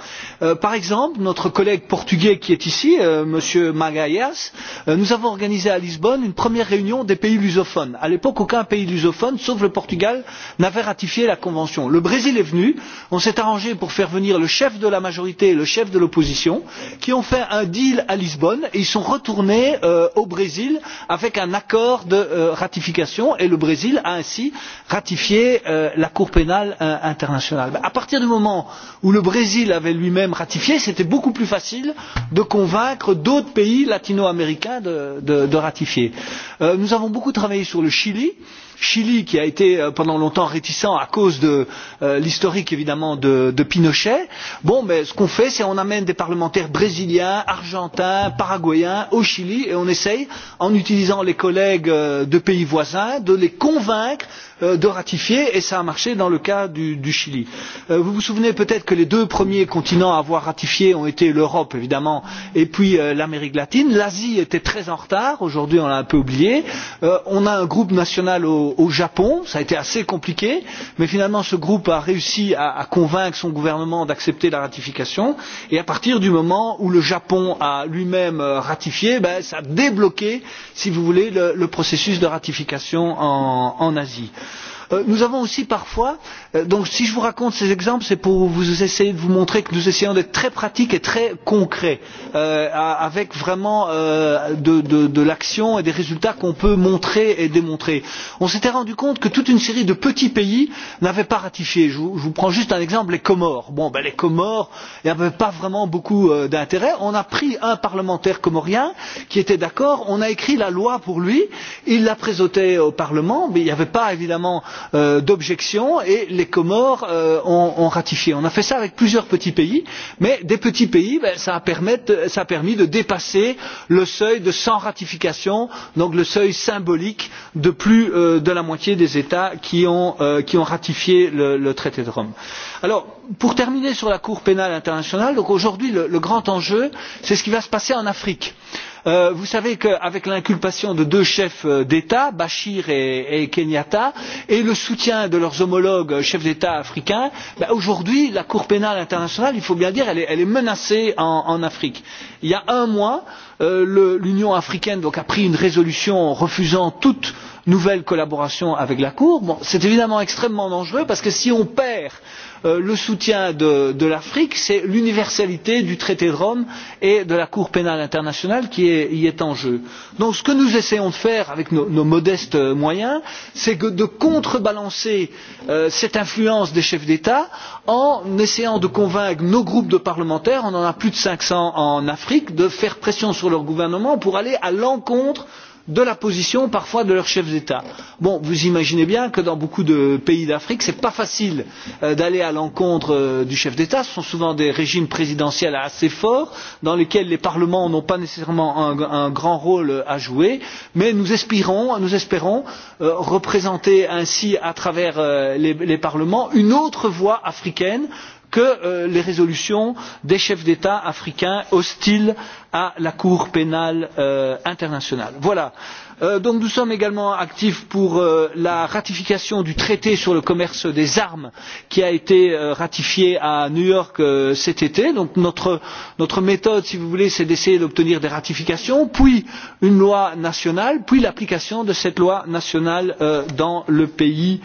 Par exemple, notre collègue portugais qui est ici, M. Magalhães, nous avons organisé à Lisbonne une première réunion des pays lusophones lusophone à l'époque aucun pays lusophone sauf le portugal n'avait ratifié la convention. le brésil est venu on s'est arrangé pour faire venir le chef de la majorité et le chef de l'opposition qui ont fait un deal à lisbonne et ils sont retournés euh, au brésil avec un accord de euh, ratification et le brésil a ainsi ratifié euh, la cour pénale internationale. à partir du moment où le brésil avait lui même ratifié c'était beaucoup plus facile de convaincre d'autres pays latino américains de, de, de ratifier. nous avons beaucoup travaillé sur le Chili. Euh, Chili qui a été euh, pendant longtemps réticent à cause de euh, l'historique évidemment de, de Pinochet. Bon, ben, ce qu'on fait, c'est on amène des parlementaires brésiliens, argentins, paraguayens au Chili et on essaye, en utilisant les collègues euh, de pays voisins, de les convaincre de ratifier et ça a marché dans le cas du, du Chili. Euh, vous vous souvenez peut-être que les deux premiers continents à avoir ratifié ont été l'Europe évidemment et puis euh, l'Amérique latine. L'Asie était très en retard, aujourd'hui on l'a un peu oublié. Euh, on a un groupe national au au, Japon. cela a été assez compliqué, mais finalement ce groupe a réussi à, convaincre son gouvernement d'accepter la ratification. Et à partir du moment où le Japon a lui-même euh, ratifié, ben, ça a débloqué, si vous voulez, le, le processus de ratification en, en Asie. Euh, nous avons aussi parfois euh, donc si je vous raconte ces exemples c'est pour vous essayer de vous montrer que nous essayons d'être très pratiques et très concrets euh, avec vraiment euh, de, de, de l'action et des résultats qu'on peut montrer et démontrer. on s'était rendu compte que toute une série de petits pays n'avaient pas ratifié. je vous, je vous prends juste un exemple les comores. bon ben les comores il n'y avait pas vraiment beaucoup euh, d'intérêt. on a pris un parlementaire comorien qui était d'accord on a écrit la loi pour lui il l'a présentée au parlement mais il n'y avait pas évidemment Euh, d'objection et les Comores euh, ont, ont ratifié. On a fait ça avec plusieurs petits pays, mais des petits pays, ben, ça, a ça a permis de dépasser le seuil de cent ratifications, donc le seuil symbolique de plus euh, de la moitié des États qui ont, euh, qui ont ratifié le, le traité de Rome. Alors, pour terminer sur la Cour pénale internationale, aujourd'hui le, le grand enjeu, c'est ce qui va se passer en Afrique. Euh, Euh, vous savez qu'avec l'inculpation de deux chefs euh, d'état bachir et, kenyatta et le soutien de leurs homologues euh, chefs d'état africains aujourd'hui la cour pénale internationale il faut bien le dire elle est, menacée en, afrique. il y a un mois l'union africaine a pris une résolution refusant toute nouvelle collaboration avec la cour. c'est évidemment extrêmement dangereux parce que si on perd Euh, le soutien de, l'afrique c'est l'universalité du traité de rome et de la cour pénale internationale qui est, y est en jeu. donc ce que nous essayons de faire avec nos, modestes euh, moyens c'est de contrebalancer euh, cette influence des chefs d'état en essayant de convaincre nos groupes de parlementaires on en a plus de cinq cents en afrique de faire pression sur leur gouvernement pour aller à l'encontre de de la position parfois de leurs chefs d'état. Bon, vous imaginez bien que dans beaucoup de pays d'afrique ce n'est pas facile euh, d'aller à l'encontre euh, du chef d'état ce sont souvent des régimes présidentiels assez forts dans lesquels les parlements n'ont pas nécessairement un, un grand rôle à jouer mais nous espérons, nous espérons euh, représenter ainsi à travers les, les parlements une autre voix africaine que euh, les résolutions des chefs d'état africains hostiles à la cour pénale euh, internationale. Voilà. Euh, donc, nous sommes également actifs pour la ratification du traité sur le commerce des armes qui a été ratifié à new york cet été. Donc, notre, notre méthode si vous voulez c'est d'essayer d'obtenir des ratifications puis une loi nationale puis l'application de cette loi nationale dans le pays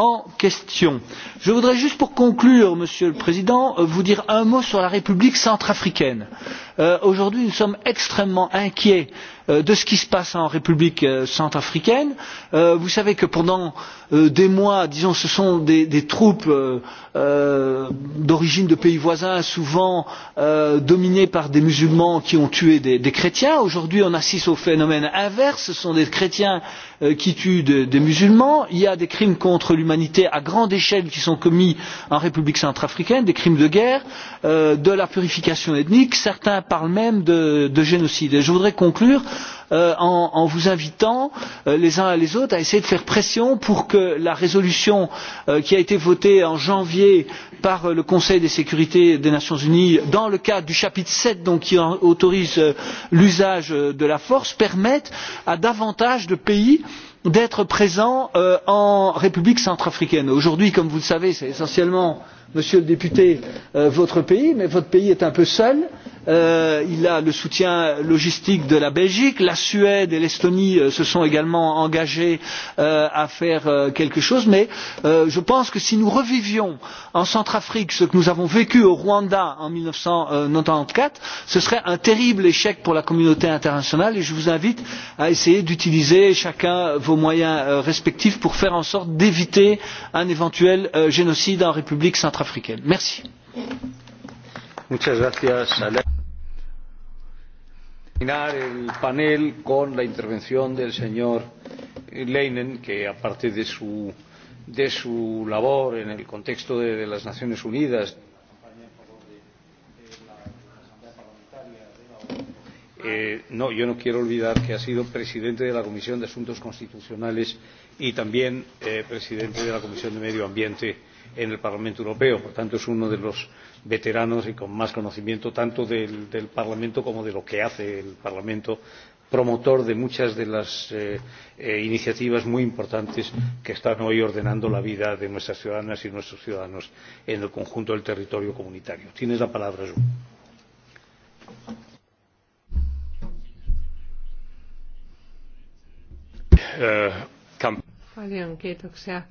en question. je voudrais juste pour conclure monsieur le président euh, vous dire un mot sur la république centrafricaine. Euh, aujourd'hui nous sommes extrêmement inquiets euh, de ce qui se passe en république centrafricaine. vous savez que pendant des mois disons ce sont des, troupes d'origine de pays voisins souvent dominées par des musulmans qui ont tué des, chrétiens. aujourd'hui on assiste au phénomène inverse ce sont des chrétiens qui tuent des musulmans. il y a des crimes contre l'humanité l'humanité à grande échelle qui sont commis en république centrafricaine des crimes de guerre euh, de la purification ethnique certains parlent même de, de génocide. Et je voudrais conclure euh, en, en vous invitant euh, les uns et les autres à essayer de faire pression pour que la résolution euh, qui a été votée en janvier par euh, le conseil de sécurité des nations unies dans le cadre du chapitre 7, donc qui autorise euh, l'usage euh, de la force permette à davantage de pays euh, d'être présent euh, en république centrafricaine. aujourd'hui comme vous le savez c'est essentiellement monsieur le député euh, votre pays mais votre pays est un peu seul euh, il a le soutien logistique de la belgique la suède et l'estonie euh, se sont également engagées à faire quelque chose mais je pense que si nous revivions en centrafrique ce que nous avons vécu au rwanda en mille neuf cent quatre vingt quatre ce serait un terrible échec pour la communauté internationale et je vous invite à essayer d'utiliser chacun vos moyens respectifs pour faire en sorte d'éviter un éventuel génocide en république centrafricaine centrafricaine. Merci. Mm. Terminar el panel con la intervención del señor Leinen, que aparte de su, de su labor en el contexto de, de las Naciones Unidas, Eh, no, yo no quiero olvidar que ha sido presidente de la Comisión de Asuntos Constitucionales y también eh, presidente de la Comisión de Medio Ambiente en el Parlamento Europeo. Por tanto, es uno de los veteranos y con más conocimiento tanto del, Parlamento como de lo que hace el Parlamento promotor de muchas de las eh, eh, iniciativas muy importantes que están hoy ordenando la vida de nuestras ciudadanas y nuestros ciudadanos en el conjunto del territorio comunitario. Tienes la palabra, Ju. Eh, Paljon kiitoksia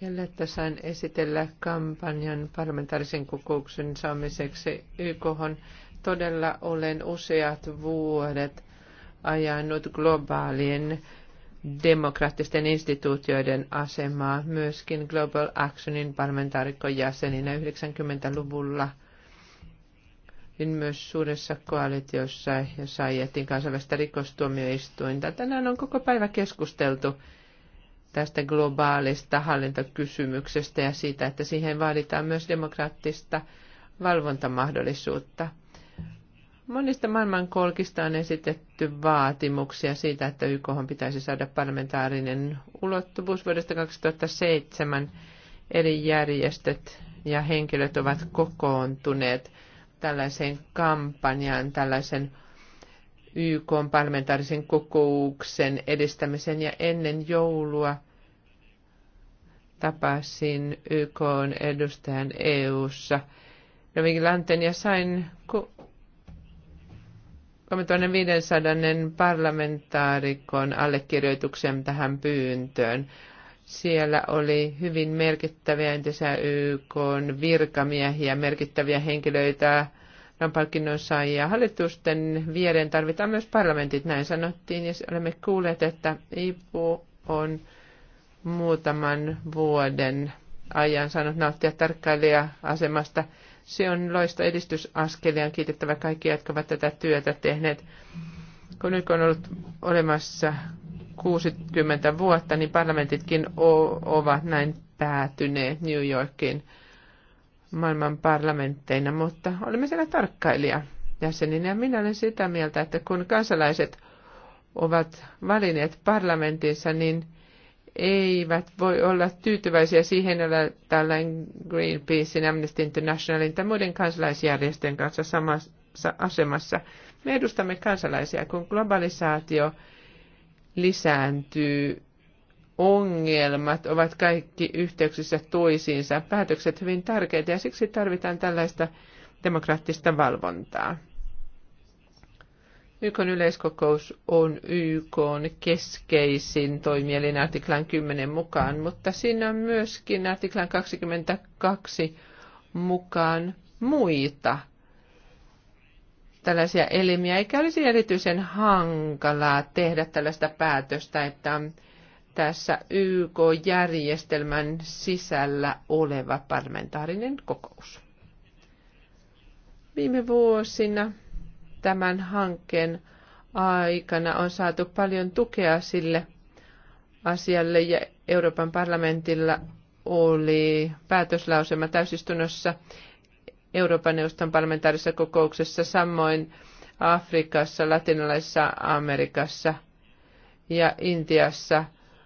Jälleen, tässä esitellä kampanjan parlamentaarisen kokouksen saamiseksi YKhon. Todella olen useat vuodet ajanut globaalien demokraattisten instituutioiden asemaa myöskin Global Actionin parlamentaarikon jäseninä 90-luvulla niin myös suuressa koalitiossa, jossa ajettiin kansainvälistä rikostuomioistuinta. Tänään on koko päivä keskusteltu tästä globaalista hallintokysymyksestä ja siitä, että siihen vaaditaan myös demokraattista valvontamahdollisuutta. Monista maailmankolkista on esitetty vaatimuksia siitä, että YK pitäisi saada parlamentaarinen ulottuvuus vuodesta 2007. Eri järjestöt ja henkilöt ovat kokoontuneet tällaiseen kampanjaan, tällaisen YK parlamentaarisen kokouksen edistämisen ja ennen joulua tapasin YK edustajan EU-ssa Lankten no, ja sain 3500 parlamentaarikon allekirjoituksen tähän pyyntöön. Siellä oli hyvin merkittäviä entisiä YK virkamiehiä, merkittäviä henkilöitä, palkinnon saajia. Hallitusten viereen tarvitaan myös parlamentit, näin sanottiin, ja olemme kuulleet, että IPU on muutaman vuoden ajan saanut nauttia tarkkailija-asemasta. Se on loista edistysaskelia, on kiitettävä kaikkia, jotka ovat tätä työtä tehneet. Kun nyt on ollut olemassa 60 vuotta, niin parlamentitkin ovat näin päätyneet New Yorkin maailman parlamentteina, mutta olemme siellä tarkkailija jäseninä. Minä olen sitä mieltä, että kun kansalaiset ovat valinneet parlamentissa, niin eivät voi olla tyytyväisiä siihen, että tällainen Greenpeace, Amnesty Internationalin tai muiden kansalaisjärjestöjen kanssa samassa asemassa. Me edustamme kansalaisia, kun globalisaatio lisääntyy, ongelmat ovat kaikki yhteyksissä toisiinsa, päätökset hyvin tärkeitä ja siksi tarvitaan tällaista demokraattista valvontaa. YK yleiskokous on YK keskeisin toimielin artiklan 10 mukaan, mutta siinä on myöskin artiklan 22 mukaan muita tällaisia elimiä, eikä olisi erityisen hankalaa tehdä tällaista päätöstä, että tässä YK-järjestelmän sisällä oleva parlamentaarinen kokous. Viime vuosina tämän hankkeen aikana on saatu paljon tukea sille asialle ja Euroopan parlamentilla oli päätöslausema täysistunnossa Euroopan neuvoston parlamentaarisessa kokouksessa, samoin Afrikassa, Latinalaisessa Amerikassa ja Intiassa,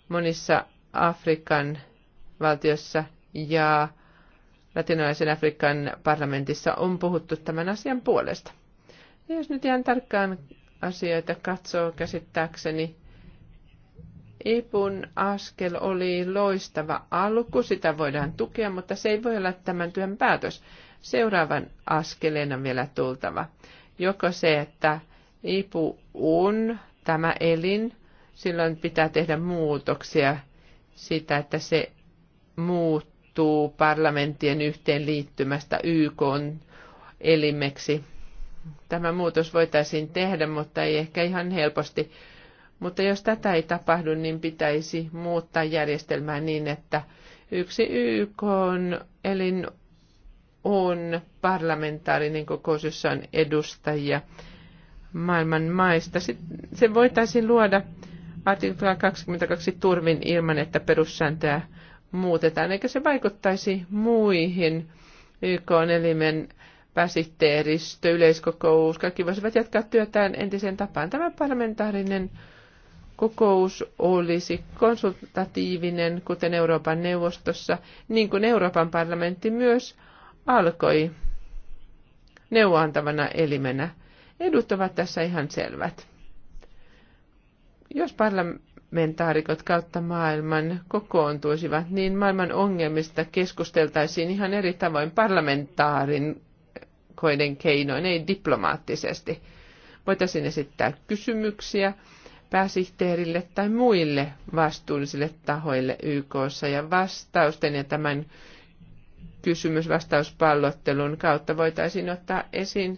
monissa Afrikan valtiossa ja Latinalaisen Afrikan parlamentissa on puhuttu tämän asian puolesta. Jos nyt ihan tarkkaan asioita katsoo käsittääkseni, IPUn askel oli loistava alku, sitä voidaan tukea, mutta se ei voi olla tämän työn päätös. Seuraavan askeleen on vielä tultava. Joko se, että IPU on tämä elin, silloin pitää tehdä muutoksia sitä, että se muuttuu parlamenttien yhteenliittymästä YK elimeksi tämä muutos voitaisiin tehdä, mutta ei ehkä ihan helposti. Mutta jos tätä ei tapahdu, niin pitäisi muuttaa järjestelmää niin, että yksi YK on, eli on parlamentaarinen kokous, jossa on edustajia maailman maista. se voitaisiin luoda artikla 22 turvin ilman, että perussääntöä muutetaan, eikä se vaikuttaisi muihin YK-elimen pääsihteeristö, yleiskokous, kaikki voisivat jatkaa työtään entiseen tapaan. Tämä parlamentaarinen kokous olisi konsultatiivinen, kuten Euroopan neuvostossa, niin kuin Euroopan parlamentti myös alkoi neuvoantavana elimenä. Edut ovat tässä ihan selvät. Jos parlamentaarikot kautta maailman kokoontuisivat, niin maailman ongelmista keskusteltaisiin ihan eri tavoin parlamentaarin niukkoiden keinoin, ei diplomaattisesti. Voitaisiin esittää kysymyksiä pääsihteerille tai muille vastuullisille tahoille YKssa ja vastausten ja tämän kysymysvastauspallottelun kautta voitaisiin ottaa esiin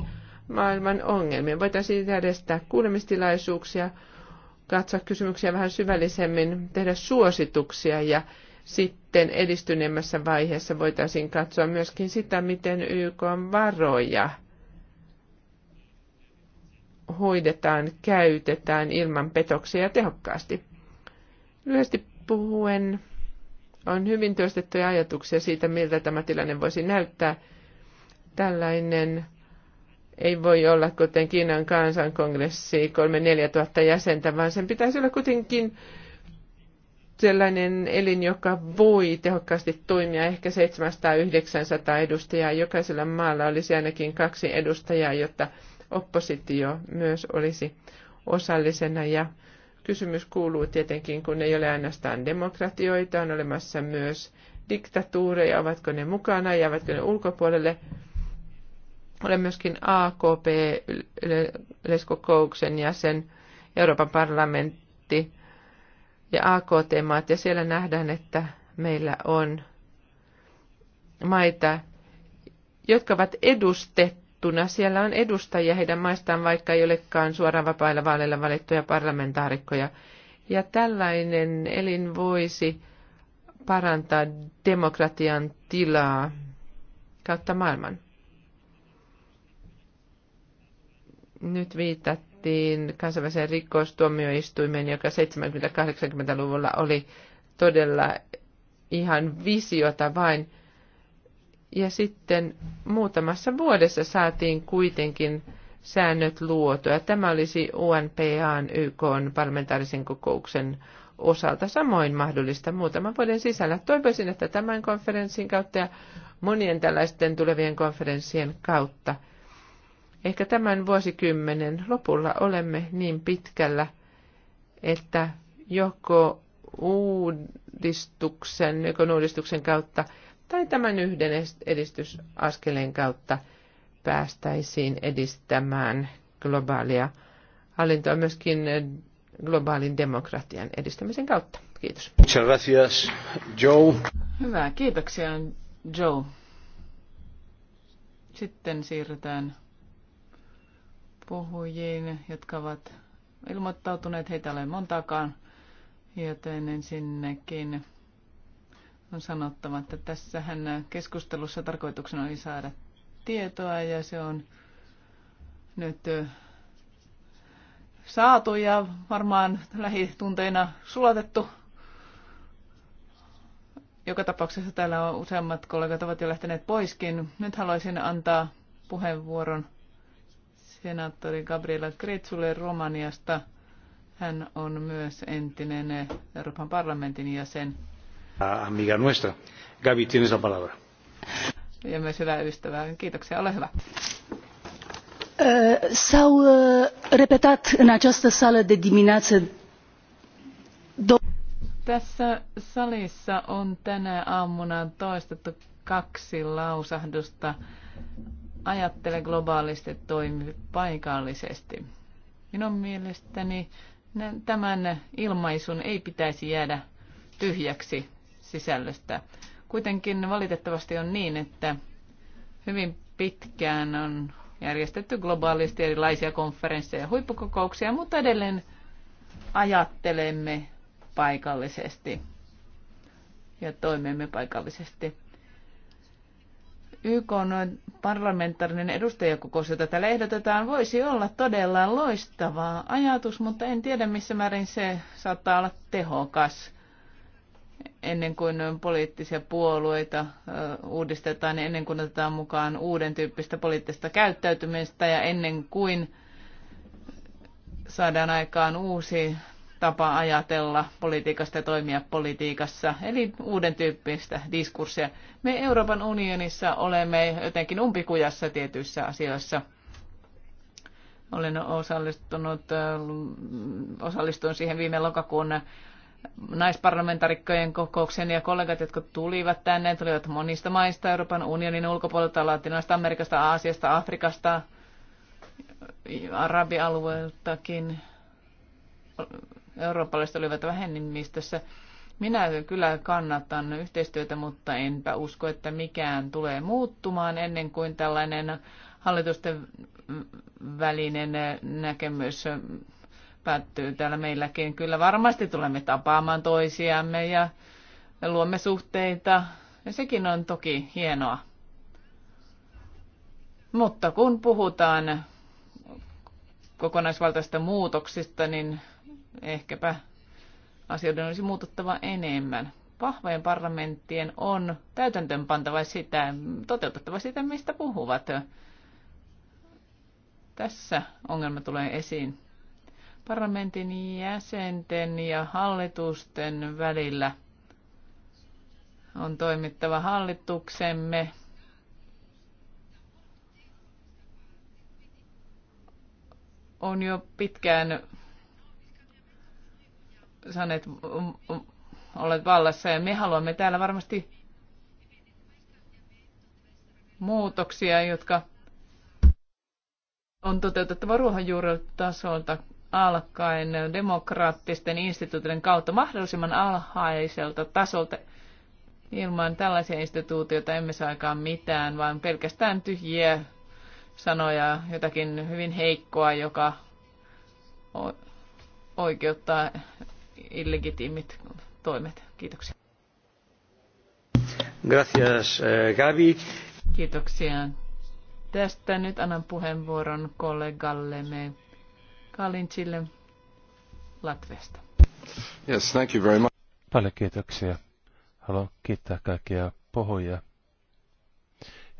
maailman ongelmia. Voitaisiin järjestää kuulemistilaisuuksia, katsoa kysymyksiä vähän syvällisemmin, tehdä suosituksia ja sitten edistyneemmässä vaiheessa voitaisiin katsoa myöskin sitä, miten YK on varoja hoidetaan, käytetään ilman petoksia tehokkaasti. Lyhyesti puhuen on hyvin työstettyjä ajatuksia siitä, miltä tämä tilanne voisi näyttää. Tällainen ei voi olla kuten Kiinan kansankongressi 3-4 tuhatta jäsentä, vaan sen pitäisi olla kuitenkin sellainen elin, joka voi tehokkaasti toimia, ehkä 700-900 edustajaa. Jokaisella maalla olisi ainakin kaksi edustajaa, jotta oppositio myös olisi osallisena. Ja kysymys kuuluu tietenkin, kun ei ole ainoastaan demokratioita, on olemassa myös diktatuureja, ovatko ne mukana ja ovatko ne ulkopuolelle. Olen myöskin AKP-yleiskokouksen jäsen, Euroopan parlamentti ja AKT-maat, ja siellä nähdään, että meillä on maita, jotka ovat edustettuna. Siellä on edustajia heidän maistaan, vaikka ei olekaan suoraan vapailla vaaleilla valittuja parlamentaarikkoja. Ja tällainen elin voisi parantaa demokratian tilaa kautta maailman. Nyt viitat mentiin kansainväliseen rikkoustuomioistuimeen, joka 70-80-luvulla oli todella ihan visiota vain. Ja sitten muutamassa vuodessa saatiin kuitenkin säännöt luotua. Tämä olisi UNPAn YK parlamentaarisen kokouksen osalta samoin mahdollista muutaman vuoden sisällä. Toivoisin, että tämän konferenssin kautta ja monien tällaisten tulevien konferenssien kautta – Ehkä tämän vuosikymmenen lopulla olemme niin pitkällä, että joko uudistuksen, joko uudistuksen kautta tai tämän yhden edistysaskeleen kautta päästäisiin edistämään globaalia hallintoa myöskin globaalin demokratian edistämisen kautta. Kiitos. Gracias, Joe. Hyvä, kiitoksia Joe. Sitten siirrytään puhujiin, jotka ovat ilmoittautuneet. Heitä ei ole montaakaan, joten ensinnäkin on sanottava, että tässähän keskustelussa tarkoituksena oli saada tietoa ja se on nyt saatu ja varmaan lähitunteina sulatettu. Joka tapauksessa täällä on useammat kollegat ovat jo lähteneet poiskin. Nyt haluaisin antaa puheenvuoron senaattori Gabriela Kretsule Romaniasta. Hän on myös entinen Euroopan parlamentin jäsen. Amiga nuestra. Gabi, tienes la palabra. Ja myös hyvää ystävää. Kiitoksia, ole hyvä. S-au repetat în această sală de dimineață tässä salissa on tänä aamuna toistettu kaksi lausahdusta ajattele globaalisti, toimi paikallisesti. Minun mielestäni tämän ilmaisun ei pitäisi jäädä tyhjäksi sisällöstä. Kuitenkin valitettavasti on niin, että hyvin pitkään on järjestetty globaalisti erilaisia konferensseja ja huippukokouksia, mutta edelleen ajattelemme paikallisesti ja toimimme paikallisesti. YK on parlamentaarinen edustajakokous, jota täällä ehdotetaan, voisi olla todella loistava ajatus, mutta en tiedä missä määrin se saattaa olla tehokas ennen kuin poliittisia puolueita uudistetaan, niin ennen kuin otetaan mukaan uuden tyyppistä poliittista käyttäytymistä ja ennen kuin saadaan aikaan uusi tapa ajatella politiikasta ja toimia politiikassa, eli uuden tyyppistä diskurssia. Me Euroopan unionissa olemme jotenkin umpikujassa tietyissä asioissa. Olen osallistunut, osallistuin siihen viime lokakuun naisparlamentarikkojen kokouksen ja kollegat, jotka tulivat tänne, tulivat monista maista, Euroopan unionin ulkopuolelta, Latinalaisesta Amerikasta, Aasiasta, Afrikasta, arabialueeltakin eurooppalaiset olivat vähemmistössä. Minä kyllä kannatan yhteistyötä, mutta enpä usko, että mikään tulee muuttumaan ennen kuin tällainen hallitusten välinen näkemys päättyy täällä meilläkin. Kyllä varmasti tulemme tapaamaan toisiamme ja luomme suhteita. Ja sekin on toki hienoa. Mutta kun puhutaan kokonaisvaltaisista muutoksista, niin ehkäpä asioiden olisi muututtava enemmän. Vahvojen parlamenttien on täytäntöönpantava sitä, toteutettava sitä, mistä puhuvat. Tässä ongelma tulee esiin. Parlamentin jäsenten ja hallitusten välillä on toimittava hallituksemme on jo pitkään sanet, mm, mm, olet vallassa ja me haluamme täällä varmasti muutoksia, jotka on toteutettava ruohonjuuritasolta alkaen demokraattisten instituutioiden kautta mahdollisimman alhaiselta tasolta. Ilman tällaisia instituutioita emme saa aikaan mitään, vaan pelkästään tyhjiä sanoja, jotakin hyvin heikkoa, joka oikeuttaa illegitiimit toimet. Kiitoksia. Gracias, eh, Gabi. Kiitoksia. Tästä nyt annan puheenvuoron kollegallemme Kalinchille Latviasta. Yes, thank you very much. Paljon kiitoksia. Haluan kiittää kaikkia puhujia.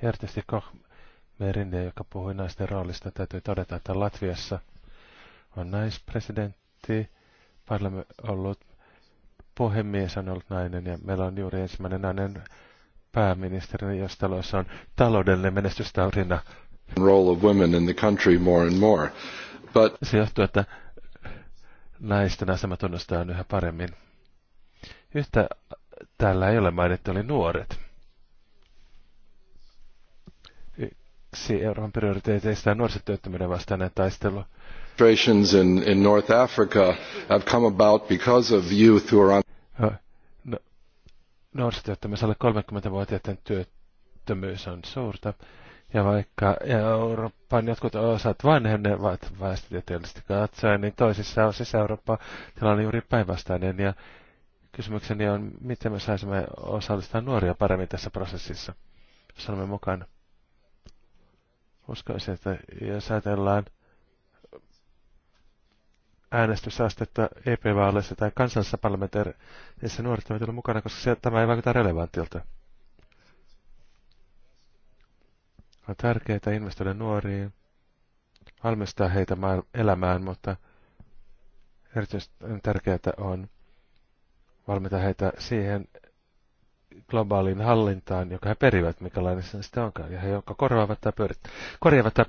Erityisesti Koch Merinde, joka puhui naisten roolista, täytyy todeta, että Latviassa on naispresidentti, on ollut puhemies on ollut nainen ja meillä on juuri ensimmäinen nainen pääministeri, jos talossa on taloudellinen menestystaurina. Role of women in the country more and more. But... Se johtuu, että naisten asema tunnustaa yhä paremmin. Yhtä täällä ei ole mainittu, oli nuoret. Yksi Euroopan prioriteeteista on nuorisotyöttömyyden vastainen taistelu demonstrations in, in North Africa have come about because of youth who are on no, Nuorisotyöttömyysalle 30-vuotiaiden työttömyys on suurta. Ja vaikka Euroopan jotkut osat vanhenevat väestötieteellisesti katsoen, niin toisissa osissa Eurooppaa tilanne on juuri päinvastainen. Ja kysymykseni on, miten me saisimme osallistaa nuoria paremmin tässä prosessissa, jos olemme mukana. Uskoisin, että jos ajatellaan äänestysastetta EP-vaaleissa tai kansallisessa parlamentaarissa nuoret eivät ole mukana, koska se, tämä ei vaikuta relevantilta. On tärkeää investoida nuoriin, valmistaa heitä elämään, mutta erityisen tärkeää on valmistaa heitä siihen globaaliin hallintaan, joka he perivät, mikälainen se sitten onkaan, ja he, jotka korjaavat tai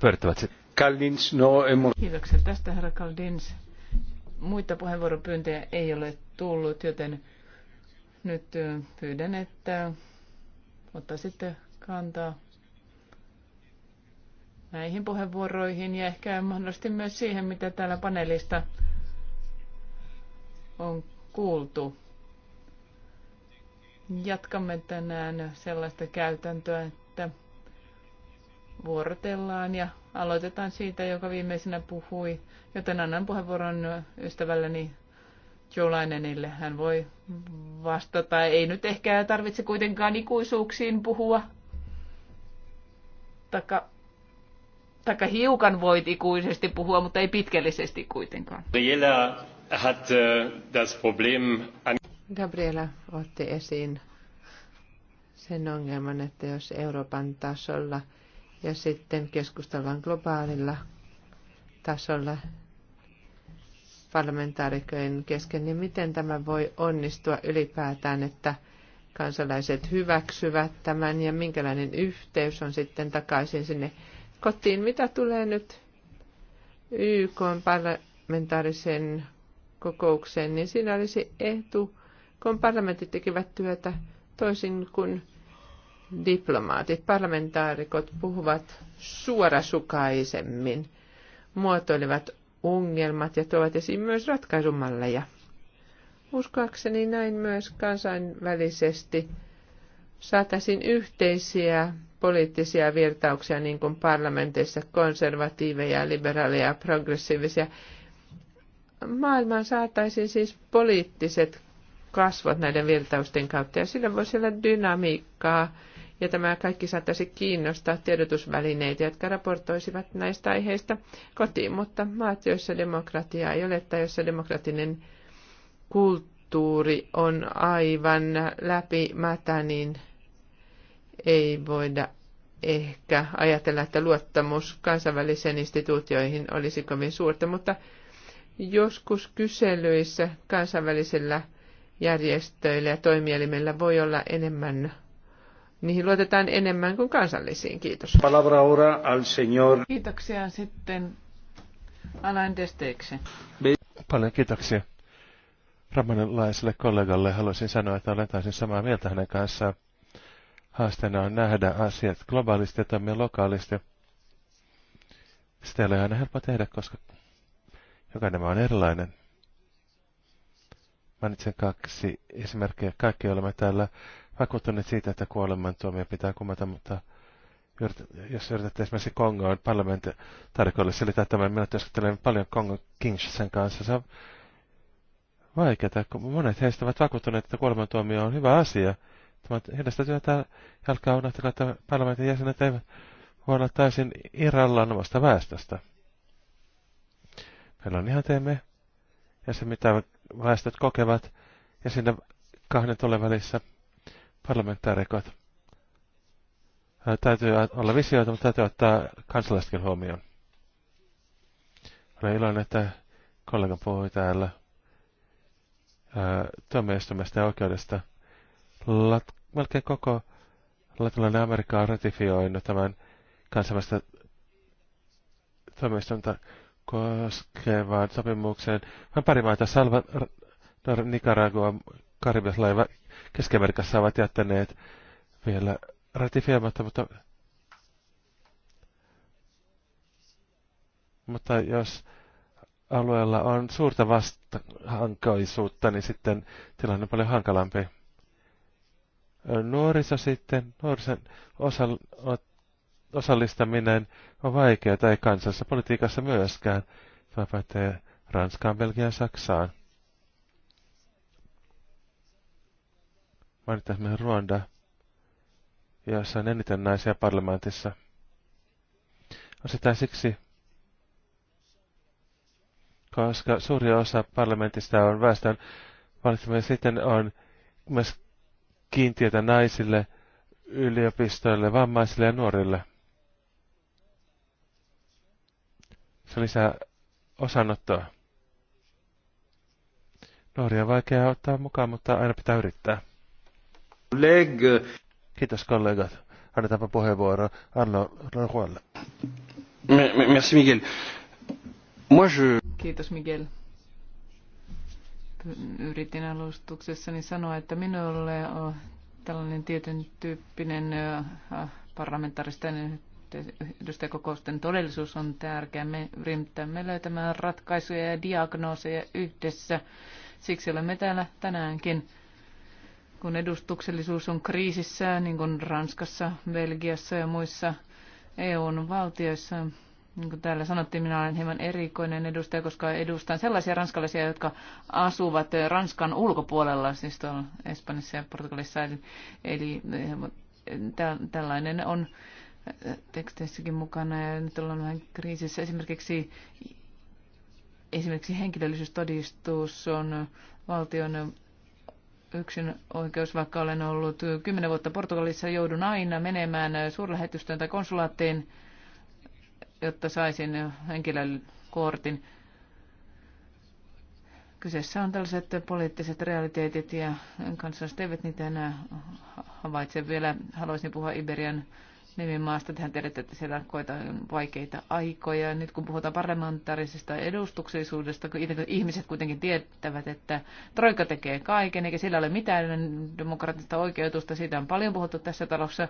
pyörittävät Kaldins, no, Kiitoksia tästä, herra Kaldins. Muita puheenvuoropyyntöjä ei ole tullut, joten nyt pyydän, että ottaisitte kantaa näihin puheenvuoroihin ja ehkä mahdollisesti myös siihen, mitä täällä paneelista on kuultu. Jatkamme tänään sellaista käytäntöä, että vuorotellaan ja Aloitetaan siitä, joka viimeisenä puhui, joten annan puheenvuoron ystävälleni Joulainenille, Hän voi vastata. Ei nyt ehkä tarvitse kuitenkaan ikuisuuksiin puhua. Taka, taka hiukan voit ikuisesti puhua, mutta ei pitkällisesti kuitenkaan. Gabriela hat äh, das Problem Gabriela otti esiin sen ongelman, että jos Euroopan tasolla – ja sitten keskustellaan globaalilla tasolla parlamentaarikojen kesken, niin miten tämä voi onnistua ylipäätään, että kansalaiset hyväksyvät tämän ja minkälainen yhteys on sitten takaisin sinne kotiin, mitä tulee nyt YK parlamentaarisen kokoukseen, niin siinä olisi etu, kun parlamentit tekevät työtä toisin kuin diplomaatit, parlamentaarikot puhuvat suorasukaisemmin, muotoilevat ongelmat ja tuovat esiin myös ratkaisumalleja. Uskoakseni näin myös kansainvälisesti saataisiin yhteisiä poliittisia virtauksia, niin kuin parlamenteissa konservatiiveja, liberaaleja ja progressiivisia. Maailmaan saataisiin siis poliittiset kasvot näiden virtausten kautta ja sillä voisi olla dynamiikkaa ja tämä kaikki saattaisi kiinnostaa tiedotusvälineitä, jotka raportoisivat näistä aiheista kotiin, mutta maat, joissa demokratia ei ole tai joissa demokratinen kulttuuri on aivan läpimätä, niin ei voida ehkä ajatella, että luottamus kansainvälisiin instituutioihin olisi kovin suurta, mutta joskus kyselyissä kansainvälisellä järjestöillä ja toimielimillä voi olla enemmän niihin luotetaan enemmän kuin kansallisiin. Kiitos. Palabra al señor. Kiitoksia sitten Alain Desteeksi. Paljon kiitoksia. Ramanalaiselle kollegalle haluaisin sanoa, että olen täysin samaa mieltä hänen kanssaan. Haasteena on nähdä asiat globaalisti ja toimia lokaalisti. Sitä ei ole aina helppo tehdä, koska jokainen maa on erilainen. Mainitsen kaksi esimerkkiä. Kaikki olemme täällä vakuuttuneet siitä, että kuolemantuomio pitää kumata, mutta jos yritätte esimerkiksi Kongon parlamentaarikoille selittää tämän, minä työskentelen paljon Kongon Kingsen kanssa, se on vaikeaa, kun monet heistä ovat vakuuttuneet, että kuolemantuomio on hyvä asia. Tämä hidasta työtä jalkaa unohtakaa, että parlamentin jäsenet eivät voi olla täysin irrallaan omasta väestöstä. Meillä on ihan teemme ja se, mitä väestöt kokevat, ja sinne kahden tulen välissä – parlamentaarikot. Täytyy olla visioita, mutta täytyy ottaa kansalaisetkin huomioon. Olen iloinen, että kollega puhui täällä tuomioistumista ja oikeudesta. Lat, melkein koko latinalainen Amerikka on ratifioinut tämän kansainvälistä tuomioistumista koskevaan sopimukseen. Vain pari maita, Salvador, Nicaragua, Karibias laiva Keski-Amerikassa ovat jättäneet vielä ratifioimatta, mutta, mutta jos alueella on suurta vastahankaisuutta, niin sitten tilanne on paljon hankalampi. Nuoriso sitten, nuorisen osa, osallistaminen on vaikeaa, tai kansassa politiikassa myöskään. Tämä pätee Ranskaan, Belgiaan, Saksaan. myös Ruanda, jossa on eniten naisia parlamentissa. Osittain siksi, koska suuri osa parlamentista on väestön ja sitten on myös kiintiötä naisille, yliopistoille, vammaisille ja nuorille. Se lisää osanottoa. Nuoria on vaikea ottaa mukaan, mutta aina pitää yrittää. Kiitos kollegat. Annetaanpa puheenvuoro Arno Ranjualle. Merci Miguel. Moi je... Kiitos Miguel. Yritin alustuksessani sanoa, että minulle on tällainen tietyn tyyppinen äh, äh, parlamentaaristen edustajakokousten todellisuus on tärkeä. Me yritämme löytämään ratkaisuja ja diagnooseja yhdessä. Siksi olemme täällä tänäänkin kun edustuksellisuus on kriisissä, niin kuin Ranskassa, Belgiassa ja muissa EUn valtioissa, niin kuin täällä sanottiin, minä olen hieman erikoinen edustaja, koska edustan sellaisia ranskalaisia, jotka asuvat Ranskan ulkopuolella, siis tuolla Espanjassa ja Portugalissa. Eli, eli tällainen on teksteissäkin mukana ja nyt ollaan vähän kriisissä. Esimerkiksi, esimerkiksi henkilöllisyystodistus on valtion yksin oikeus, vaikka olen ollut kymmenen vuotta Portugalissa, joudun aina menemään suurlähetystöön tai konsulaattiin, jotta saisin henkilökortin. Kyseessä on tällaiset poliittiset realiteetit ja kansalaiset eivät niitä enää havaitse vielä. Haluaisin puhua Iberian Memin maasta. Tehän tiedätte, että siellä koetaan vaikeita aikoja. Nyt kun puhutaan parlamentaarisesta edustuksellisuudesta, kun ihmiset kuitenkin tietävät, että Troika tekee kaiken, eikä sillä ole mitään demokraattista oikeutusta. Siitä on paljon puhuttu tässä talossa.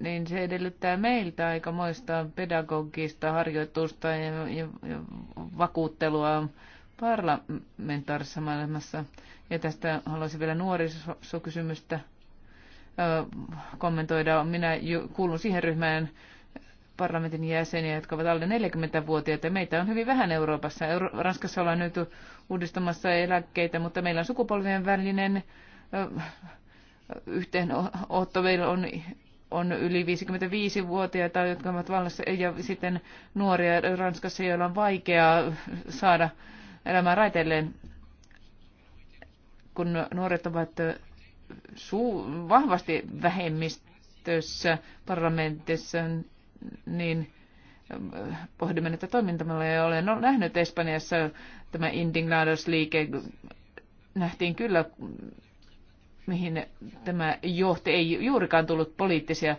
Niin se edellyttää meiltä aikamoista pedagogista harjoitusta ja, ja, ja vakuuttelua parlamentaarisessa maailmassa. Ja tästä haluaisin vielä nuorisokysymystä kommentoida. Minä kuulun siihen ryhmään parlamentin jäseniä, jotka ovat alle 40-vuotiaita. Meitä on hyvin vähän Euroopassa. Euro- Ranskassa ollaan nyt uudistamassa eläkkeitä, mutta meillä on sukupolvien välinen yhteenotto. Meillä on on yli 55-vuotiaita, jotka ovat vallassa, ja sitten nuoria Ranskassa, joilla on vaikeaa saada elämää raiteilleen, kun nuoret ovat suu, vahvasti vähemmistössä parlamentissa, niin äh, pohdimme näitä ja Olen no-, nähnyt Espanjassa tämä Indignados-liike. Nähtiin kyllä, mihin tämä johti. Ei juurikaan tullut poliittisia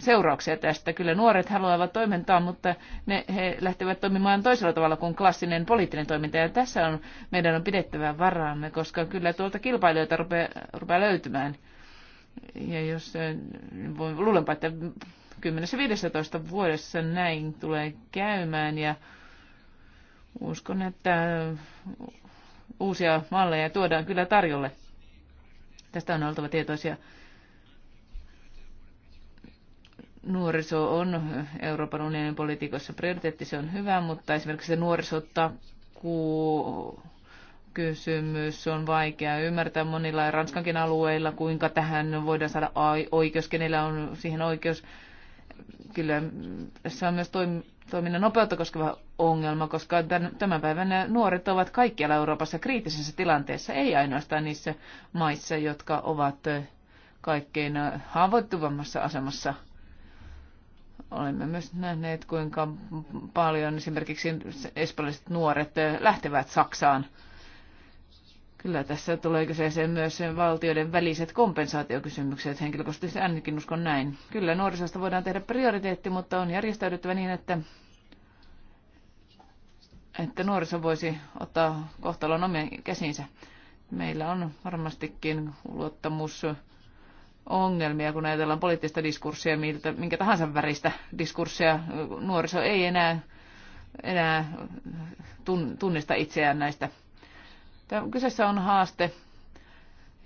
seurauksia tästä. Kyllä nuoret haluavat toimintaa, mutta ne, he lähtevät toimimaan toisella tavalla kuin klassinen poliittinen toiminta. Ja tässä on, meidän on pidettävä varaamme, koska kyllä tuolta kilpailijoita rupeaa, rupeaa löytymään. Ja jos, luulenpa, että 10-15 vuodessa näin tulee käymään ja uskon, että uusia malleja tuodaan kyllä tarjolle. Tästä on oltava tietoisia nuoriso on Euroopan unionin politiikassa prioriteetti, se on hyvä, mutta esimerkiksi se nuorisotakuu kysymys on vaikea ymmärtää monilla Ranskankin alueilla, kuinka tähän voidaan saada oikeus, kenellä on siihen oikeus. Kyllä se on myös toiminnan nopeutta koskeva ongelma, koska tämän päivän nuoret ovat kaikkialla Euroopassa kriittisessä tilanteessa, ei ainoastaan niissä maissa, jotka ovat kaikkein haavoittuvammassa asemassa – Olemme myös nähneet, kuinka paljon esimerkiksi espanjalaiset nuoret lähtevät Saksaan. Kyllä tässä tulee kyseeseen myös valtioiden väliset kompensaatiokysymykset. Henkilökohtaisesti ainakin uskon näin. Kyllä nuorisosta voidaan tehdä prioriteetti, mutta on järjestäydyttävä niin, että, että nuoriso voisi ottaa kohtalon omien käsinsä. Meillä on varmastikin luottamus ongelmia, kun ajatellaan poliittista diskurssia, miltä, minkä tahansa väristä diskurssia. Nuoriso ei enää, enää tunnista itseään näistä. Tämä kyseessä on haaste.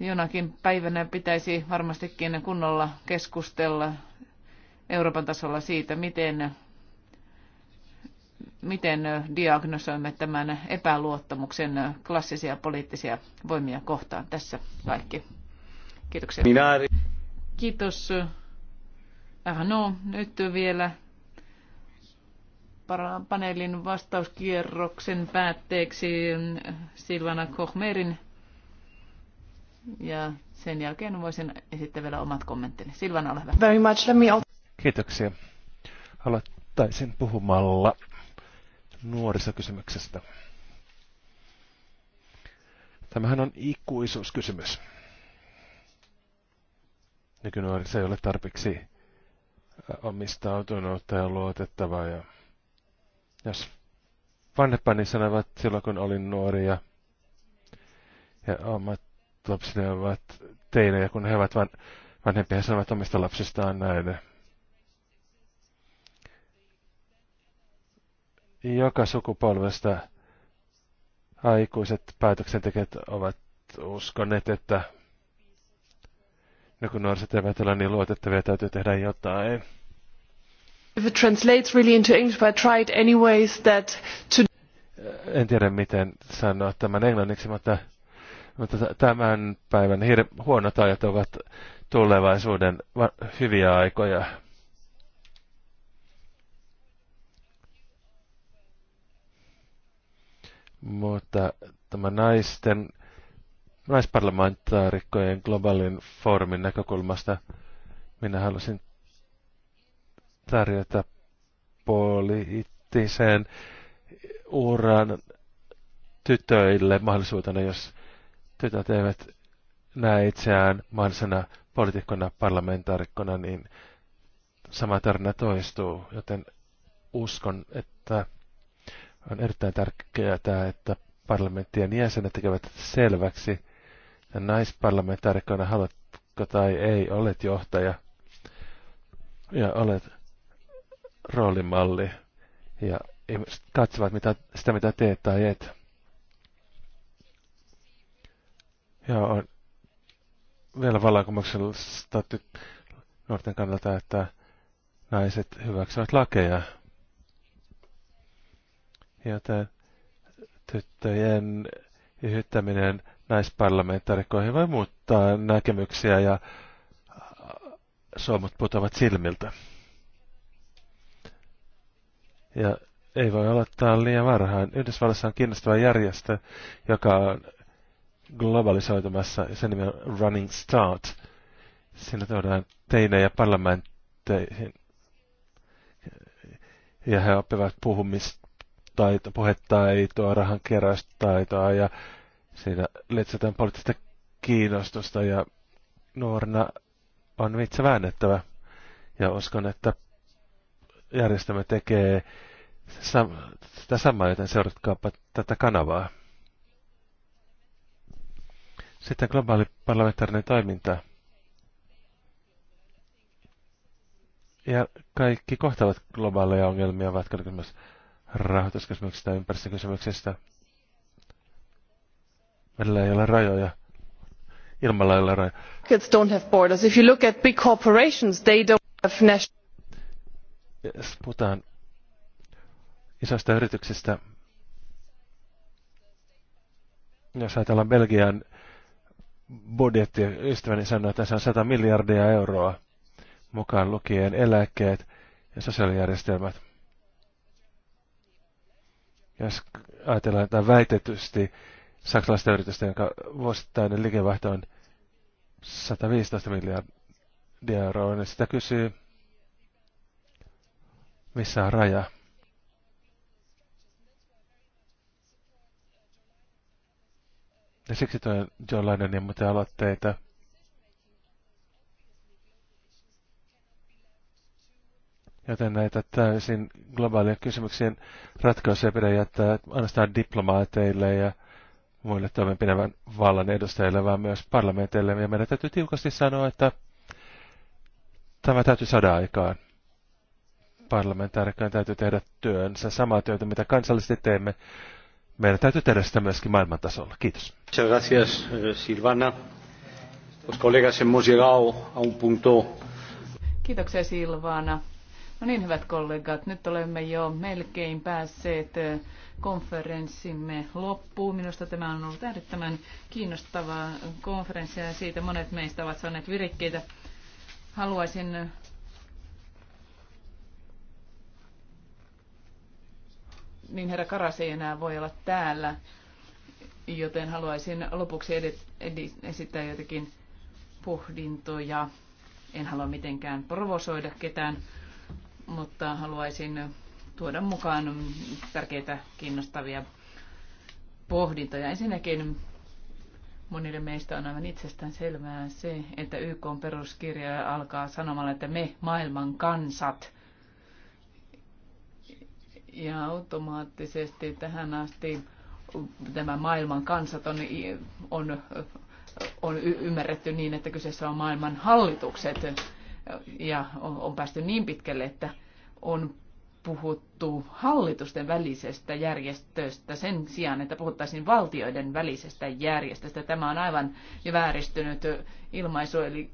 Jonakin päivänä pitäisi varmastikin kunnolla keskustella Euroopan tasolla siitä, miten, miten diagnosoimme tämän epäluottamuksen klassisia poliittisia voimia kohtaan. Tässä kaikki. Kiitoksia. Kiitos. No, nyt vielä paneelin vastauskierroksen päätteeksi Silvana Kohmerin. Ja sen jälkeen voisin esittää vielä omat kommenttini. Silvana, ole hyvä. Very much. Let me... Kiitoksia. Aloittaisin puhumalla nuorisokysymyksestä. Tämähän on ikuisuuskysymys nykynuorissa ei ole tarpeeksi äh, omistautunutta ja luotettavaa. Ja jos vanhempani sanovat silloin, kun olin nuori ja, ja omat lapseni ovat teille, ja kun he ovat van, vanhempia, he sanovat omista lapsistaan näin. Joka sukupolvesta aikuiset päätöksentekijät ovat uskoneet, että No nuoriset eivät ole niin luotettavia, täytyy tehdä jotain. If it translates really into English, but I tried anyways that to... En tiedä, miten sanoa tämän englanniksi, mutta, mutta tämän päivän hir- huonot ajat ovat tulevaisuuden hyviä aikoja. Mutta tämä naisten naisparlamentaarikkojen globaalin foorumin näkökulmasta minä halusin tarjota poliittiseen uran tytöille mahdollisuutena, jos tytöt eivät näe itseään mahdollisena poliitikkona, parlamentaarikkona, niin sama tarina toistuu, joten uskon, että on erittäin tärkeää, että parlamenttien jäsenet tekevät selväksi, ja naisparlamentaarikkona haluatko tai ei, olet johtaja ja olet roolimalli ja ihmiset katsovat mitä, sitä, mitä teet tai et. Ja on vielä vallankumouksella nuorten kannalta, että naiset hyväksyvät lakeja. Joten tyttöjen hyttäminen naisparlamentaarikoihin voi muuttaa näkemyksiä ja suomut putoavat silmiltä. Ja ei voi aloittaa liian varhain. Yhdysvallassa on kiinnostava järjestö, joka on globalisoitumassa, sen nimi on Running Start. Siinä tuodaan teinejä parlamentteihin, ja he oppivat puhumistaitoa, puhetaitoa, rahankeräystaitoa ja Siinä lietsotaan poliittista kiinnostusta ja nuorena on vitsa väännettävä. Ja uskon, että järjestelmä tekee sam- sitä samaa, joten seuratkaapa tätä kanavaa. Sitten globaali parlamentaarinen toiminta. Ja kaikki kohtavat globaaleja ongelmia, vaikka myös rahoituskysymyksistä, ympäristökysymyksistä. Välillä ei ole rajoja. Ilmalla ei ole rajoja. don't have borders. If you look at big corporations, they don't have national... Jos puhutaan isoista yrityksistä, jos ajatellaan Belgian budjetti, ystäväni sanoi, että se on 100 miljardia euroa mukaan lukien eläkkeet ja sosiaalijärjestelmät. Jos ajatellaan tätä väitetysti saksalaista yritystä, jonka vuosittainen liikevaihto on 115 miljardia euroa, niin sitä kysyy, missä on raja. Ja siksi tuo John Lennon ja muita aloitteita Joten näitä täysin globaalien kysymyksien ratkaisuja pidä jättää ainoastaan diplomaateille ja muille toimenpinevän vallan edustajille, vaan myös parlamenteille. Ja meidän täytyy tiukasti sanoa, että tämä täytyy saada aikaan. Parlamentaarikkojen täytyy tehdä työnsä, samaa työtä, mitä kansallisesti teemme. Meidän täytyy tehdä sitä myöskin maailman tasolla. Kiitos. Gracias, eh, Silvana. Los colegas hemos llegado a un punto. Kiitoksia Silvana. No niin, hyvät kollegat, nyt olemme jo melkein päässeet konferenssimme loppuun. Minusta tämä on ollut äärettömän kiinnostava konferenssi ja siitä monet meistä ovat saaneet virikkeitä. Haluaisin niin herra Karas ei enää voi olla täällä, joten haluaisin lopuksi esittää jotakin pohdintoja. En halua mitenkään provosoida ketään mutta haluaisin tuoda mukaan tärkeitä kiinnostavia pohdintoja. Ensinnäkin monille meistä on aivan itsestään selvää se, että YK on peruskirja alkaa sanomalla, että me maailman kansat. Ja automaattisesti tähän asti tämä maailman kansat on, on, on ymmärretty niin, että kyseessä on maailman hallitukset ja on päästy niin pitkälle, että on puhuttu hallitusten välisestä järjestöstä sen sijaan, että puhuttaisiin valtioiden välisestä järjestöstä. Tämä on aivan vääristynyt ilmaisu, eli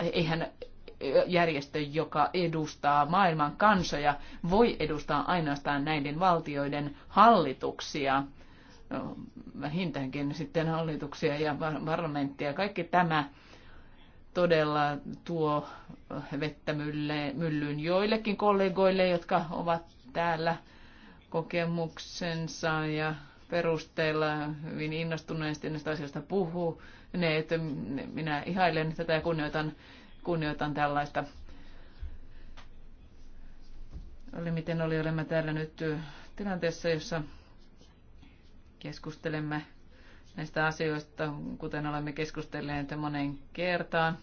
eihän järjestö, joka edustaa maailman kansoja, voi edustaa ainoastaan näiden valtioiden hallituksia, vähintäänkin sitten hallituksia ja parlamenttia. Kaikki tämä todella tuo äh, vettä myllyyn joillekin kollegoille, jotka ovat täällä kokemuksensa ja perusteella hyvin innostuneesti näistä asioista puhuu. Ne, että minä ihailen tätä ja kunnioitan, kunnioitan tällaista. Oli miten oli, olemme täällä nyt äh, tilanteessa, jossa keskustelemme näistä asioista, kuten olemme keskustelleet monen kertaan.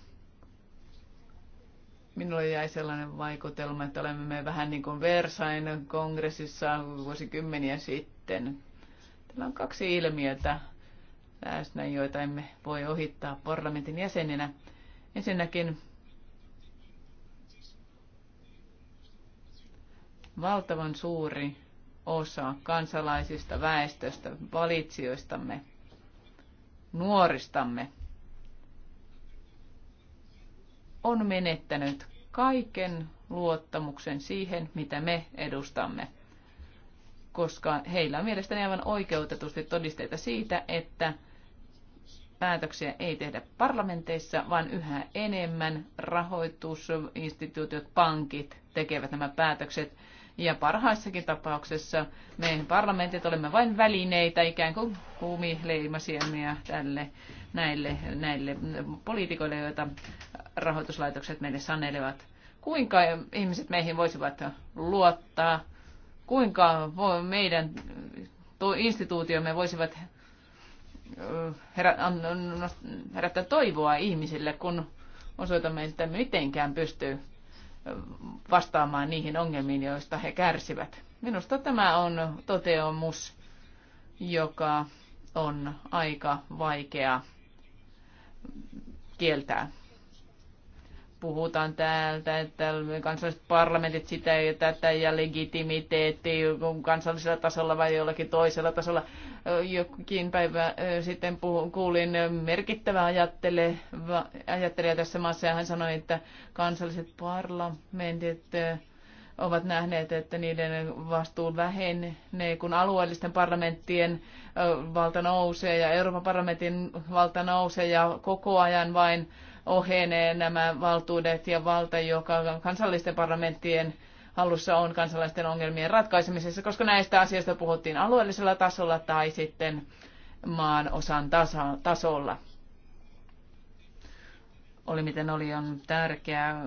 Minulle jäi sellainen vaikutelma, että olemme me vähän niin kuin Versain kongressissa vuosikymmeniä sitten. Täällä on kaksi ilmiötä läsnä, joita emme voi ohittaa parlamentin jäseninä. Ensinnäkin valtavan suuri osa kansalaisista, väestöstä, valitsijoistamme – nuoristamme on menettänyt kaiken luottamuksen siihen, mitä me edustamme, koska heillä on mielestäni aivan oikeutetusti todisteita siitä, että päätöksiä ei tehdä parlamenteissa, vaan yhä enemmän rahoitusinstituutiot, pankit tekevät nämä päätökset ja parhaissakin tapauksessa me parlamentit olemme vain välineitä, ikään kuin kuumileimasiemia tälle, näille, näille poliitikoille, joita rahoituslaitokset meille sanelevat. Kuinka ihmiset meihin voisivat luottaa? Kuinka voi meidän instituutiomme voisivat herättää toivoa ihmisille, kun osoitamme, että mitenkään pystyy vastaamaan niihin ongelmiin, joista he kärsivät. Minusta tämä on toteamus, joka on aika vaikea kieltää puhutaan täältä, että kansalliset parlamentit sitä ja tätä ja legitimiteetti kansallisella tasolla vai jollakin toisella tasolla. Jokin päivä sitten puhun, kuulin merkittävä ajattele, ajattelija tässä maassa ja hän sanoi, että kansalliset parlamentit ovat nähneet, että niiden vastuu vähenee, kun alueellisten parlamenttien valta nousee ja Euroopan parlamentin valta nousee ja koko ajan vain ohenee nämä valtuudet ja valta, joka kansallisten parlamenttien hallussa on kansalaisten ongelmien ratkaisemisessa, koska näistä asioista puhuttiin alueellisella tasolla tai sitten maan osan tasolla. Oli miten oli, on tärkeää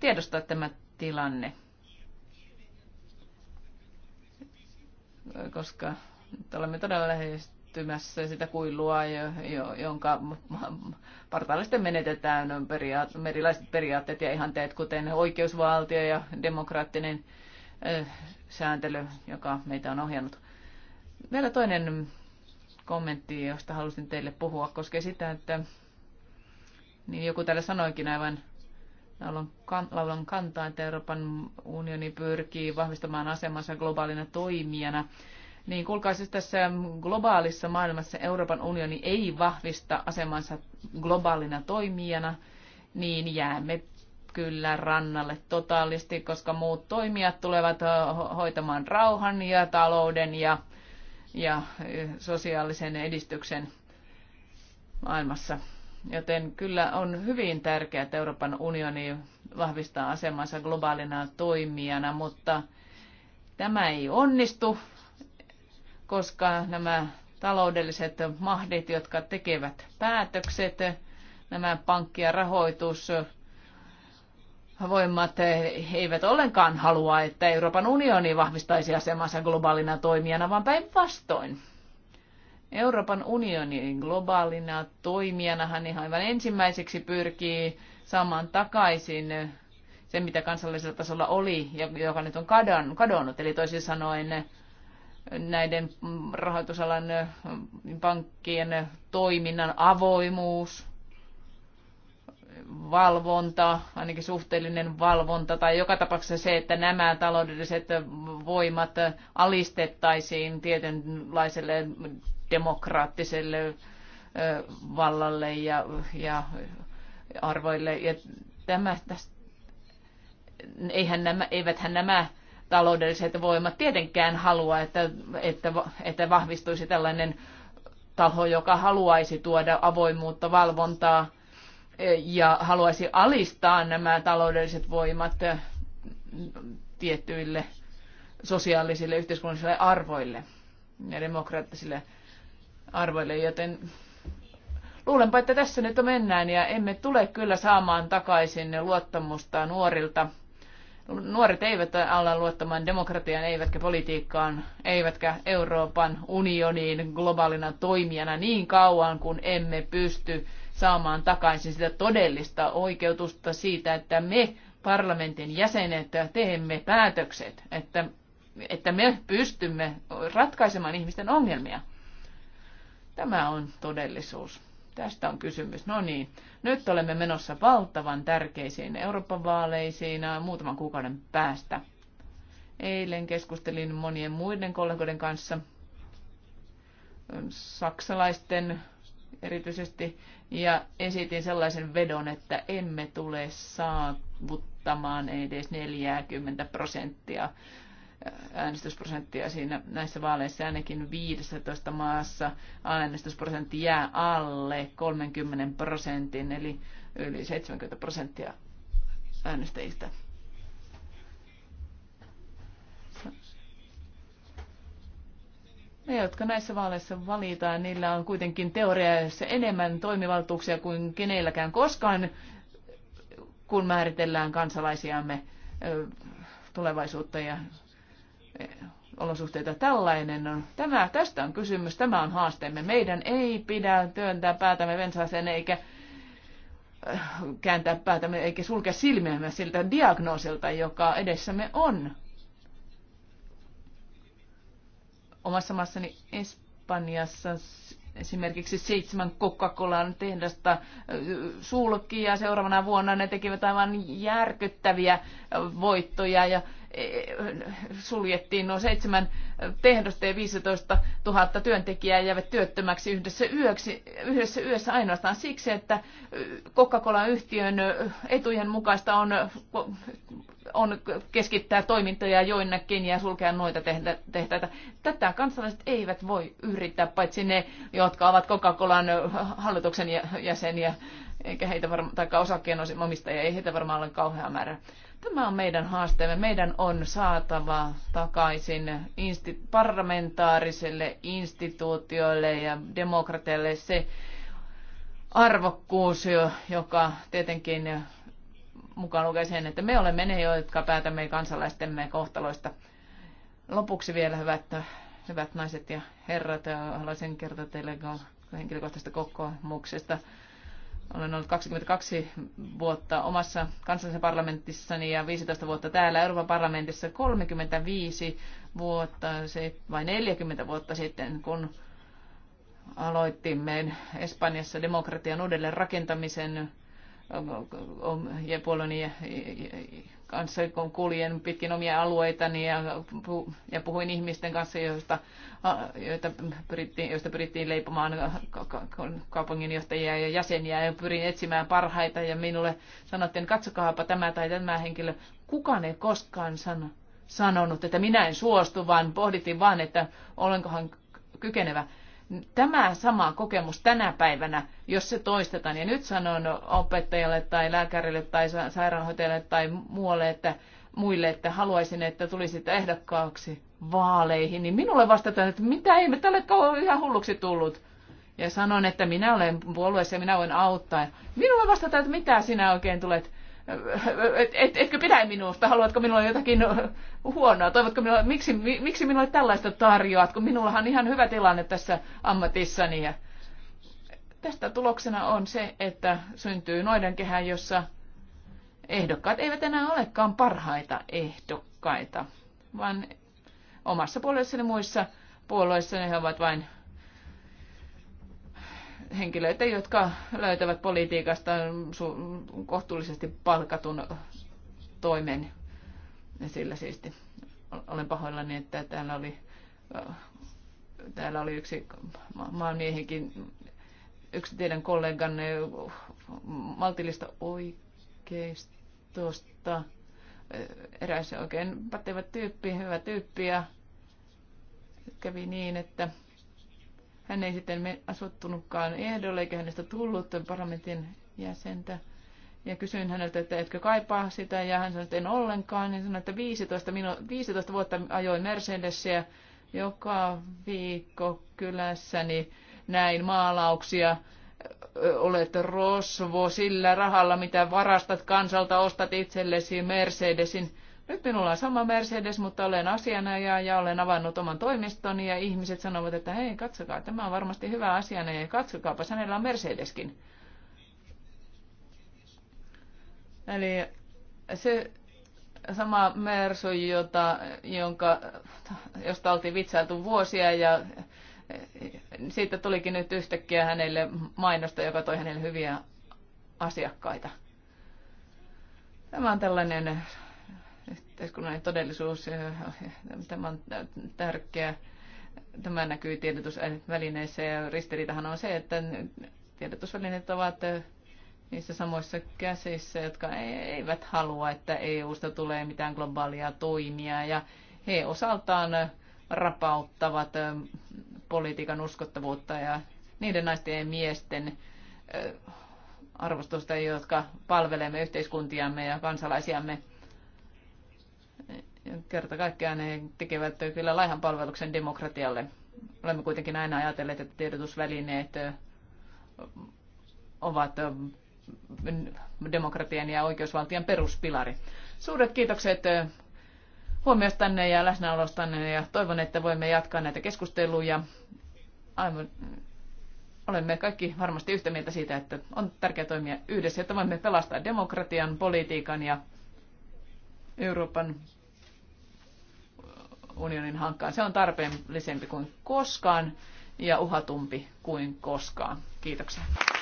tiedostaa tämä tilanne, koska nyt olemme todella lähestymässä sitä kuilua, jonka partaalisten menetetään periaat- erilaiset periaatteet ja ihanteet, kuten oikeusvaltio ja demokraattinen sääntely, joka meitä on ohjannut. Vielä toinen kommentti, josta halusin teille puhua, koskee sitä, että niin joku täällä sanoikin aivan laulan kantaa, että Euroopan unioni pyrkii vahvistamaan asemansa globaalina toimijana. Niin siis tässä globaalissa maailmassa Euroopan unioni ei vahvista asemansa globaalina toimijana, niin jäämme kyllä rannalle totaalisti, koska muut toimijat tulevat hoitamaan rauhan ja talouden ja, ja sosiaalisen edistyksen maailmassa. Joten kyllä on hyvin tärkeää, että Euroopan unioni vahvistaa asemansa globaalina toimijana, mutta tämä ei onnistu koska nämä taloudelliset mahdit, jotka tekevät päätökset, nämä pankki- ja rahoitusvoimat eivät ollenkaan halua, että Euroopan unioni vahvistaisi asemansa globaalina toimijana, vaan päinvastoin. Euroopan unionin globaalina toimijana hän aivan ensimmäiseksi pyrkii saamaan takaisin sen, mitä kansallisella tasolla oli ja joka nyt on kadonnut. Eli toisin sanoen näiden rahoitusalan pankkien toiminnan avoimuus, valvonta, ainakin suhteellinen valvonta, tai joka tapauksessa se, että nämä taloudelliset voimat alistettaisiin tietynlaiselle demokraattiselle vallalle ja, ja arvoille. Ja tämä, tästä, eihän nämä, eiväthän nämä taloudelliset voimat tietenkään halua, että, että, että vahvistuisi tällainen taho, joka haluaisi tuoda avoimuutta, valvontaa e, ja haluaisi alistaa nämä taloudelliset voimat e, tiettyille sosiaalisille yhteiskunnallisille arvoille ja demokraattisille arvoille, joten luulenpa, että tässä nyt mennään ja emme tule kyllä saamaan takaisin luottamusta nuorilta Nuoret eivät ala luottamaan demokratiaan, eivätkä politiikkaan, eivätkä Euroopan unioniin globaalina toimijana niin kauan, kun emme pysty saamaan takaisin sitä todellista oikeutusta siitä, että me parlamentin jäsenet teemme päätökset, että, että me pystymme ratkaisemaan ihmisten ongelmia. Tämä on todellisuus. Tästä on kysymys. No niin, nyt olemme menossa valtavan tärkeisiin Euroopan vaaleisiin muutaman kuukauden päästä. Eilen keskustelin monien muiden kollegoiden kanssa, saksalaisten erityisesti, ja esitin sellaisen vedon, että emme tule saavuttamaan edes 40 prosenttia äänestysprosenttia siinä näissä vaaleissa ainakin 15 maassa äänestysprosentti jää alle 30 prosentin, eli yli 70 prosenttia äänestäjistä. Ne, jotka näissä vaaleissa valitaan, niillä on kuitenkin teoriassa enemmän toimivaltuuksia kuin kenelläkään koskaan, kun määritellään kansalaisiamme tulevaisuutta ja olosuhteita tällainen on. Tämä, tästä on kysymys, tämä on haasteemme. Meidän ei pidä työntää päätämme vensaaseen, eikä äh, kääntää päätämme eikä sulkea silmiämme siltä diagnoosilta, joka edessämme on. Omassa maassani Espanjassa esimerkiksi seitsemän Coca-Colan tehdasta äh, sulki ja seuraavana vuonna ne tekivät aivan järkyttäviä voittoja ja Eh, suljettiin noin seitsemän tehdasta ja 15 000 työntekijää jäivät työttömäksi yhdessä, yöksi, yhdessä yössä ainoastaan siksi, että eh, Coca-Cola-yhtiön eh, etujen mukaista on, on keskittää toimintoja joinnekin ja sulkea noita tehtäitä. Tätä kansalaiset eivät voi yrittää, paitsi ne, jotka ovat Coca-Colan hallituksen jäseniä, eikä heitä varmaan, tai osakkeenomistajia, ei heitä varmaan ole kauhean määrä. Tämä on meidän haasteemme. Meidän on saatava takaisin insti- parlamentaariselle instituutioille ja demokratialle se arvokkuus, joka tietenkin mukaan lukee sen, että me olemme ne, jotka päätämme kansalaistemme kohtaloista. Lopuksi vielä hyvät, hyvät naiset ja herrat, haluaisin kertoa teille henkilökohtaisesta kokoomuksesta. Olen ollut 22 vuotta omassa kansallisessa parlamentissani ja 15 vuotta täällä Euroopan parlamentissa. 35 vuotta, se, vai 40 vuotta sitten, kun aloitimme Espanjassa demokratian uudelleen rakentamisen ja puolueeni kanssa, kun kuljen pitkin omia alueitani ja, ja puhuin ihmisten kanssa, joista, joita pyrittiin, joista pyrittiin leipomaan kaupunginjohtajia ja jäseniä ja pyrin etsimään parhaita ja minulle sanottiin, katsokaapa tämä tai tämä henkilö. Kukaan ei koskaan sano, sanonut, että minä en suostu, vaan pohdittiin vaan, että olenkohan kykenevä Tämä sama kokemus tänä päivänä, jos se toistetaan, ja nyt sanon opettajalle tai lääkärille tai sairaanhoitajalle tai muualle, että muille, että haluaisin, että tulisit ehdokkaaksi vaaleihin, niin minulle vastataan, että mitä ei, me tälle ole ihan hulluksi tullut. Ja sanon, että minä olen puolueessa ja minä voin auttaa. Minulle vastataan, että mitä sinä oikein tulet et, et, etkö pidä minusta, haluatko minulla jotakin huonoa, toivotko minulla, miksi, miksi minulle tällaista tarjoat, kun minullahan on ihan hyvä tilanne tässä ammatissani. Ja tästä tuloksena on se, että syntyy noiden kehä, jossa ehdokkaat eivät enää olekaan parhaita ehdokkaita, vaan omassa puolueessani muissa puolueissa ne ovat vain henkilöitä, jotka löytävät politiikasta kohtuullisesti palkatun toimen. Ja sillä siisti. Olen pahoillani, että täällä oli, äh, täällä oli yksi maanmiehikin, yksi teidän kolleganne maltillista oikeistosta. Äh, eräs oikein pätevä tyyppi, hyvä tyyppi ja kävi niin, että hän ei sitten asuttunutkaan ehdolle, eikä hänestä tullut parlamentin jäsentä. Ja kysyin häneltä, että etkö kaipaa sitä, ja hän sanoi, että en ollenkaan. Niin sanoi, että 15, minu- 15 vuotta ajoin Mercedesiä joka viikko kylässäni näin maalauksia. Olet rosvo sillä rahalla, mitä varastat kansalta, ostat itsellesi Mercedesin nyt minulla on sama Mercedes, mutta olen asianajaja ja olen avannut oman toimistoni ja ihmiset sanovat, että hei, katsokaa, tämä on varmasti hyvä asianajaja ja katsokaapa, hänellä on Mercedeskin. Eli se sama Mersu, jota, jonka, josta oltiin vitsailtu vuosia ja eh, siitä tulikin nyt yhtäkkiä hänelle mainosta, joka toi hänelle hyviä asiakkaita. Tämä on tällainen yhteiskunnallinen todellisuus. Tämä on tärkeä. Tämä näkyy tiedotusvälineissä ja ristiriitahan on se, että tiedotusvälineet ovat niissä samoissa käsissä, jotka eivät halua, että EUsta tulee mitään globaalia toimia ja he osaltaan rapauttavat politiikan uskottavuutta ja niiden naisten ja miesten arvostusta, jotka palvelemme yhteiskuntiamme ja kansalaisiamme kerta kaikkiaan ne tekevät kyllä laihan palveluksen demokratialle. Olemme kuitenkin aina ajatelleet, että tiedotusvälineet ovat demokratian ja oikeusvaltion peruspilari. Suuret kiitokset huomiostanne ja läsnäolostanne ja toivon, että voimme jatkaa näitä keskusteluja. Aivan olemme kaikki varmasti yhtä mieltä siitä, että on tärkeää toimia yhdessä, että voimme pelastaa demokratian, politiikan ja Euroopan unionin hankkaan. Se on tarpeellisempi kuin koskaan ja uhatumpi kuin koskaan. Kiitoksia.